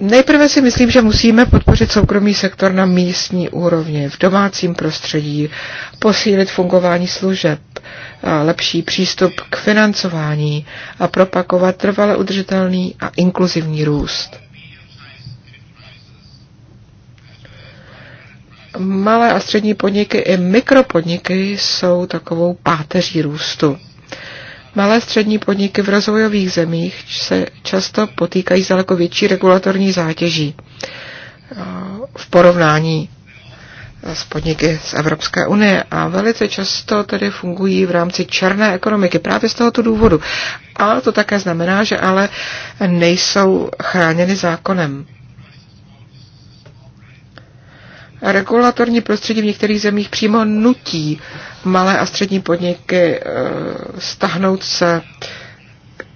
Nejprve si myslím, že musíme podpořit soukromý sektor na místní úrovni, v domácím prostředí, posílit fungování služeb, lepší přístup k financování a propakovat trvale udržitelný a inkluzivní růst. Malé a střední podniky i mikropodniky jsou takovou páteří růstu. Malé střední podniky v rozvojových zemích se často potýkají s daleko větší regulatorní zátěží eh, v porovnání s podniky z Evropské unie a velice často tedy fungují v rámci černé ekonomiky právě z tohoto důvodu. A to také znamená, že ale nejsou chráněny zákonem. Regulatorní prostředí v některých zemích přímo nutí malé a střední podniky eh, stahnout se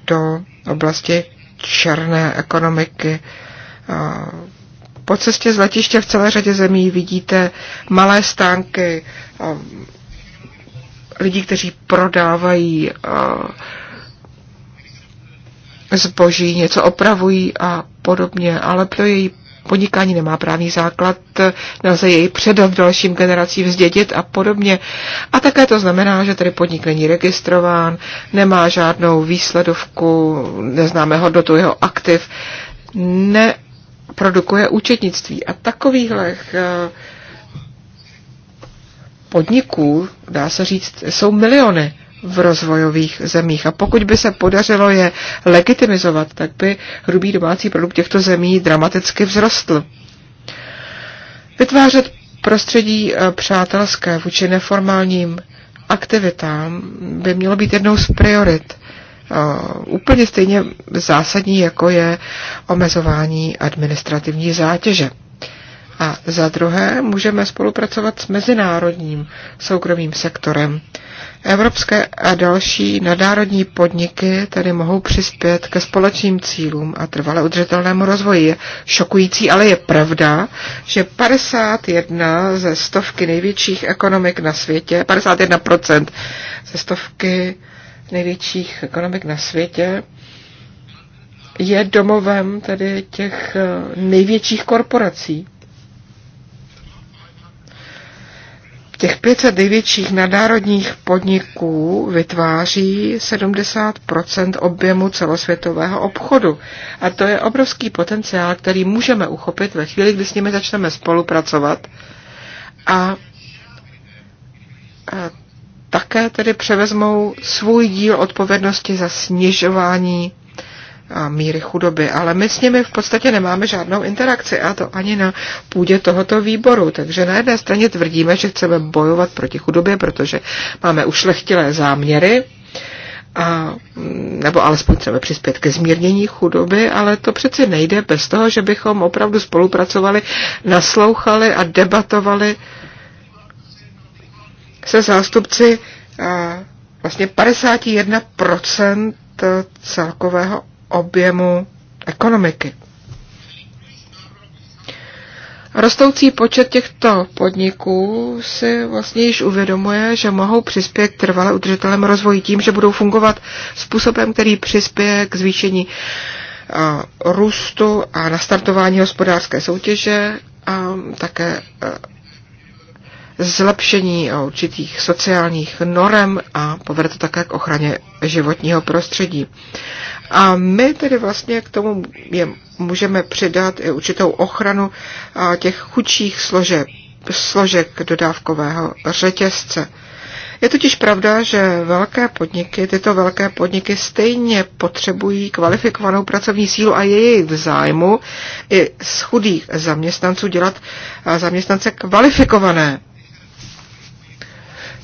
do oblasti černé ekonomiky. Eh, po cestě z letiště v celé řadě zemí vidíte malé stánky eh, lidí, kteří prodávají zboží, něco opravují a podobně, ale to její podnikání nemá právní základ, nelze jej předat dalším generacím vzdědit a podobně. A také to znamená, že tady podnik není registrován, nemá žádnou výsledovku, neznáme hodnotu jeho aktiv, neprodukuje účetnictví. A takovýchhle eh, podniků, dá se říct, jsou miliony v rozvojových zemích. A pokud by se podařilo je legitimizovat, tak by hrubý domácí produkt těchto zemí dramaticky vzrostl. Vytvářet prostředí eh, přátelské vůči neformálním aktivitám by mělo být jednou z priorit. Eh, úplně stejně zásadní, jako je omezování administrativní zátěže. A za druhé můžeme spolupracovat s mezinárodním soukromým sektorem Evropské a další nadárodní podniky tedy mohou přispět ke společným cílům a trvale udržitelnému rozvoji. Je šokující, ale je pravda, že 51 ze stovky největších ekonomik na světě, 51% ze stovky největších ekonomik na světě je domovem tedy těch eh, největších korporací. Těch 500 největších nadárodních podniků vytváří 70 objemu celosvětového obchodu. A to je obrovský potenciál, který můžeme uchopit ve chvíli, kdy s nimi začneme spolupracovat a, a také tedy převezmou svůj díl odpovědnosti za snižování míry chudoby, ale my s nimi v podstatě nemáme žádnou interakci a to ani na půdě tohoto výboru. Takže na jedné straně tvrdíme, že chceme bojovat proti chudobě, protože máme ušlechtilé záměry, a, nebo alespoň chceme přispět ke zmírnění chudoby, ale to přece nejde bez toho, že bychom opravdu spolupracovali, naslouchali a debatovali se zástupci a, vlastně 51% celkového objemu ekonomiky. Rostoucí počet těchto podniků si vlastně již uvědomuje, že mohou přispět trvale udržitelnému rozvoji tím, že budou fungovat způsobem, který přispěje k zvýšení růstu a nastartování hospodářské soutěže a také zlepšení určitých sociálních norem a povede to také k ochraně životního prostředí. A my tedy vlastně k tomu je, můžeme přidat i určitou ochranu těch chudších složek, složek dodávkového řetězce. Je totiž pravda, že velké podniky, tyto velké podniky stejně potřebují kvalifikovanou pracovní sílu a je jejich zájmu i z chudých zaměstnanců dělat zaměstnance kvalifikované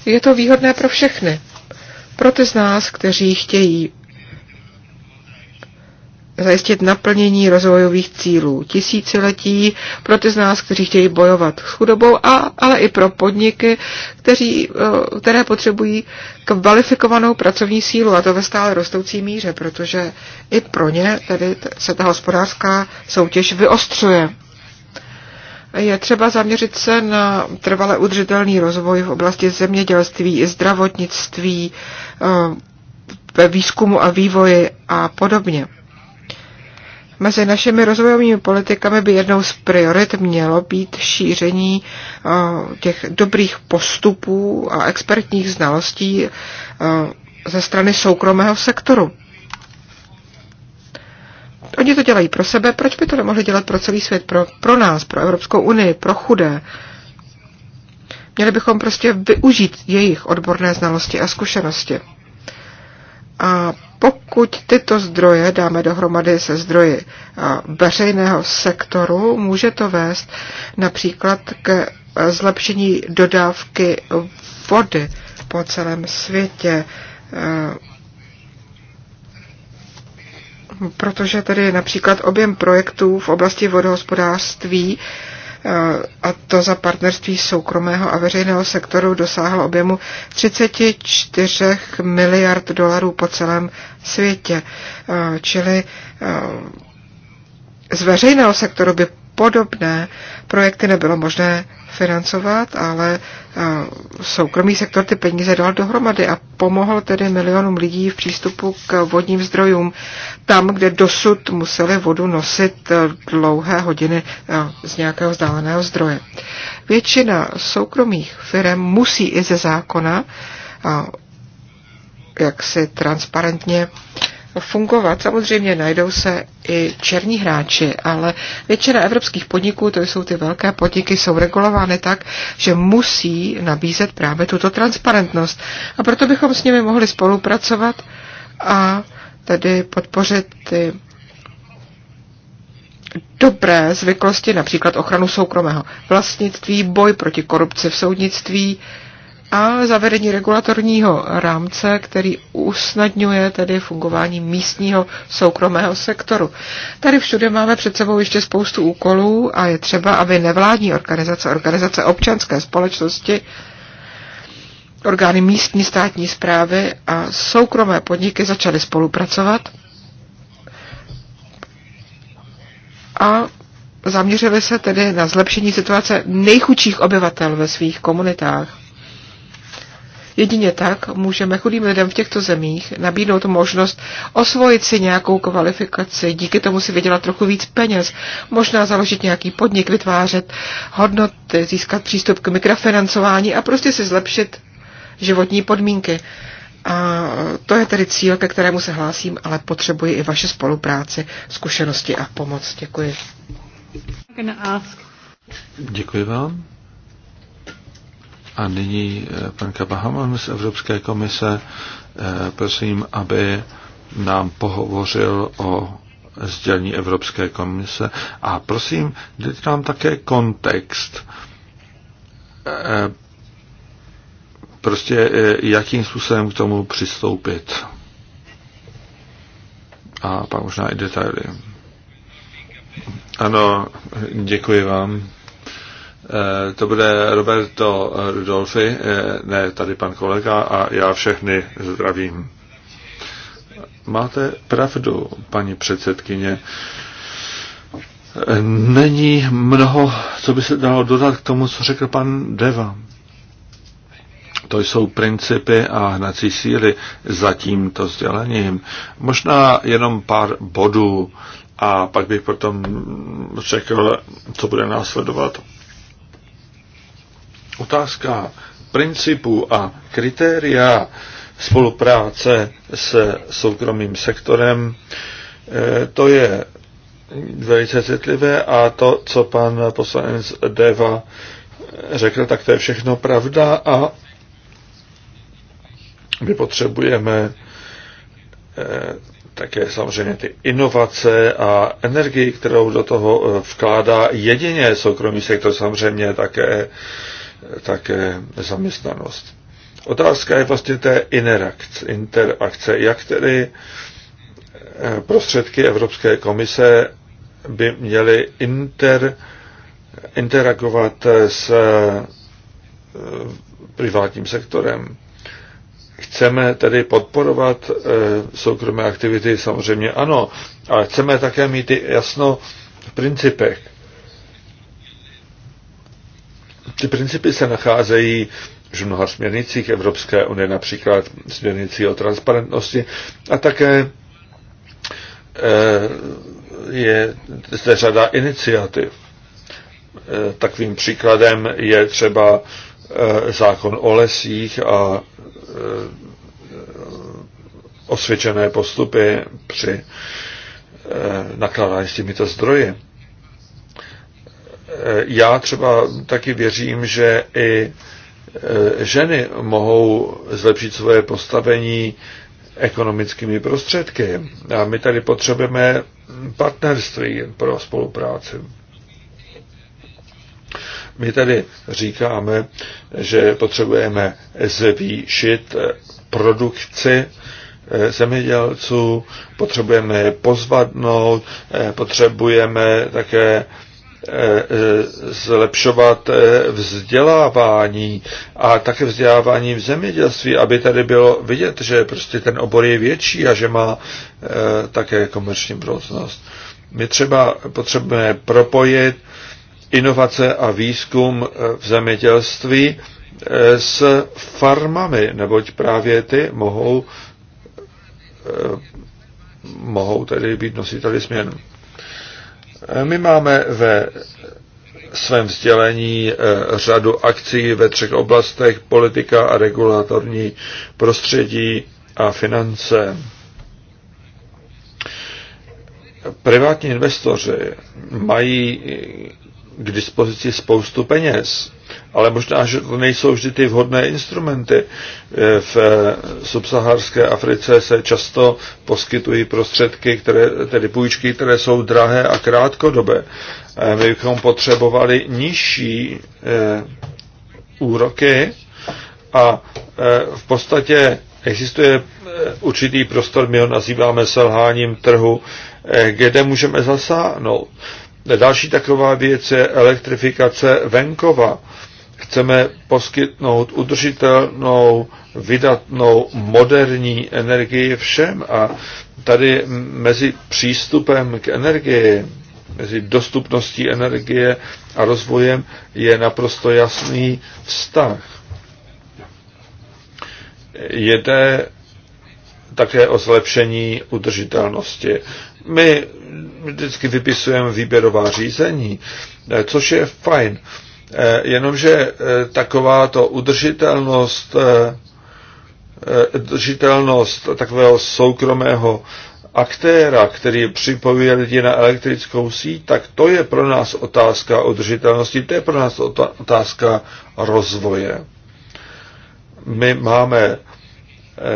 je to výhodné pro všechny. Pro ty z nás, kteří chtějí zajistit naplnění rozvojových cílů tisíciletí, pro ty z nás, kteří chtějí bojovat s chudobou, a, ale i pro podniky, kteří, eh, které potřebují kvalifikovanou pracovní sílu, a to ve stále rostoucí míře, protože i pro ně tedy se ta hospodářská soutěž vyostřuje je třeba zaměřit se na trvale udržitelný rozvoj v oblasti zemědělství, zdravotnictví, eh, ve výzkumu a vývoji a podobně. Mezi našimi rozvojovými politikami by jednou z priorit mělo být šíření eh, těch dobrých postupů a expertních znalostí eh, ze strany soukromého sektoru. Oni to dělají pro sebe, proč by to nemohli dělat pro celý svět, pro, pro nás, pro Evropskou unii, pro chudé? Měli bychom prostě využít jejich odborné znalosti a zkušenosti. A pokud tyto zdroje dáme dohromady se zdroji veřejného sektoru, může to vést například ke e, zlepšení dodávky vody po celém světě e, protože tedy například objem projektů v oblasti vodohospodářství eh, a to za partnerství soukromého a veřejného sektoru dosáhlo objemu 34 miliard dolarů po celém světě. Eh, čili eh, z veřejného sektoru by podobné projekty nebylo možné financovat, ale eh, soukromý sektor ty peníze dal dohromady a pomohl tedy milionům lidí v přístupu k vodním zdrojům tam, kde dosud museli vodu nosit eh, dlouhé hodiny eh, z nějakého vzdáleného zdroje. Většina soukromých firm musí i ze zákona jak si transparentně uh, fungovat. Samozřejmě najdou se i černí hráči, ale většina evropských podniků, to jsou ty velké podniky, jsou regulovány tak, že musí nabízet právě tuto transparentnost. A proto bychom s nimi mohli spolupracovat a tedy podpořit ty dobré zvyklosti, například ochranu soukromého vlastnictví, boj proti korupci v soudnictví, a zavedení regulatorního rámce, který usnadňuje tedy fungování místního soukromého sektoru. Tady všude máme před sebou ještě spoustu úkolů a je třeba, aby nevládní organizace, organizace občanské společnosti, orgány místní státní zprávy a soukromé podniky začaly spolupracovat a zaměřili se tedy na zlepšení situace nejchudších obyvatel ve svých komunitách. Jedině tak můžeme chudým lidem v těchto zemích nabídnout možnost osvojit si nějakou kvalifikaci, díky tomu si vydělat trochu víc peněz, možná založit nějaký podnik, vytvářet hodnoty, získat přístup k mikrofinancování a prostě si zlepšit životní podmínky. A to je tedy cíl, ke kterému se hlásím, ale potřebuji i vaše spolupráci, zkušenosti a pomoc. Děkuji. Děkuji vám. A nyní eh, pan Kabahaman z Evropské komise, eh, prosím, aby nám pohovořil o sdělení Evropské komise. A prosím, dejte nám také kontext. Eh, prostě jakým způsobem k tomu přistoupit. A pak možná i detaily. Ano, děkuji vám. Eh, to bude Roberto Rudolfi, eh, ne tady pan kolega, a já všechny zdravím. Máte pravdu, paní předsedkyně. Eh, není mnoho, co by se dalo dodat k tomu, co řekl pan Deva. To jsou principy a hnací síly za tímto sdělením. Možná jenom pár bodů a pak bych potom řekl, co bude následovat. Otázka principu a kritéria spolupráce se soukromým sektorem, eh, to je velice citlivé a to, co pan poslanec Deva eh, řekl, tak to je všechno pravda a my potřebujeme eh, také samozřejmě ty inovace a energii, kterou do toho vkládá jedině soukromý sektor, samozřejmě také také zaměstnanost. Otázka je vlastně té interakce, interakce jak tedy eh, prostředky Evropské komise by měly inter, interagovat s eh, privátním sektorem. Chceme tedy podporovat eh, soukromé aktivity, samozřejmě ano, ale chceme také mít jasno v principech. Ty principy se nacházejí v mnoha směrnicích Evropské unie, například směrnici o transparentnosti a také eh, je zde řada iniciativ. Eh, takovým příkladem je třeba eh, zákon o lesích a osvědčené postupy při nakládání s těmito zdroji. Eh, já třeba taky věřím, že i eh, ženy mohou zlepšit svoje postavení ekonomickými prostředky. A my tady potřebujeme partnerství pro spolupráci. My tady říkáme, že potřebujeme zvýšit produkci eh, zemědělců, potřebujeme je pozvadnout, potřebujeme také Eh, eh, zlepšovat eh, vzdělávání a také vzdělávání v zemědělství, aby tady bylo vidět, že prostě ten obor je větší a že má také komerční budoucnost. My třeba potřebujeme propojit inovace a výzkum v zemědělství s farmami, neboť právě ty mohou mohou tedy být nositeli změn. My máme ve svém vzdělení eh, řadu akcí ve třech oblastech politika a regulatorní prostředí a finance. Privátní investoři mají k dispozici spoustu peněz ale možná, že to nejsou vždy ty vhodné instrumenty. Eh, v subsaharské Africe se často poskytují prostředky, které, tedy půjčky, které jsou drahé a krátkodobé. Eh, my bychom potřebovali nižší eh, úroky a v podstatě existuje určitý prostor, my ho nazýváme selháním trhu, kde můžeme zasáhnout. Další taková věc je elektrifikace venkova. Chceme poskytnout udržitelnou, vydatnou, moderní energii všem a tady mezi přístupem k energii, mezi dostupností energie a rozvojem je naprosto jasný vztah. Jde také o zlepšení udržitelnosti. My vždycky vypisujeme výběrová řízení, což je fajn, Eh, jenomže eh, taková to udržitelnost, eh, udržitelnost takového soukromého aktéra, který připojuje lidi na elektrickou síť, tak to je pro nás otázka udržitelnosti, to je pro nás otázka rozvoje. My máme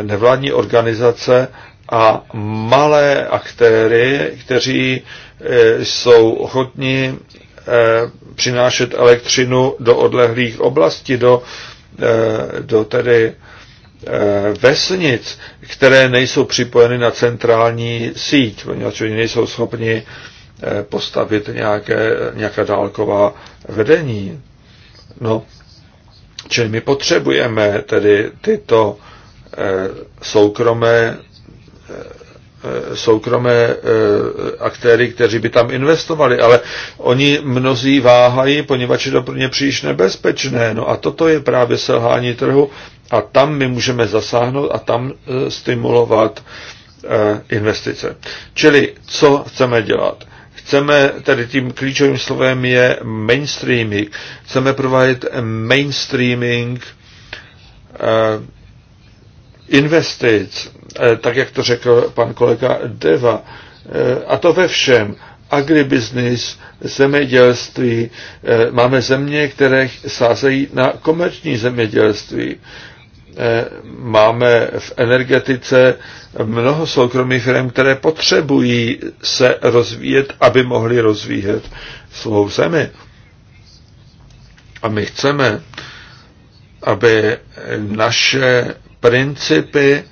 nevládní organizace a malé aktéry, kteří jsou ochotní Eh, přinášet elektřinu do odlehlých oblastí, do, eh, do tedy eh, vesnic, které nejsou připojeny na centrální síť, poněvadž oni nejsou schopni postavit nějaké, nějaká dálková vedení. No, čili my potřebujeme tedy tyto soukromé Eh, soukromé eh, aktéry, kteří by tam investovali, ale oni mnozí váhají, poněvadž je to pro ně příliš nebezpečné. No a toto je právě selhání trhu a tam my můžeme zasáhnout a tam eh, stimulovat investice. Čili co chceme dělat? Chceme, tedy tím klíčovým slovem je mainstreaming. Chceme provádět mainstreaming investic Eh, tak jak to řekl pan kolega Deva, eh, a to ve všem, agribiznis, zemědělství. Eh, máme země, které sázejí na komerční zemědělství. Máme v energetice mnoho soukromých firm, které potřebují se rozvíjet, aby mohly rozvíjet svou zemi. A my chceme, aby naše principy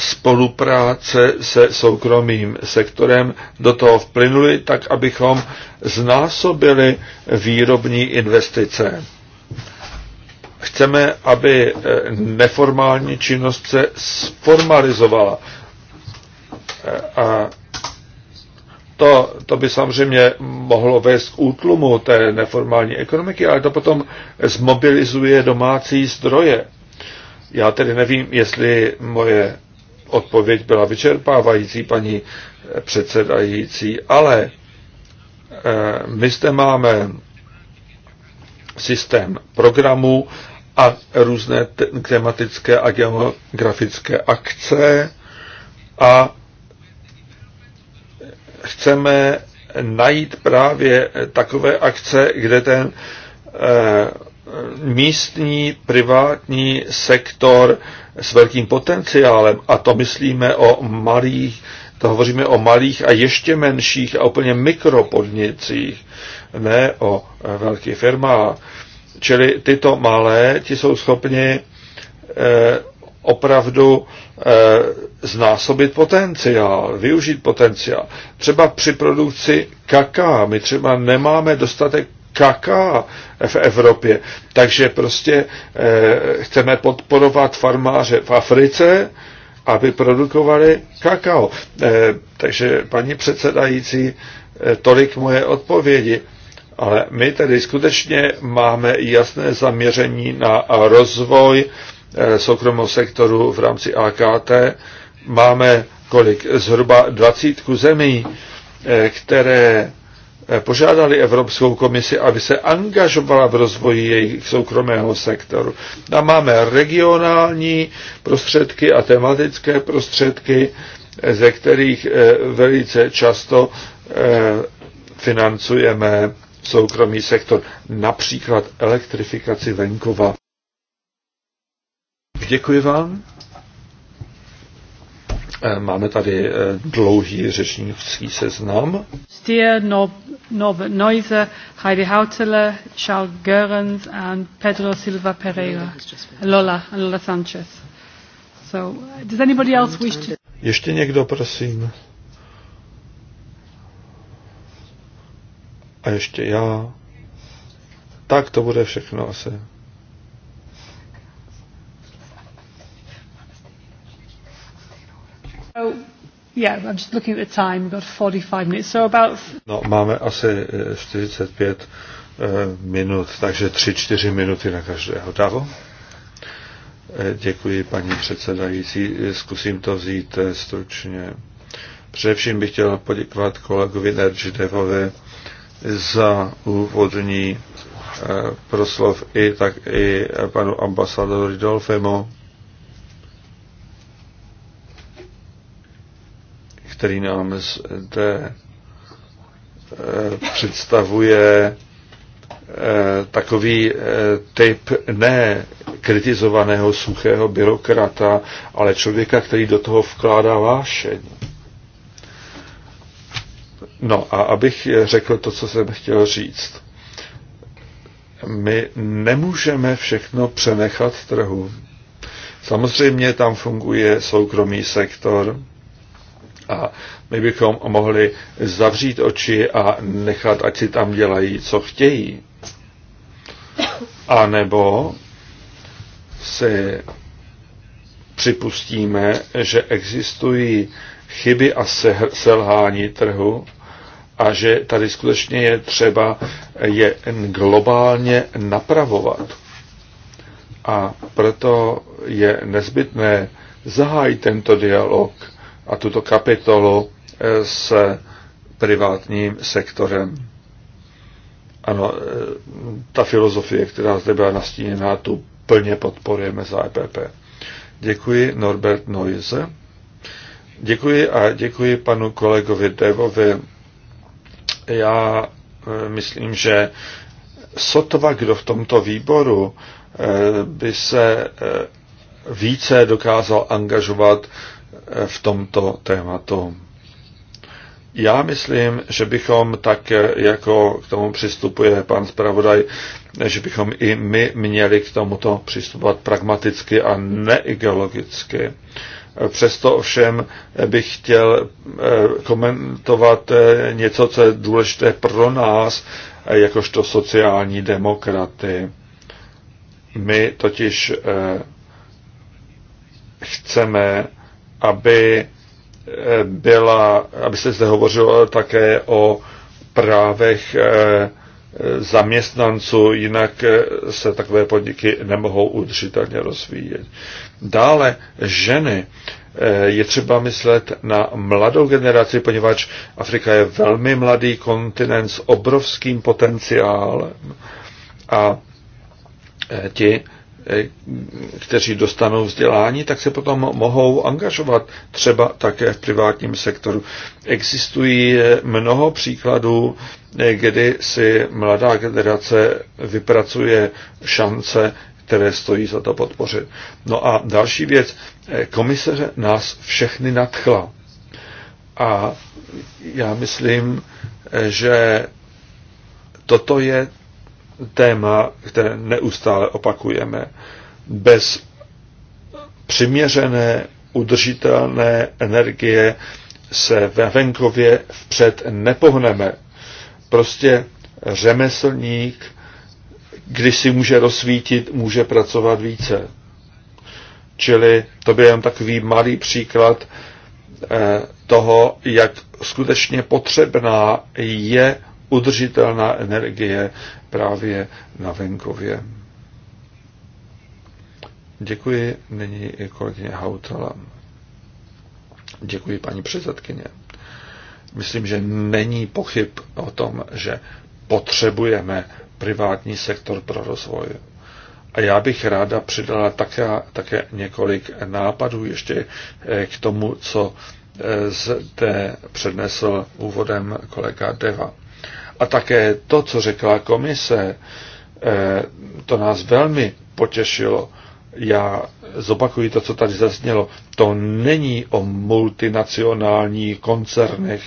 spolupráce se soukromým sektorem do toho vplynuli, tak abychom znásobili výrobní investice. Chceme, aby eh, neformální činnost se sformalizovala. Eh, a to, to by samozřejmě mohlo vést k útlumu té neformální ekonomiky, ale to potom zmobilizuje domácí zdroje. Já tedy nevím, jestli moje odpověď byla vyčerpávající, paní předsedající, ale eh, my zde máme systém programu a různé tematické a geografické akce a chceme najít právě takové akce, kde ten eh, místní privátní sektor s velkým potenciálem, a to myslíme o malých, to hovoříme o malých a ještě menších a úplně mikropodnicích, ne o e, velkých firmách. Čili tyto malé, ti jsou schopni e, opravdu e, znásobit potenciál, využít potenciál. Třeba při produkci kaká my třeba nemáme dostatek kaká v Evropě. Takže prostě eh, chceme podporovat farmáře v Africe, aby produkovali kakao. Eh, takže paní předsedající, eh, tolik moje odpovědi. Ale my tedy skutečně máme jasné zaměření na rozvoj eh, soukromého sektoru v rámci AKT. Máme kolik? Zhruba 20 zemí, eh, které Eh, požádali Evropskou komisi, aby se angažovala v rozvoji jejich soukromého sektoru. A máme regionální prostředky a tematické prostředky, eh, ze kterých eh, velice často financujeme soukromý sektor, například elektrifikaci venkova. Děkuji vám. Máme tady dlouhý řečnický seznam. Stier, Norbert Neuser, Heidi Hautele, Charles Goerens, and Pedro Silva Pereira. Lola, and Lola Sanchez. So, uh, does anybody else wish to... Ještě někdo, prosím. A ještě já. Tak to bude všechno asi. So, Yeah, I'm just looking at the time. We've got 45 minutes, so about... No, máme asi 45 eh, eh, minut, takže 3-4 minuty na každého. Davo? Eh, děkuji, paní předsedající. Zkusím to vzít stručně. Především bych chtěl poděkovat kolegovi Nergidevovi za úvodní proslov i tak i panu ambasadoru Dolfemu který nám zde eh, představuje eh, takový eh, typ ne kritizovaného suchého byrokrata, ale člověka, který do toho vkládá vášeň. No a abych řekl to, co jsem chtěl říct. My nemůžeme všechno přenechat trhu. Samozřejmě tam funguje soukromý sektor, a my bychom mohli zavřít oči a nechat, ať si tam dělají, co chtějí. A nebo si připustíme, že existují chyby a selhání trhu a že tady skutečně je třeba je globálně napravovat. A proto je nezbytné zahájit tento dialog a tuto kapitolu eh, s privátním sektorem. Ano, eh, ta filozofie, která zde byla nastíněna, tu plně podporujeme za EPP. Děkuji Norbert Noise. Děkuji a děkuji panu kolegovi Devovi. Já eh, myslím, že sotva kdo v tomto výboru by se více dokázal angažovat v tomto tématu. Já myslím, že bychom tak, jako k tomu přistupuje pan zpravodaj, že bychom i my měli k tomuto přistupovat pragmaticky a neideologicky. Přesto ovšem bych chtěl eh, komentovat eh, něco, co je důležité pro nás, eh, jakožto sociální demokraty. My totiž chceme aby, eh, byla, aby se zde hovořilo také o právech eh, zaměstnanců, jinak eh, se takové podniky nemohou udržitelně rozvíjet. Dále ženy. Je třeba myslet na mladou generaci, poněvadž Afrika je velmi mladý kontinent s obrovským potenciálem. A ti E, kteří dostanou vzdělání, tak se potom mohou angažovat třeba také v privátním sektoru. Existují e, mnoho příkladů, e, kdy si mladá generace vypracuje šance, které stojí za to podpořit. No a další věc, komise nás všechny nadchla. A já myslím, že toto je téma, které neustále opakujeme. Bez přiměřené, udržitelné energie se ve venkově vpřed nepohneme. Prostě řemeslník, když si může rozsvítit, může pracovat více. Čili to byl jen takový malý příklad eh, toho, jak skutečně potřebná je udržitelná energie právě na venkově. Děkuji nyní kolegyně Hautala. Děkuji paní předsedkyně. Myslím, že není pochyb o tom, že potřebujeme privátní sektor pro rozvoj. A já bych ráda přidala také, také několik nápadů ještě eh, k tomu, co eh, zde přednesl úvodem kolega Deva. A také to, co řekla komise, eh, to nás velmi potěšilo. Já zopakuji to, co tady zaznělo. To není o multinacionálních koncernech,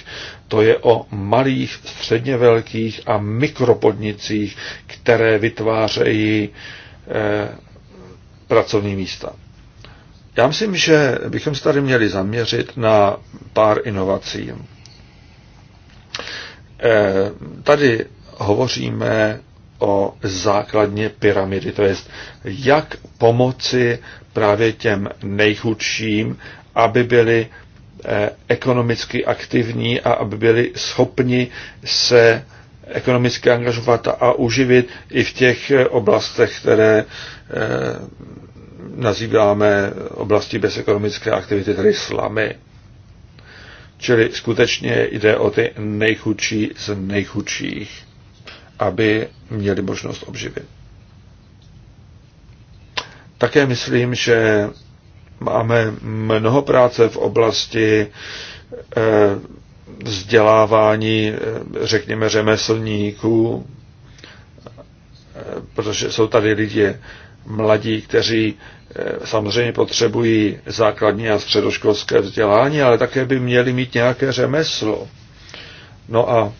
to je o malých, středně velkých a mikropodnicích, které vytvářejí eh, pracovní místa. Já myslím, že bychom se tady měli zaměřit na pár inovací. Eh, tady hovoříme o základně pyramidy, to je jak pomoci právě těm nejchudším, aby byli eh, ekonomicky aktivní a aby byli schopni se ekonomicky angažovat a uživit i v těch eh, oblastech, které nazýváme oblasti bez ekonomické aktivity, tedy slamy. Čili skutečně jde o ty nejchudší z nejchudších, aby měli možnost obživit. Také myslím, že máme mnoho práce v oblasti eh, vzdělávání, eh, řekněme, řemeslníků, eh, protože jsou tady lidi mladí, kteří Eh, samozřejmě potřebují základní a středoškolské vzdělání, ale také by měli mít nějaké řemeslo. No a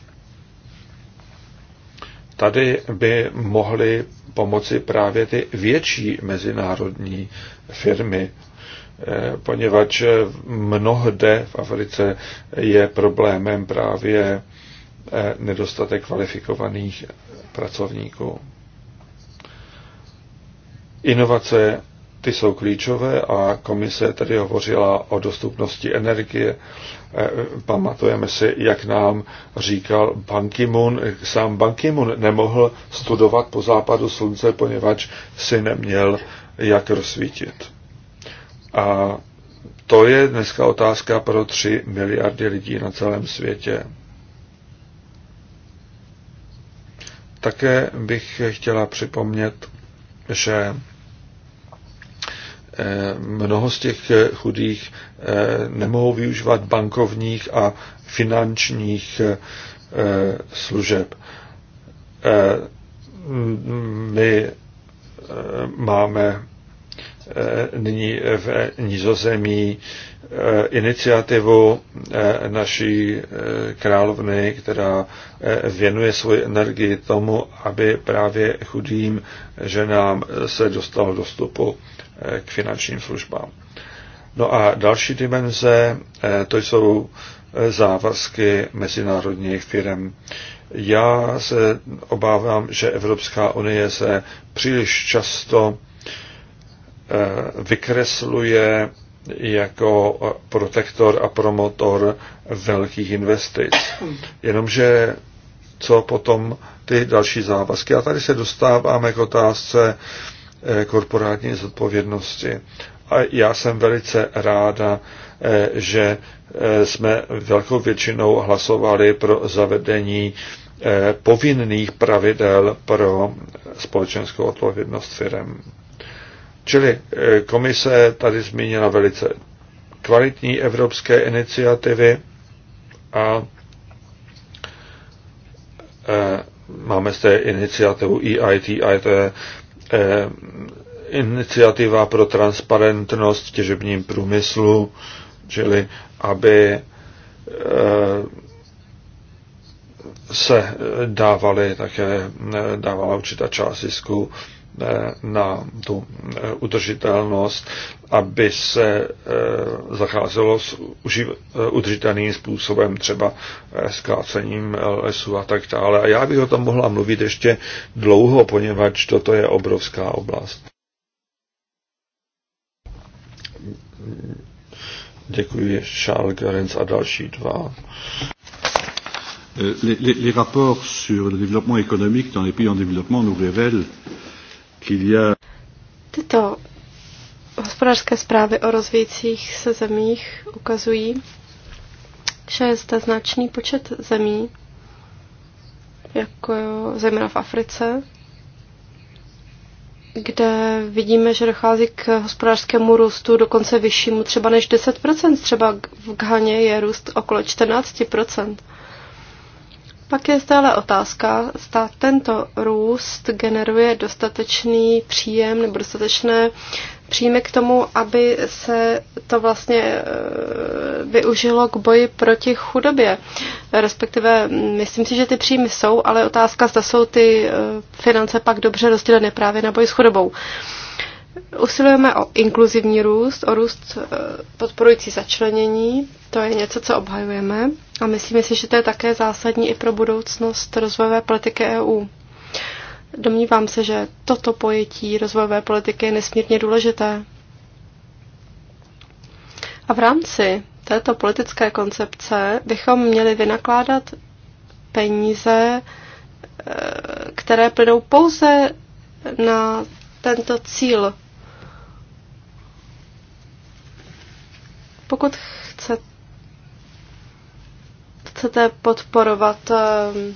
tady by mohly pomoci právě ty větší mezinárodní firmy, eh, poněvadž mnohde v Africe je problémem právě eh, nedostatek kvalifikovaných pracovníků. Inovace ty jsou klíčové a komise tedy hovořila o dostupnosti energie. E, pamatujeme si, jak nám říkal Ban Ki-moon. Sám Ban Ki-moon nemohl studovat po západu slunce, poněvadž si neměl jak rozsvítit. A to je dneska otázka pro 3 miliardy lidí na celém světě. Také bych chtěla připomnět, že Eh, mnoho z těch eh, chudých eh, nemohou využívat bankovních a finančních služeb. My máme nyní v Nizozemí iniciativu naší královny, která věnuje svoji energii tomu, aby právě chudým ženám se dostalo dostupu k finančním službám. No a další dimenze, eh, to jsou eh, závazky mezinárodních firm. Já se obávám, že Evropská unie se příliš často eh, vykresluje jako protektor a promotor velkých investic. Jenomže co potom ty další závazky. A tady se dostáváme k otázce Eh, korporátní zodpovědnosti. A já jsem velice ráda, eh, že eh, jsme velkou většinou hlasovali pro zavedení povinných pravidel pro společenskou odpovědnost firm. Čili komise tady zmínila velice kvalitní evropské iniciativy a máme zde iniciativu EITI, to je Eh, iniciativa pro transparentnost v těžebním průmyslu, čili aby eh, se dávaly také eh, dávala určitá část zisku Eh, na tu eh, udržitelnost, aby se eh, zacházelo s udržitelným způsobem, třeba zkrácením lesů a tak dále. A já bych o tom mohla mluvit ještě dlouho, poněvadž toto je obrovská oblast. Děkuji Charles Gerenz a další dva. Les, les, les rapports sur le développement économique dans les pays en développement nous révèlent euh, Tyto hospodářské zprávy o rozvíjících se zemích ukazují, že je zde značný počet zemí, jako zejména v Africe, kde vidíme, že dochází k hospodářskému růstu dokonce vyššímu třeba než 10%. Třeba v Ghaně je růst okolo 14%. Pak je stále otázka, zda tento růst generuje dostatečný příjem nebo dostatečné příjmy k tomu, aby se to vlastně eh, využilo k boji proti chudobě. Respektive, mm, myslím si, že ty příjmy jsou, ale otázka, zda jsou ty eh, finance pak dobře rozděleny právě na boj s chudobou. Usilujeme o inkluzivní růst, o růst eh, podporující začlenění, to je něco, co obhajujeme. A myslíme si, že to je také zásadní i pro budoucnost rozvojové politiky EU. Domnívám se, že toto pojetí rozvojové politiky je nesmírně důležité. A v rámci této politické koncepce bychom měli vynakládat peníze, eh, které plynou pouze na tento cíl. Pokud chcete podporovat ehm,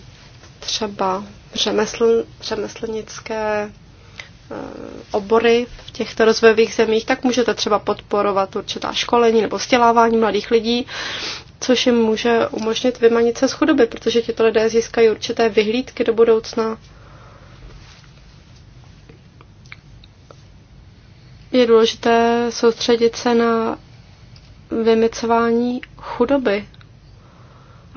třeba řemesl, řemeslnické eh, obory v těchto rozvojových zemích, tak můžete třeba podporovat určitá školení nebo vzdělávání mladých lidí, což jim může umožnit vymanit se z chudoby, protože tyto lidé získají určité vyhlídky do budoucna. Je důležité soustředit se na vymycování chudoby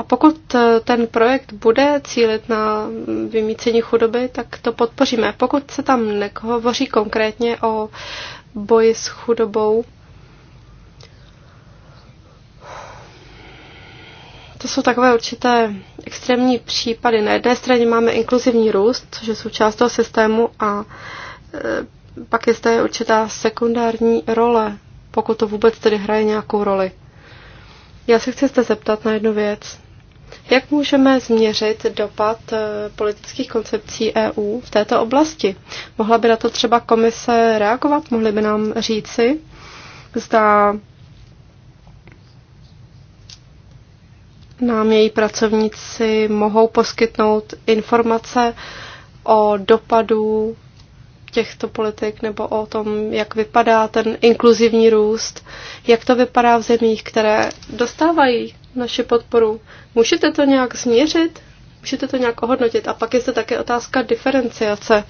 a pokud e, ten projekt bude cílit na vymícení chudoby, tak to podpoříme. Pokud se tam nehovoří konkrétně o boji s chudobou, to jsou takové určité extrémní případy. Na jedné straně máme inkluzivní růst, což je součást toho systému, a e, pak je zde určitá sekundární role, pokud to vůbec tedy hraje nějakou roli. Já se chci zde zeptat na jednu věc. Jak můžeme změřit dopad eh, politických koncepcí EU v této oblasti? Mohla by na to třeba komise reagovat? Mohli by nám říci, zda nám její pracovníci mohou poskytnout informace o dopadu těchto politik nebo o tom, jak vypadá ten inkluzivní růst, jak to vypadá v zemích, které dostávají naši podporu. Můžete to nějak změřit? Můžete to nějak ohodnotit? A pak je zde také otázka diferenciace.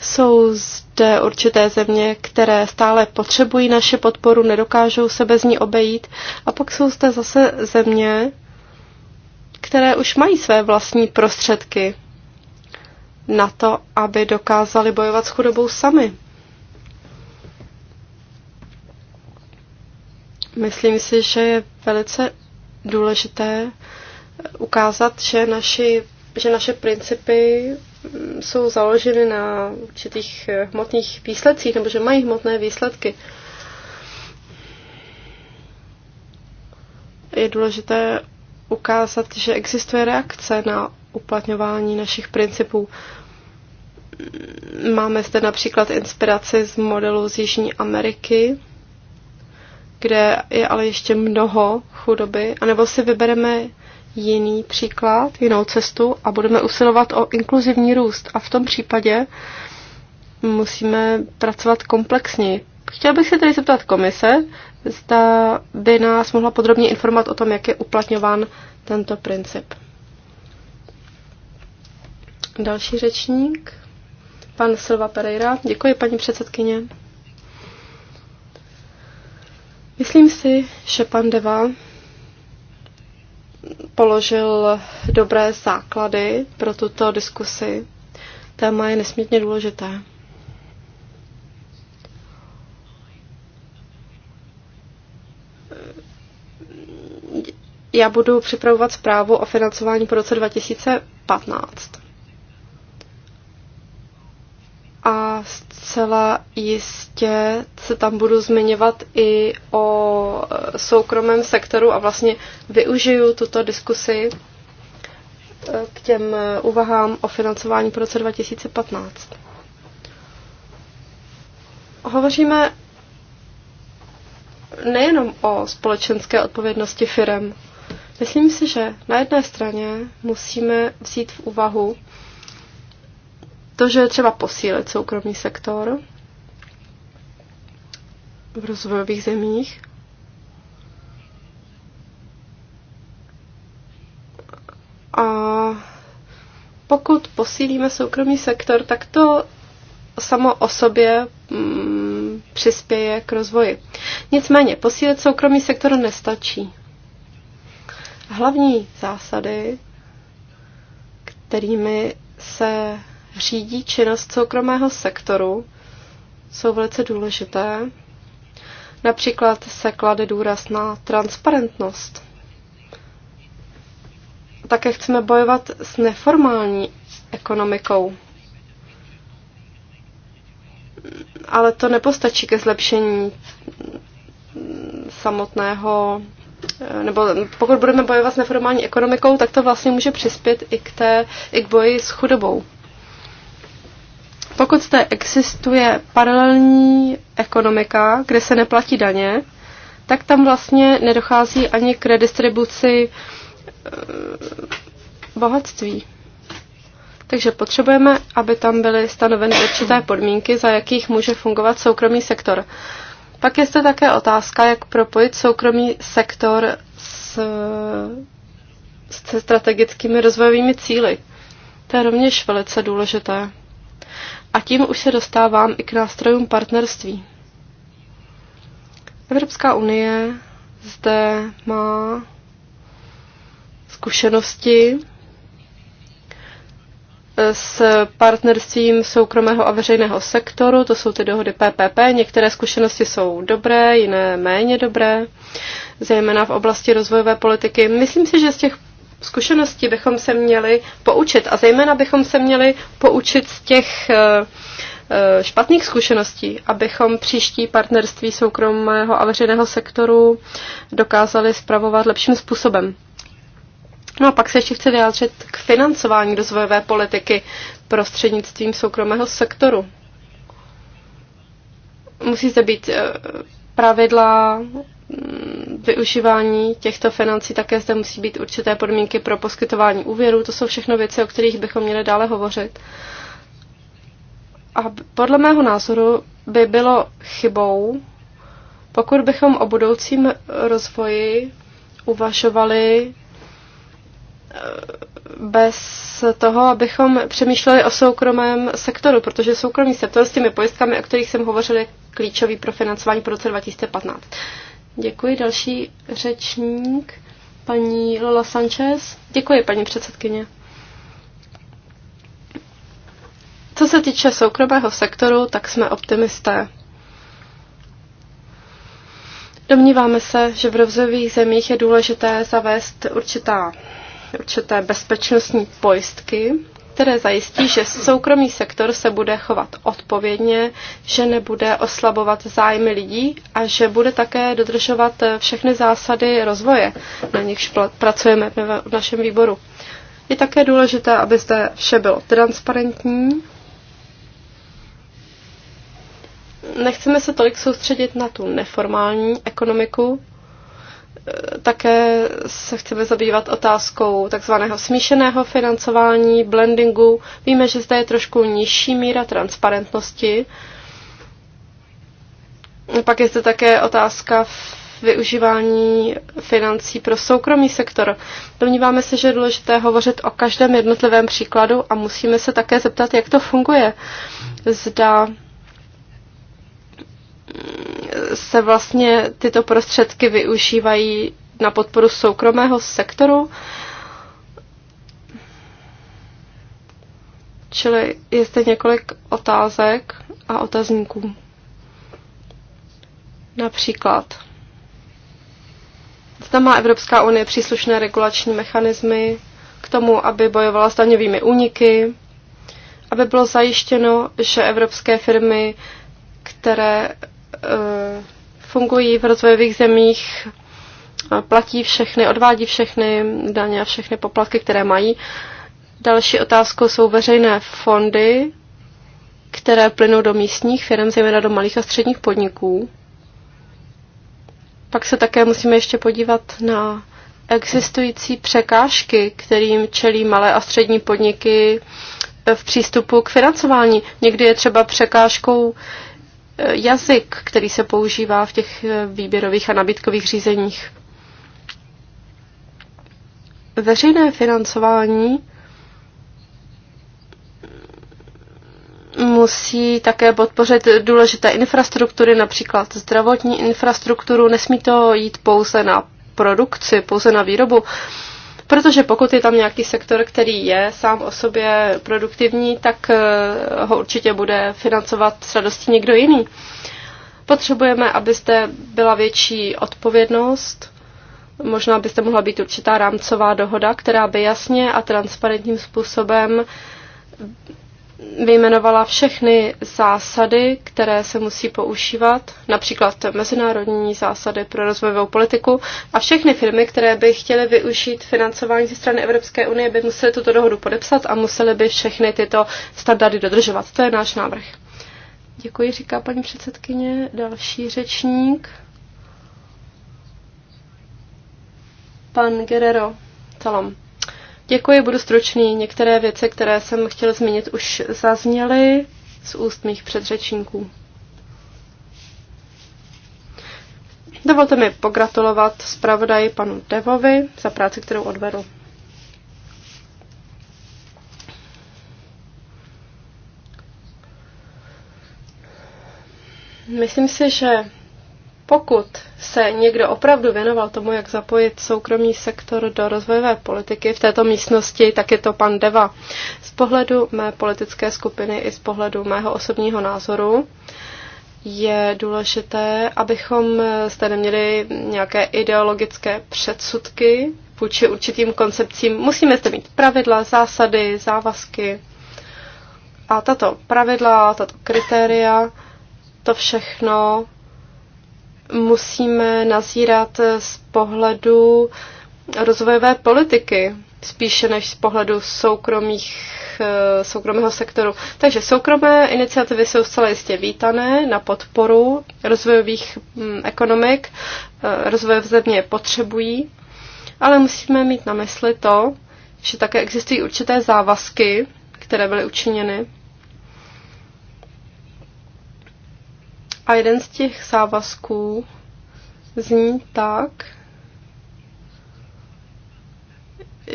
Jsou zde určité země, které stále potřebují naše podporu, nedokážou se bez ní obejít. A pak jsou zde zase země, které už mají své vlastní prostředky na to, aby dokázali bojovat s chudobou sami. Myslím si, že je velice důležité ukázat, že, naši, že naše principy mm, jsou založeny na určitých eh, hmotných výsledcích, nebo že mají hmotné výsledky. Je důležité ukázat, že existuje reakce na uplatňování našich principů. Máme zde například inspiraci z modelu z Jižní Ameriky, kde je ale ještě mnoho chudoby, anebo si vybereme jiný příklad, jinou cestu a budeme usilovat o inkluzivní růst. A v tom případě musíme pracovat komplexně. Chtěla bych se tedy zeptat komise, zda by nás mohla podrobně informovat o tom, jak je uplatňován tento princip. Další řečník, pan Silva Pereira. Děkuji, paní předsedkyně. Myslím si, že pan Deva položil dobré základy pro tuto diskusi. Téma je nesmírně důležité. Já budu připravovat zprávu o financování po roce 2015 a zcela jistě se tam budu zmiňovat i o e, soukromém sektoru a vlastně využiju tuto diskusi e, k těm uvahám e, o financování pro roce 2015. Hovoříme nejenom o společenské odpovědnosti firem. Myslím si, že na jedné straně musíme vzít v úvahu to, že je třeba posílit soukromý sektor v rozvojových zemích. A pokud posílíme soukromý sektor, tak to samo o sobě mm, přispěje k rozvoji. Nicméně, posílit soukromý sektor nestačí. Hlavní zásady, kterými se řídí činnost soukromého sektoru, jsou velice důležité. Například se klade důraz na transparentnost. Také chceme bojovat s neformální ekonomikou. Ale to nepostačí ke zlepšení samotného, nebo pokud budeme bojovat s neformální ekonomikou, tak to vlastně může přispět i k, té, i k boji s chudobou. Pokud zde existuje paralelní ekonomika, kde se neplatí daně, tak tam vlastně nedochází ani k redistribuci eh, bohatství. Takže potřebujeme, aby tam byly stanoveny určité podmínky, za jakých může fungovat soukromý sektor. Pak je zde také otázka, jak propojit soukromý sektor s, s strategickými rozvojovými cíly. To je rovněž velice důležité. A tím už se dostávám i k nástrojům partnerství. Evropská unie zde má zkušenosti eh, s partnerstvím soukromého a veřejného sektoru, to jsou ty dohody PPP. Některé zkušenosti jsou dobré, jiné méně dobré, zejména v oblasti rozvojové politiky. Myslím si, že z těch zkušenosti bychom se měli poučit a zejména bychom se měli poučit z těch eh, eh, špatných zkušeností, abychom příští partnerství soukromého a veřejného sektoru dokázali spravovat lepším způsobem. No a pak se ještě chci vyjádřit k financování rozvojové politiky prostřednictvím soukromého sektoru. Musí zde být eh, pravidla Mm, využívání těchto financí také zde musí být určité podmínky pro poskytování úvěru. To jsou všechno věci, o kterých bychom měli dále hovořit. A podle mého názoru by bylo chybou, pokud bychom o budoucím rozvoji uvažovali eh, bez toho, abychom přemýšleli o soukromém sektoru, protože soukromý sektor s těmi pojistkami, o kterých jsem hovořil, je klíčový pro financování pro roce 2015. Děkuji. Další řečník, paní Lola Sanchez. Děkuji, paní předsedkyně. Co se týče soukromého sektoru, tak jsme optimisté. Domníváme se, že v rozvojových zemích je důležité zavést určitá, určité bezpečnostní pojistky, které zajistí, že soukromý sektor se bude chovat odpovědně, že nebude oslabovat zájmy lidí a že bude také dodržovat všechny zásady rozvoje, na nichž pracujeme v našem výboru. Je také důležité, aby zde vše bylo transparentní. Nechceme se tolik soustředit na tu neformální ekonomiku, také se chceme zabývat otázkou takzvaného smíšeného financování, blendingu. Víme, že zde je trošku nižší míra transparentnosti. Pak je zde také otázka využívání financí pro soukromý sektor. Domníváme se, že je důležité hovořit o každém jednotlivém příkladu a musíme se také zeptat, jak to funguje. Zda se vlastně tyto prostředky využívají na podporu soukromého sektoru. Čili je zde několik otázek a otazníků. Například, zda má Evropská unie příslušné regulační mechanismy k tomu, aby bojovala s daňovými úniky, aby bylo zajištěno, že evropské firmy, které Eh, fungují v rozvojových zemích, platí všechny, odvádí všechny daně a všechny poplatky, které mají. Další otázkou jsou veřejné fondy, které plynou do místních firm, zejména do malých a středních podniků. Pak se také musíme ještě podívat na existující překážky, kterým čelí malé a střední podniky v přístupu k financování. Někdy je třeba překážkou jazyk, který se používá v těch eh, výběrových a nabídkových řízeních. Veřejné financování musí také podpořit důležité infrastruktury, například zdravotní infrastrukturu. Nesmí to jít pouze na produkci, pouze na výrobu. Protože pokud je tam nějaký sektor, který je sám o sobě produktivní, tak eh, ho určitě bude financovat s radostí někdo jiný. Potřebujeme, abyste byla větší odpovědnost, možná byste mohla být určitá rámcová dohoda, která by jasně a transparentním způsobem vyjmenovala všechny zásady, které se musí používat, například mezinárodní zásady pro rozvojovou politiku a všechny firmy, které by chtěly využít financování ze strany Evropské unie, by musely tuto dohodu podepsat a musely by všechny tyto standardy dodržovat. To je náš návrh. Děkuji, říká paní předsedkyně. Další řečník. Pan Guerrero. Salam. Děkuji, budu stručný. Některé věci, které jsem chtěl zmínit, už zazněly z úst mých předřečníků. Dovolte mi pogratulovat zpravodaji panu Devovi za práci, kterou odvedl. Myslím si, že pokud se někdo opravdu věnoval tomu, jak zapojit soukromý sektor do rozvojové politiky v této místnosti, tak je to pan Deva. Z pohledu mé politické skupiny i z pohledu mého osobního názoru je důležité, abychom zde neměli nějaké ideologické předsudky vůči určitým koncepcím. Musíme zde mít pravidla, zásady, závazky. A tato pravidla, tato kritéria, to všechno musíme nazírat z pohledu rozvojové politiky, spíše než z pohledu soukromých, eh, soukromého sektoru. Takže soukromé iniciativy jsou zcela jistě vítané na podporu rozvojových mm, ekonomik. Eh, rozvoj v země potřebují, ale musíme mít na mysli to, že také existují určité závazky, které byly učiněny A jeden z těch závazků zní tak,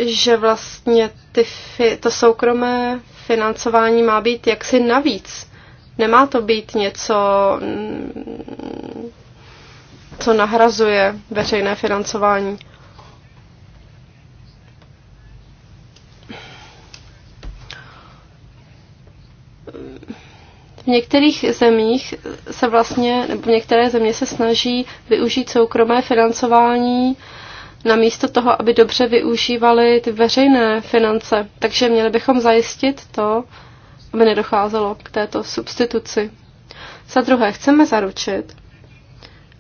že vlastně ty fi, to soukromé financování má být jaksi navíc. Nemá to být něco, mm, co nahrazuje veřejné financování. Um v některých zemích se vlastně, nebo některé země se snaží využít soukromé financování namísto toho, aby dobře využívali ty veřejné finance. Takže měli bychom zajistit to, aby nedocházelo k této substituci. Za druhé, chceme zaručit,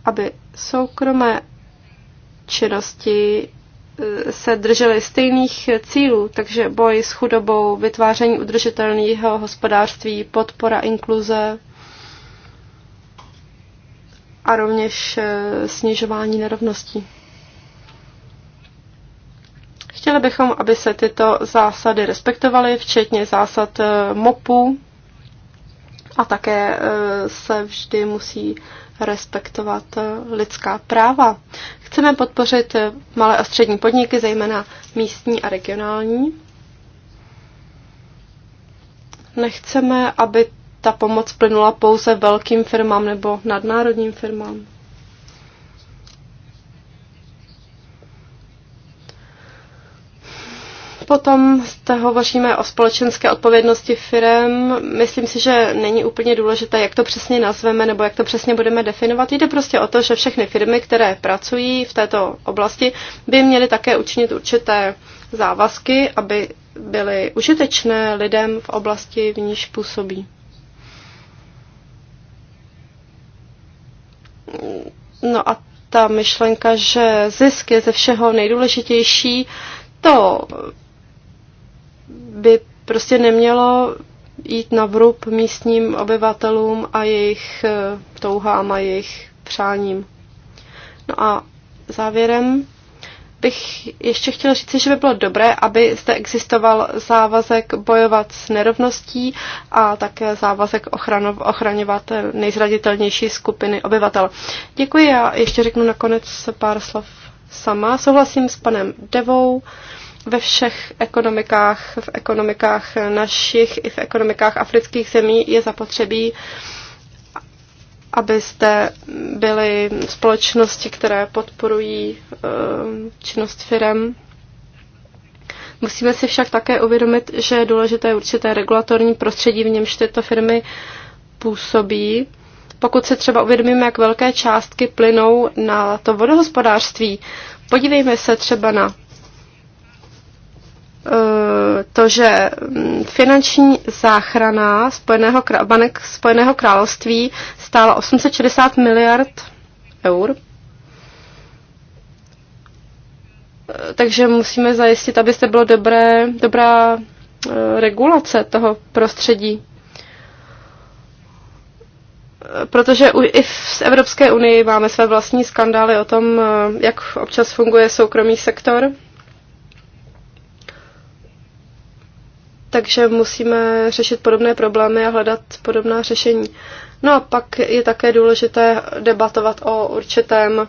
aby soukromé činnosti se drželi stejných cílů, takže boj s chudobou, vytváření udržitelného hospodářství, podpora inkluze a rovněž eh, snižování nerovností. Chtěli bychom, aby se tyto zásady respektovaly, včetně zásad eh, MOPu a také eh, se vždy musí respektovat eh, lidská práva. Chceme podpořit eh, malé a střední podniky, zejména místní a regionální. Nechceme, aby ta pomoc plynula pouze velkým firmám nebo nadnárodním firmám. Potom jste hovoříme o společenské odpovědnosti firm. Myslím si, že není úplně důležité, jak to přesně nazveme nebo jak to přesně budeme definovat. Jde prostě o to, že všechny firmy, které pracují v této oblasti, by měly také učinit určité závazky, aby byly užitečné lidem v oblasti, v níž působí. No a ta myšlenka, že zisk je ze všeho nejdůležitější, to by prostě nemělo jít na vrub místním obyvatelům a jejich eh, touhám a jejich přáním. No a závěrem bych ještě chtěla říct, že by bylo dobré, aby zde existoval závazek bojovat s nerovností a také závazek ochranov, ochraňovat nejzraditelnější skupiny obyvatel. Děkuji a ještě řeknu nakonec pár slov sama. Souhlasím s panem Devou. Uh, ve všech ekonomikách, v ekonomikách našich i v ekonomikách afrických zemí je zapotřebí, abyste byli společnosti, které podporují ehm, činnost firem. Musíme si však také uvědomit, že je důležité určité regulatorní prostředí, v němž tyto firmy působí. Pokud se třeba uvědomíme, jak velké částky plynou na to vodohospodářství, podívejme se třeba na Eh, to, že mm, finanční záchrana Spojeného, banek Spojeného království stála 860 miliard eur. Eh, takže musíme zajistit, aby se bylo dobré, dobrá eh, regulace toho prostředí. Protože i v Evropské unii máme své vlastní skandály o tom, jak občas funguje soukromý sektor. takže musíme řešit podobné problémy a hledat podobná řešení. No a pak je také důležité debatovat o určitém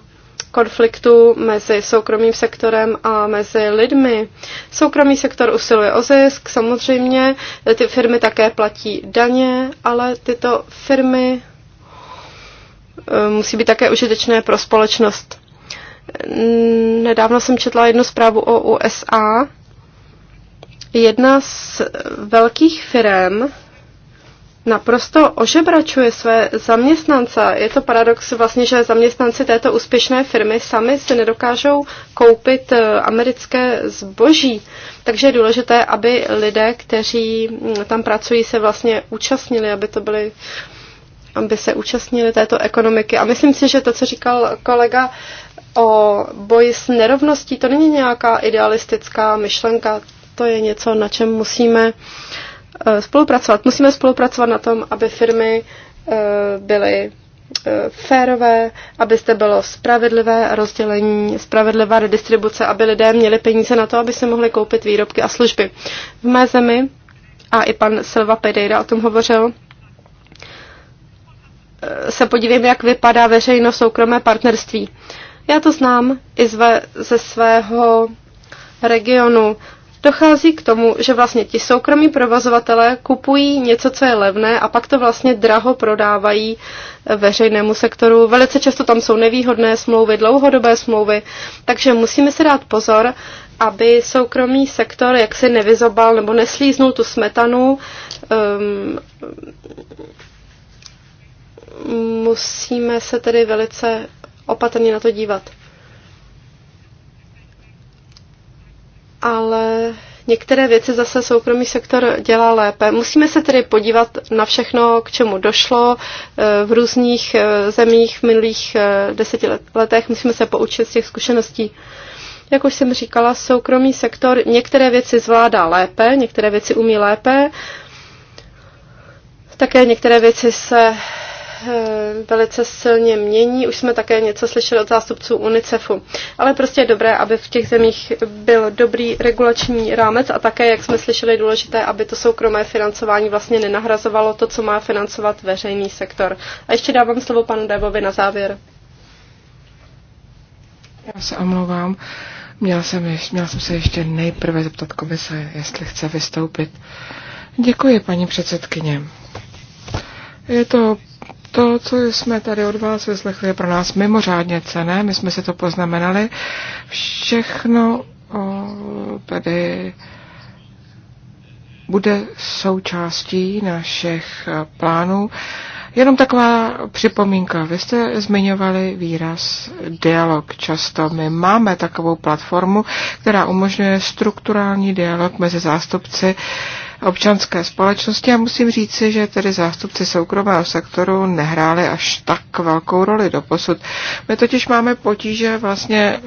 konfliktu mezi soukromým sektorem a mezi lidmi. Soukromý sektor usiluje o zisk, samozřejmě, ty firmy také platí daně, ale tyto firmy eh, musí být také užitečné pro společnost. Nedávno jsem četla jednu zprávu o USA, Jedna z velkých firm naprosto ožebračuje své zaměstnance. Je to paradox vlastně, že zaměstnanci této úspěšné firmy sami si nedokážou koupit eh, americké zboží. Takže je důležité, aby lidé, kteří mm, tam pracují, se vlastně účastnili, aby to byly aby se účastnili této ekonomiky. A myslím si, že to, co říkal kolega o boji s nerovností, to není nějaká idealistická myšlenka to je něco, na čem musíme eh, spolupracovat. Musíme spolupracovat na tom, aby firmy eh, byly eh, férové, aby bylo spravedlivé rozdělení, spravedlivá redistribuce, aby lidé měli peníze na to, aby se mohli koupit výrobky a služby. V mé zemi, a i pan Silva Pereira o tom hovořil, se podívejme, jak vypadá veřejno-soukromé partnerství. Já to znám i zve, ze svého regionu dochází k tomu, že vlastně ti soukromí provozovatelé kupují něco, co je levné a pak to vlastně draho prodávají eh, veřejnému sektoru. Velice často tam jsou nevýhodné smlouvy, dlouhodobé smlouvy, takže musíme si dát pozor, aby soukromý sektor jaksi nevyzobal nebo neslíznul tu smetanu. Um, musíme se tedy velice opatrně na to dívat. ale některé věci zase soukromý sektor dělá lépe. Musíme se tedy podívat na všechno, k čemu došlo eh, v různých eh, zemích v minulých eh, deseti letech. Musíme se poučit z těch zkušeností. Jak už jsem říkala, soukromý sektor některé věci zvládá lépe, některé věci umí lépe. Také některé věci se Eh, velice silně mění. Už jsme také něco slyšeli od zástupců UNICEFu. Ale prostě je dobré, aby v těch zemích byl dobrý regulační rámec a také, jak jsme slyšeli, důležité, aby to soukromé financování vlastně nenahrazovalo to, co má financovat veřejný sektor. A ještě dávám slovo panu Devovi na závěr. Já se omlouvám. Měla jsem, ještě, měla jsem se ještě nejprve zeptat komise, jestli chce vystoupit. Děkuji, paní předsedkyně. Je to to, co jsme tady od vás vyslechli, je pro nás mimořádně cené. My jsme si to poznamenali. Všechno o, tady bude součástí našich e, plánů. Jenom taková připomínka. Vy jste zmiňovali výraz dialog. Často my máme takovou platformu, která umožňuje strukturální dialog mezi zástupci uh, občanské společnosti a musím říci, že tedy zástupci soukromého sektoru nehráli až tak velkou roli doposud. My totiž máme potíže vlastně eh,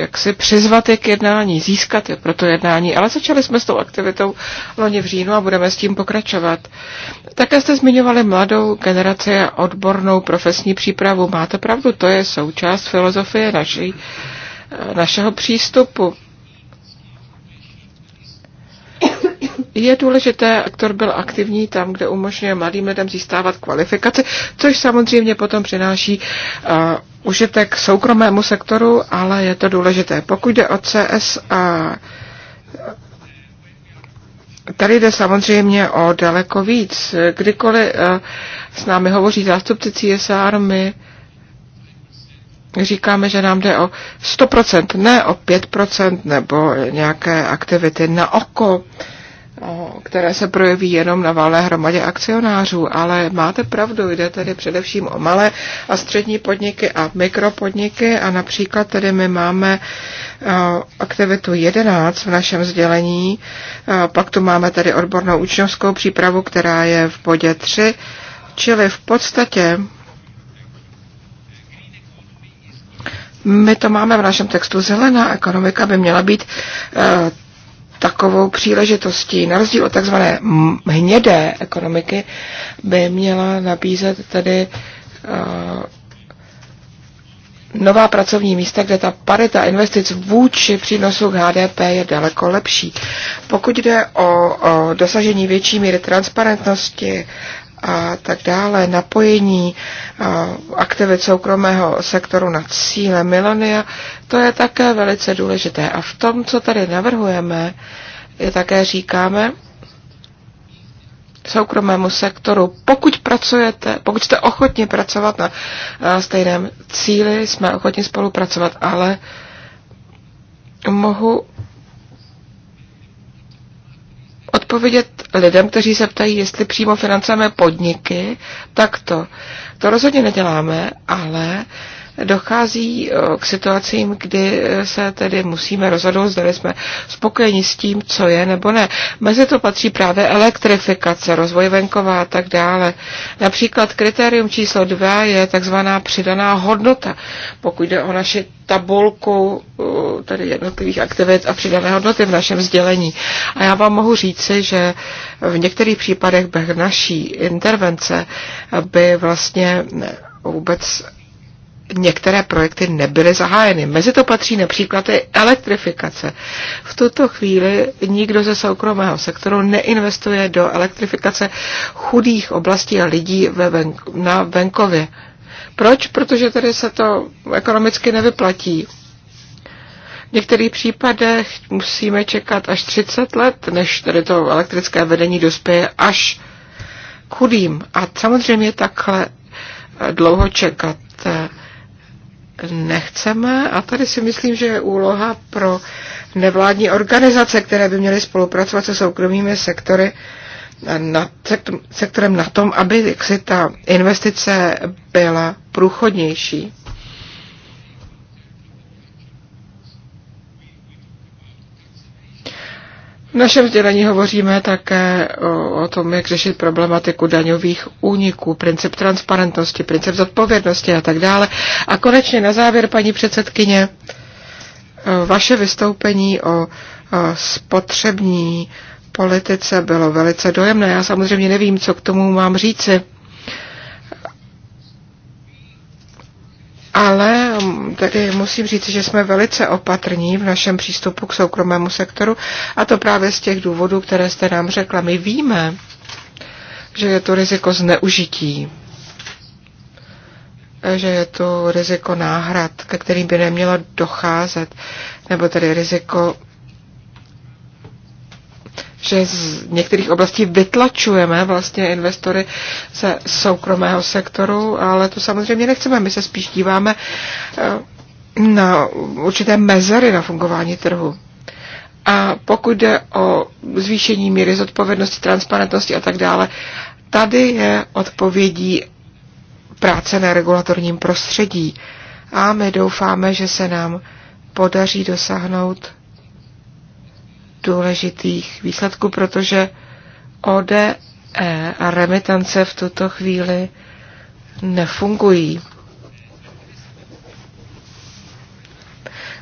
jak si přizvat je k jednání, získat je pro to jednání, ale začali jsme s tou aktivitou loni v říjnu a budeme s tím pokračovat. Také jste zmiňovali mladou generaci a odbornou profesní přípravu. Máte pravdu, to je součást filozofie naší, eh, našeho přístupu je důležité, aktor byl aktivní tam, kde umožňuje mladým lidem získávat kvalifikace, což samozřejmě potom přináší uh, užitek soukromému sektoru, ale je to důležité. Pokud jde o CS a Tady jde samozřejmě o daleko víc. Kdykoliv uh, s námi hovoří zástupci CSR, my říkáme, že nám jde o 100%, ne o 5% nebo nějaké aktivity na oko. Uh, které se projeví jenom na valné hromadě akcionářů, ale máte pravdu, jde tedy především o malé a střední podniky a mikropodniky a například tedy my máme aktivitu 11 v našem sdělení, pak tu máme tedy odbornou učňovskou přípravu, která je v bodě 3, čili v podstatě my to máme v našem textu. Zelená ekonomika by měla být takovou příležitostí. Na rozdíl od takzvané hnědé ekonomiky by měla nabízet tedy uh, nová pracovní místa, kde ta parita investic vůči přínosu k HDP je daleko lepší. Pokud jde o, o dosažení větší míry transparentnosti a tak dále, napojení aktivit soukromého sektoru na cíle Milania, to je také velice důležité. A v tom, co tady navrhujeme, je také říkáme, soukromému sektoru. Pokud pracujete, pokud jste ochotni pracovat na, na stejném cíli, jsme ochotni spolupracovat, ale mohu odpovědět lidem, kteří se ptají, jestli přímo financujeme podniky, tak to. To rozhodně neděláme, ale dochází eh, k situacím, kdy eh, se tedy musíme rozhodnout, zda jsme spokojeni s tím, co je nebo ne. Mezi to patří právě elektrifikace, rozvoj venkova a tak dále. Například kritérium číslo dva je takzvaná přidaná hodnota, pokud jde o naši tabulku eh, tady jednotlivých aktivit a přidané hodnoty v našem sdělení. A já vám mohu říci, že v některých případech bez naší intervence by vlastně vůbec některé projekty nebyly zahájeny. Mezi to patří například i elektrifikace. V tuto chvíli nikdo ze soukromého sektoru neinvestuje do elektrifikace chudých oblastí a lidí ve ven, na venkově. Proč? Protože tady se to ekonomicky nevyplatí. V některých případech musíme čekat až 30 let, než tady to elektrické vedení dospěje až chudým. A samozřejmě takhle dlouho čekat nechceme. A tady si myslím, že je úloha pro nevládní organizace, které by měly spolupracovat se soukromými sektory, nad sektorem na tom, aby jaksi ta investice byla průchodnější. V našem sdělení hovoříme také o, o tom, jak řešit problematiku daňových úniků, princip transparentnosti, princip zodpovědnosti a tak dále. A konečně na závěr, paní předsedkyně, e, vaše vystoupení o spotřební politice bylo velice dojemné. Já samozřejmě nevím, co k tomu mám říci. ale mm, tedy musím říct, že jsme velice opatrní v našem přístupu k soukromému sektoru a to právě z těch důvodů, které jste nám řekla. My víme, že je to riziko zneužití, že je to riziko náhrad, ke kterým by nemělo docházet, nebo tedy riziko že z některých oblastí vytlačujeme vlastně investory ze soukromého sektoru, ale to samozřejmě nechceme. My se spíš díváme eh, na určité mezery na fungování trhu. A pokud jde o zvýšení míry zodpovědnosti, transparentnosti a tak dále, tady je odpovědí práce na regulatorním prostředí. A my doufáme, že se nám podaří dosáhnout důležitých výsledků, protože ODE a remitance v tuto chvíli nefungují.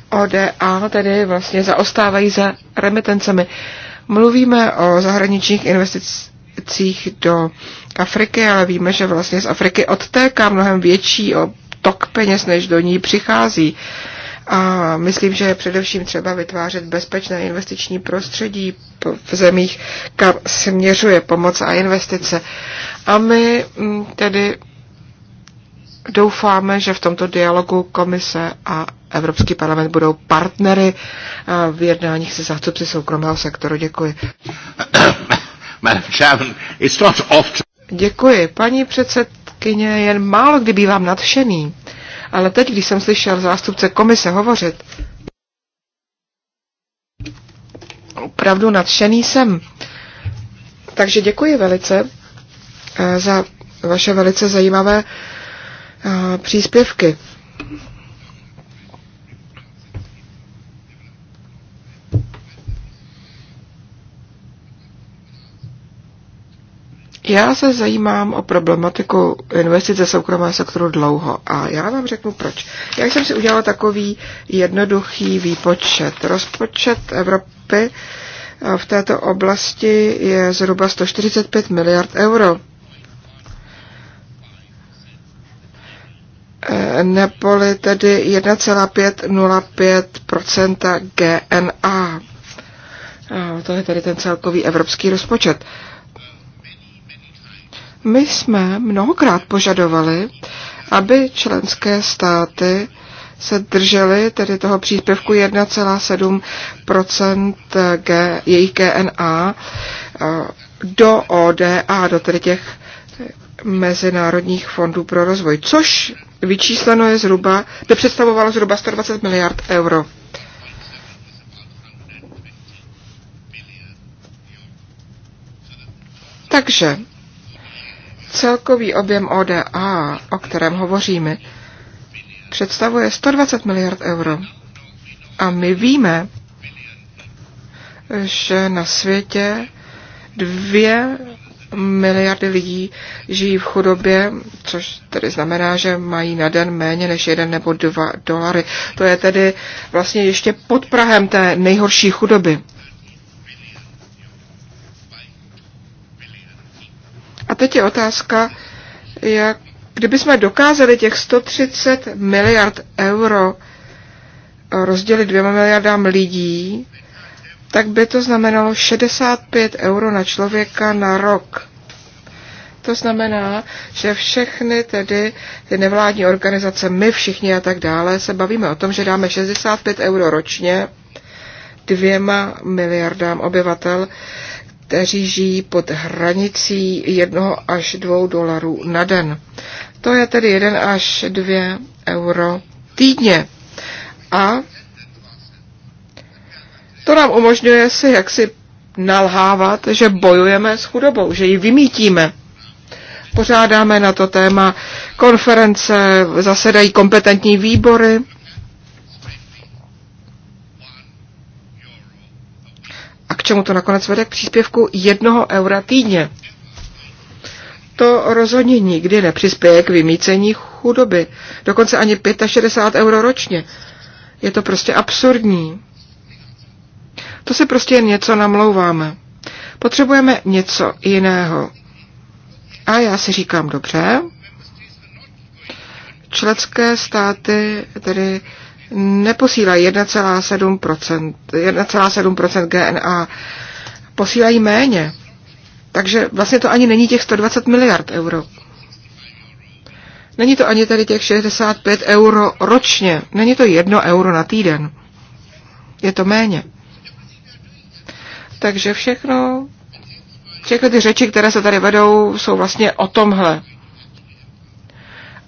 ODA tedy vlastně zaostávají za remitencemi. Mluvíme o zahraničních investicích do Afriky, ale víme, že vlastně z Afriky odtéká mnohem větší tok peněz, než do ní přichází. A myslím, že je především třeba vytvářet bezpečné investiční prostředí v zemích, kam směřuje pomoc a investice. A my mm, tedy doufáme, že v tomto dialogu komise a Evropský parlament budou partnery v jednáních se zástupci soukromého sektoru. Děkuji. Děkuji. Paní předsedkyně, jen málo kdy bývám nadšený ale teď, když jsem slyšel zástupce komise hovořit, opravdu nadšený jsem. Takže děkuji velice eh, za vaše velice zajímavé eh, příspěvky. Já se zajímám o problematiku investice soukromého sektoru dlouho a já vám řeknu proč. Já jsem si udělala takový jednoduchý výpočet. Rozpočet Evropy eh, v této oblasti je zhruba 145 miliard euro. Eh, neboli tedy 1,505 GNA. Eh, to je tedy ten celkový evropský rozpočet. My jsme mnohokrát požadovali, aby členské státy se držely tedy toho příspěvku 1,7 G, jejich GNA eh, do ODA, do tedy těch mezinárodních fondů pro rozvoj, což vyčísleno je zhruba, by představovalo zhruba 120 miliard euro. Takže Celkový objem ODA, o kterém hovoříme, představuje 120 miliard euro. A my víme, že na světě dvě miliardy lidí žijí v chudobě, což tedy znamená, že mají na den méně než jeden nebo dva dolary. To je tedy vlastně ještě pod Prahem té nejhorší chudoby. A teď je otázka, jak, kdyby jsme dokázali těch 130 miliard euro eh, rozdělit dvěma miliardám lidí, tak by to znamenalo 65 euro na člověka na rok. To znamená, že všechny tedy ty nevládní organizace, my všichni a tak dále, se bavíme o tom, že dáme 65 euro ročně dvěma miliardám obyvatel, kteří žijí pod hranicí 1 až 2 dolarů na den. To je tedy 1 až 2 euro týdně. A to nám umožňuje si jaksi nalhávat, že bojujeme s chudobou, že ji vymítíme. Pořádáme na to téma konference, zasedají kompetentní výbory čemu to nakonec vede k příspěvku jednoho eura týdně. To rozhodně nikdy nepřispěje k vymícení chudoby, dokonce ani 65 euro ročně. Je to prostě absurdní. To si prostě něco namlouváme. Potřebujeme něco jiného. A já si říkám, dobře, členské státy tedy neposílají 1,7%, 1,7% GNA, posílají méně. Takže vlastně to ani není těch 120 miliard euro. Není to ani tady těch 65 euro ročně, není to jedno euro na týden. Je to méně. Takže všechno, všechny ty řeči, které se tady vedou, jsou vlastně o tomhle.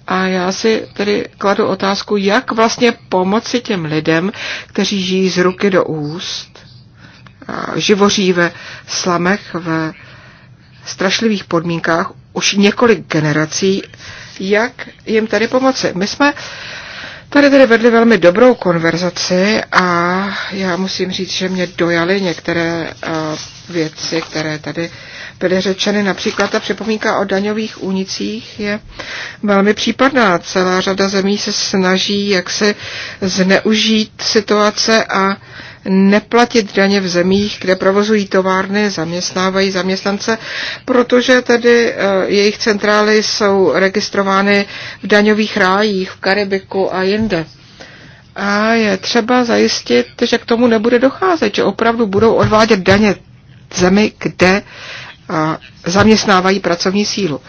A já si tedy kladu otázku, jak vlastně pomoci těm lidem, kteří žijí z ruky do úst, živoří ve slamech, ve strašlivých podmínkách už několik generací, jak jim tady pomoci. My jsme tady tedy vedli velmi dobrou konverzaci a já musím říct, že mě dojaly některé věci, které tady byly řečeny. Například ta připomínka o daňových únicích je velmi případná. Celá řada zemí se snaží jak se zneužít situace a neplatit daně v zemích, kde provozují továrny, zaměstnávají zaměstnance, protože tedy eh, jejich centrály jsou registrovány v daňových rájích v Karibiku a jinde. A je třeba zajistit, že k tomu nebude docházet, že opravdu budou odvádět daně zemi, kde zaměstnávají pracovní sílu.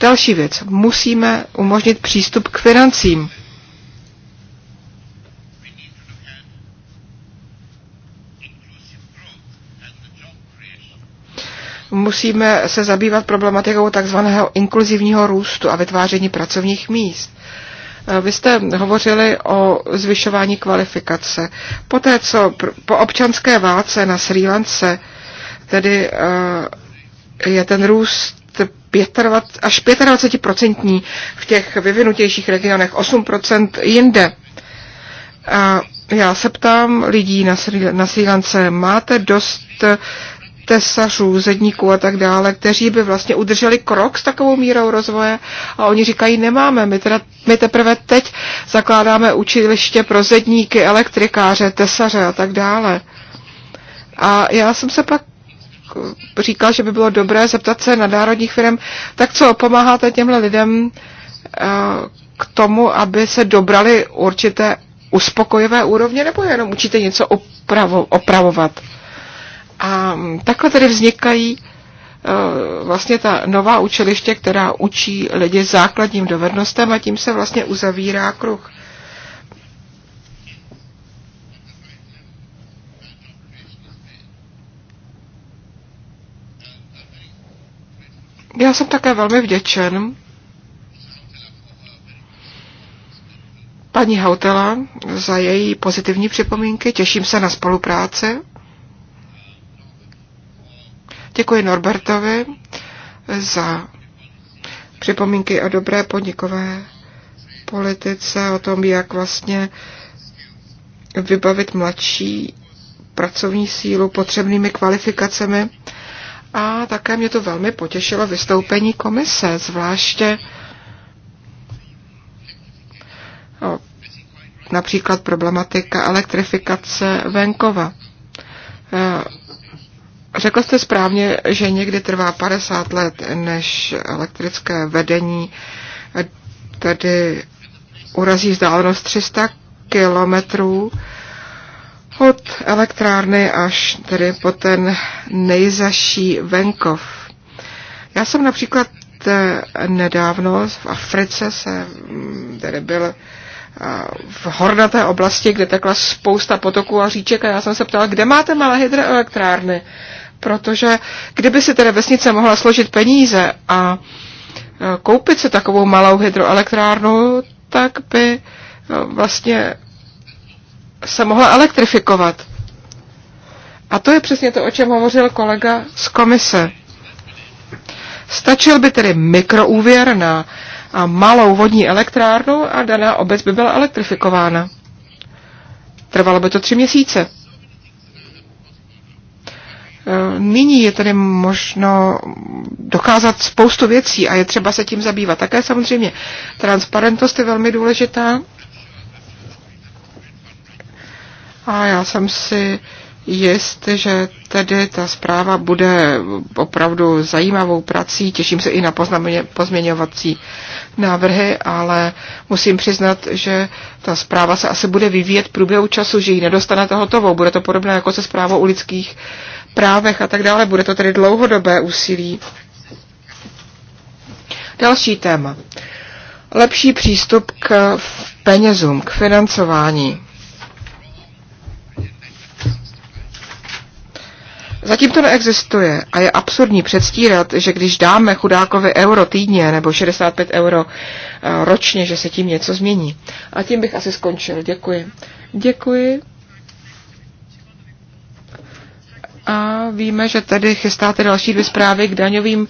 Další věc. Musíme umožnit přístup k financím. Musíme se zabývat problematikou takzvaného inkluzivního růstu a vytváření pracovních míst. Eh, vy jste hovořili o zvyšování kvalifikace. Poté, co po občanské válce na Sri Lance, tedy eh, je ten růst 25, až 25% v těch vyvinutějších regionech, 8% jinde. A já se ptám lidí na, Sri, na Sri Lance, máte dost tesařů, zedníků a tak dále, kteří by vlastně udrželi krok s takovou mírou rozvoje a oni říkají, nemáme, my, teda, my teprve teď zakládáme učiliště pro zedníky, elektrikáře, tesaře a tak dále. A já jsem se pak říkal, že by bylo dobré zeptat se nadárodních firm, tak co, pomáháte těmhle lidem eh, k tomu, aby se dobrali určité uspokojivé úrovně, nebo jenom učíte něco opravo, opravovat? A takhle tedy vznikají eh, vlastně ta nová učiliště, která učí lidi základním dovednostem a tím se vlastně uzavírá kruh. Já jsem také velmi vděčen paní Hautela za její pozitivní připomínky. Těším se na spolupráci. Děkuji Norbertovi za připomínky o dobré podnikové politice, o tom, jak vlastně vybavit mladší pracovní sílu potřebnými kvalifikacemi. A také mě to velmi potěšilo vystoupení komise, zvláště no, například problematika elektrifikace venkova. E, řekl jste správně, že někdy trvá 50 let, než elektrické vedení tedy urazí vzdálenost 300 kilometrů od elektrárny až tedy po ten nejzaší venkov. Já jsem například eh, nedávno v Africe se mm, tedy byl eh, v hornaté oblasti, kde tekla spousta potoků a říček a já jsem se ptala, kde máte malé hydroelektrárny, protože kdyby si tedy vesnice mohla složit peníze a eh, koupit si takovou malou hydroelektrárnu, tak by vlastně se mohla elektrifikovat. A to je přesně to, o čem hovořil kolega z komise. Stačil by tedy mikroúvěr na malou vodní elektrárnu a daná obec by byla elektrifikována. Trvalo by to tři měsíce. E, nyní je tedy možno dokázat spoustu věcí a je třeba se tím zabývat. Také samozřejmě transparentnost je velmi důležitá. A já jsem si jist, že tedy ta zpráva bude opravdu zajímavou prací. Těším se i na pozměňovací návrhy, ale musím přiznat, že ta zpráva se asi bude vyvíjet v průběhu času, že ji nedostanete hotovou. Bude to podobné jako se zprávou o lidských právech a tak dále. Bude to tedy dlouhodobé úsilí. Další téma. Lepší přístup k penězům, k financování. Zatím to neexistuje a je absurdní předstírat, že když dáme chudákovi euro týdně nebo 65 euro eh, ročně, že se tím něco změní. A tím bych asi skončil. Děkuji. Děkuji. A víme, že tady chystáte další dvě zprávy k daňovým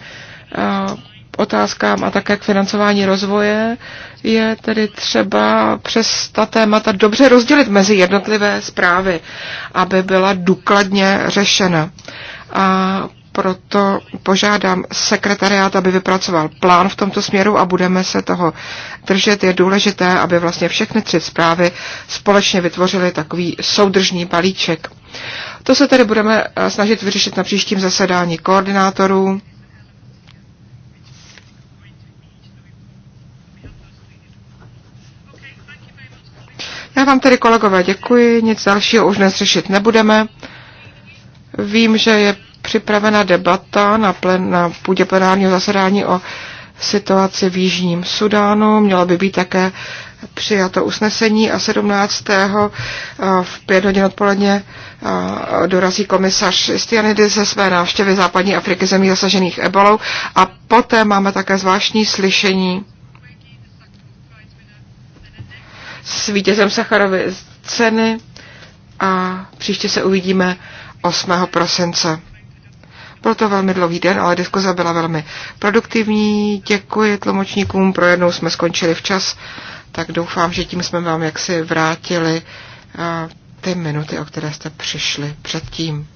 eh, otázkám a také k financování rozvoje, je tedy třeba přes ta témata dobře rozdělit mezi jednotlivé zprávy, aby byla důkladně řešena. A proto požádám sekretariát, aby vypracoval plán v tomto směru a budeme se toho držet. Je důležité, aby vlastně všechny tři zprávy společně vytvořily takový soudržný balíček. To se tedy budeme eh, snažit vyřešit na příštím zasedání koordinátorů Já vám tedy, kolegové, děkuji. Nic dalšího už dnes řešit nebudeme. Vím, že je připravena debata na, plen, na půdě plenárního zasedání o situaci v Jižním Sudánu. Mělo by být také přijato usnesení a 17. v 5 hodin odpoledně dorazí komisař Stianidy ze své návštěvy západní Afriky zemí zasažených ebolou a poté máme také zvláštní slyšení s vítězem Sacharovy ceny a příště se uvidíme 8. prosince. Byl to velmi dlouhý den, ale diskuze byla velmi produktivní. Děkuji tlumočníkům, pro jednou jsme skončili včas, tak doufám, že tím jsme vám jaksi vrátili eh, ty minuty, o které jste přišli předtím.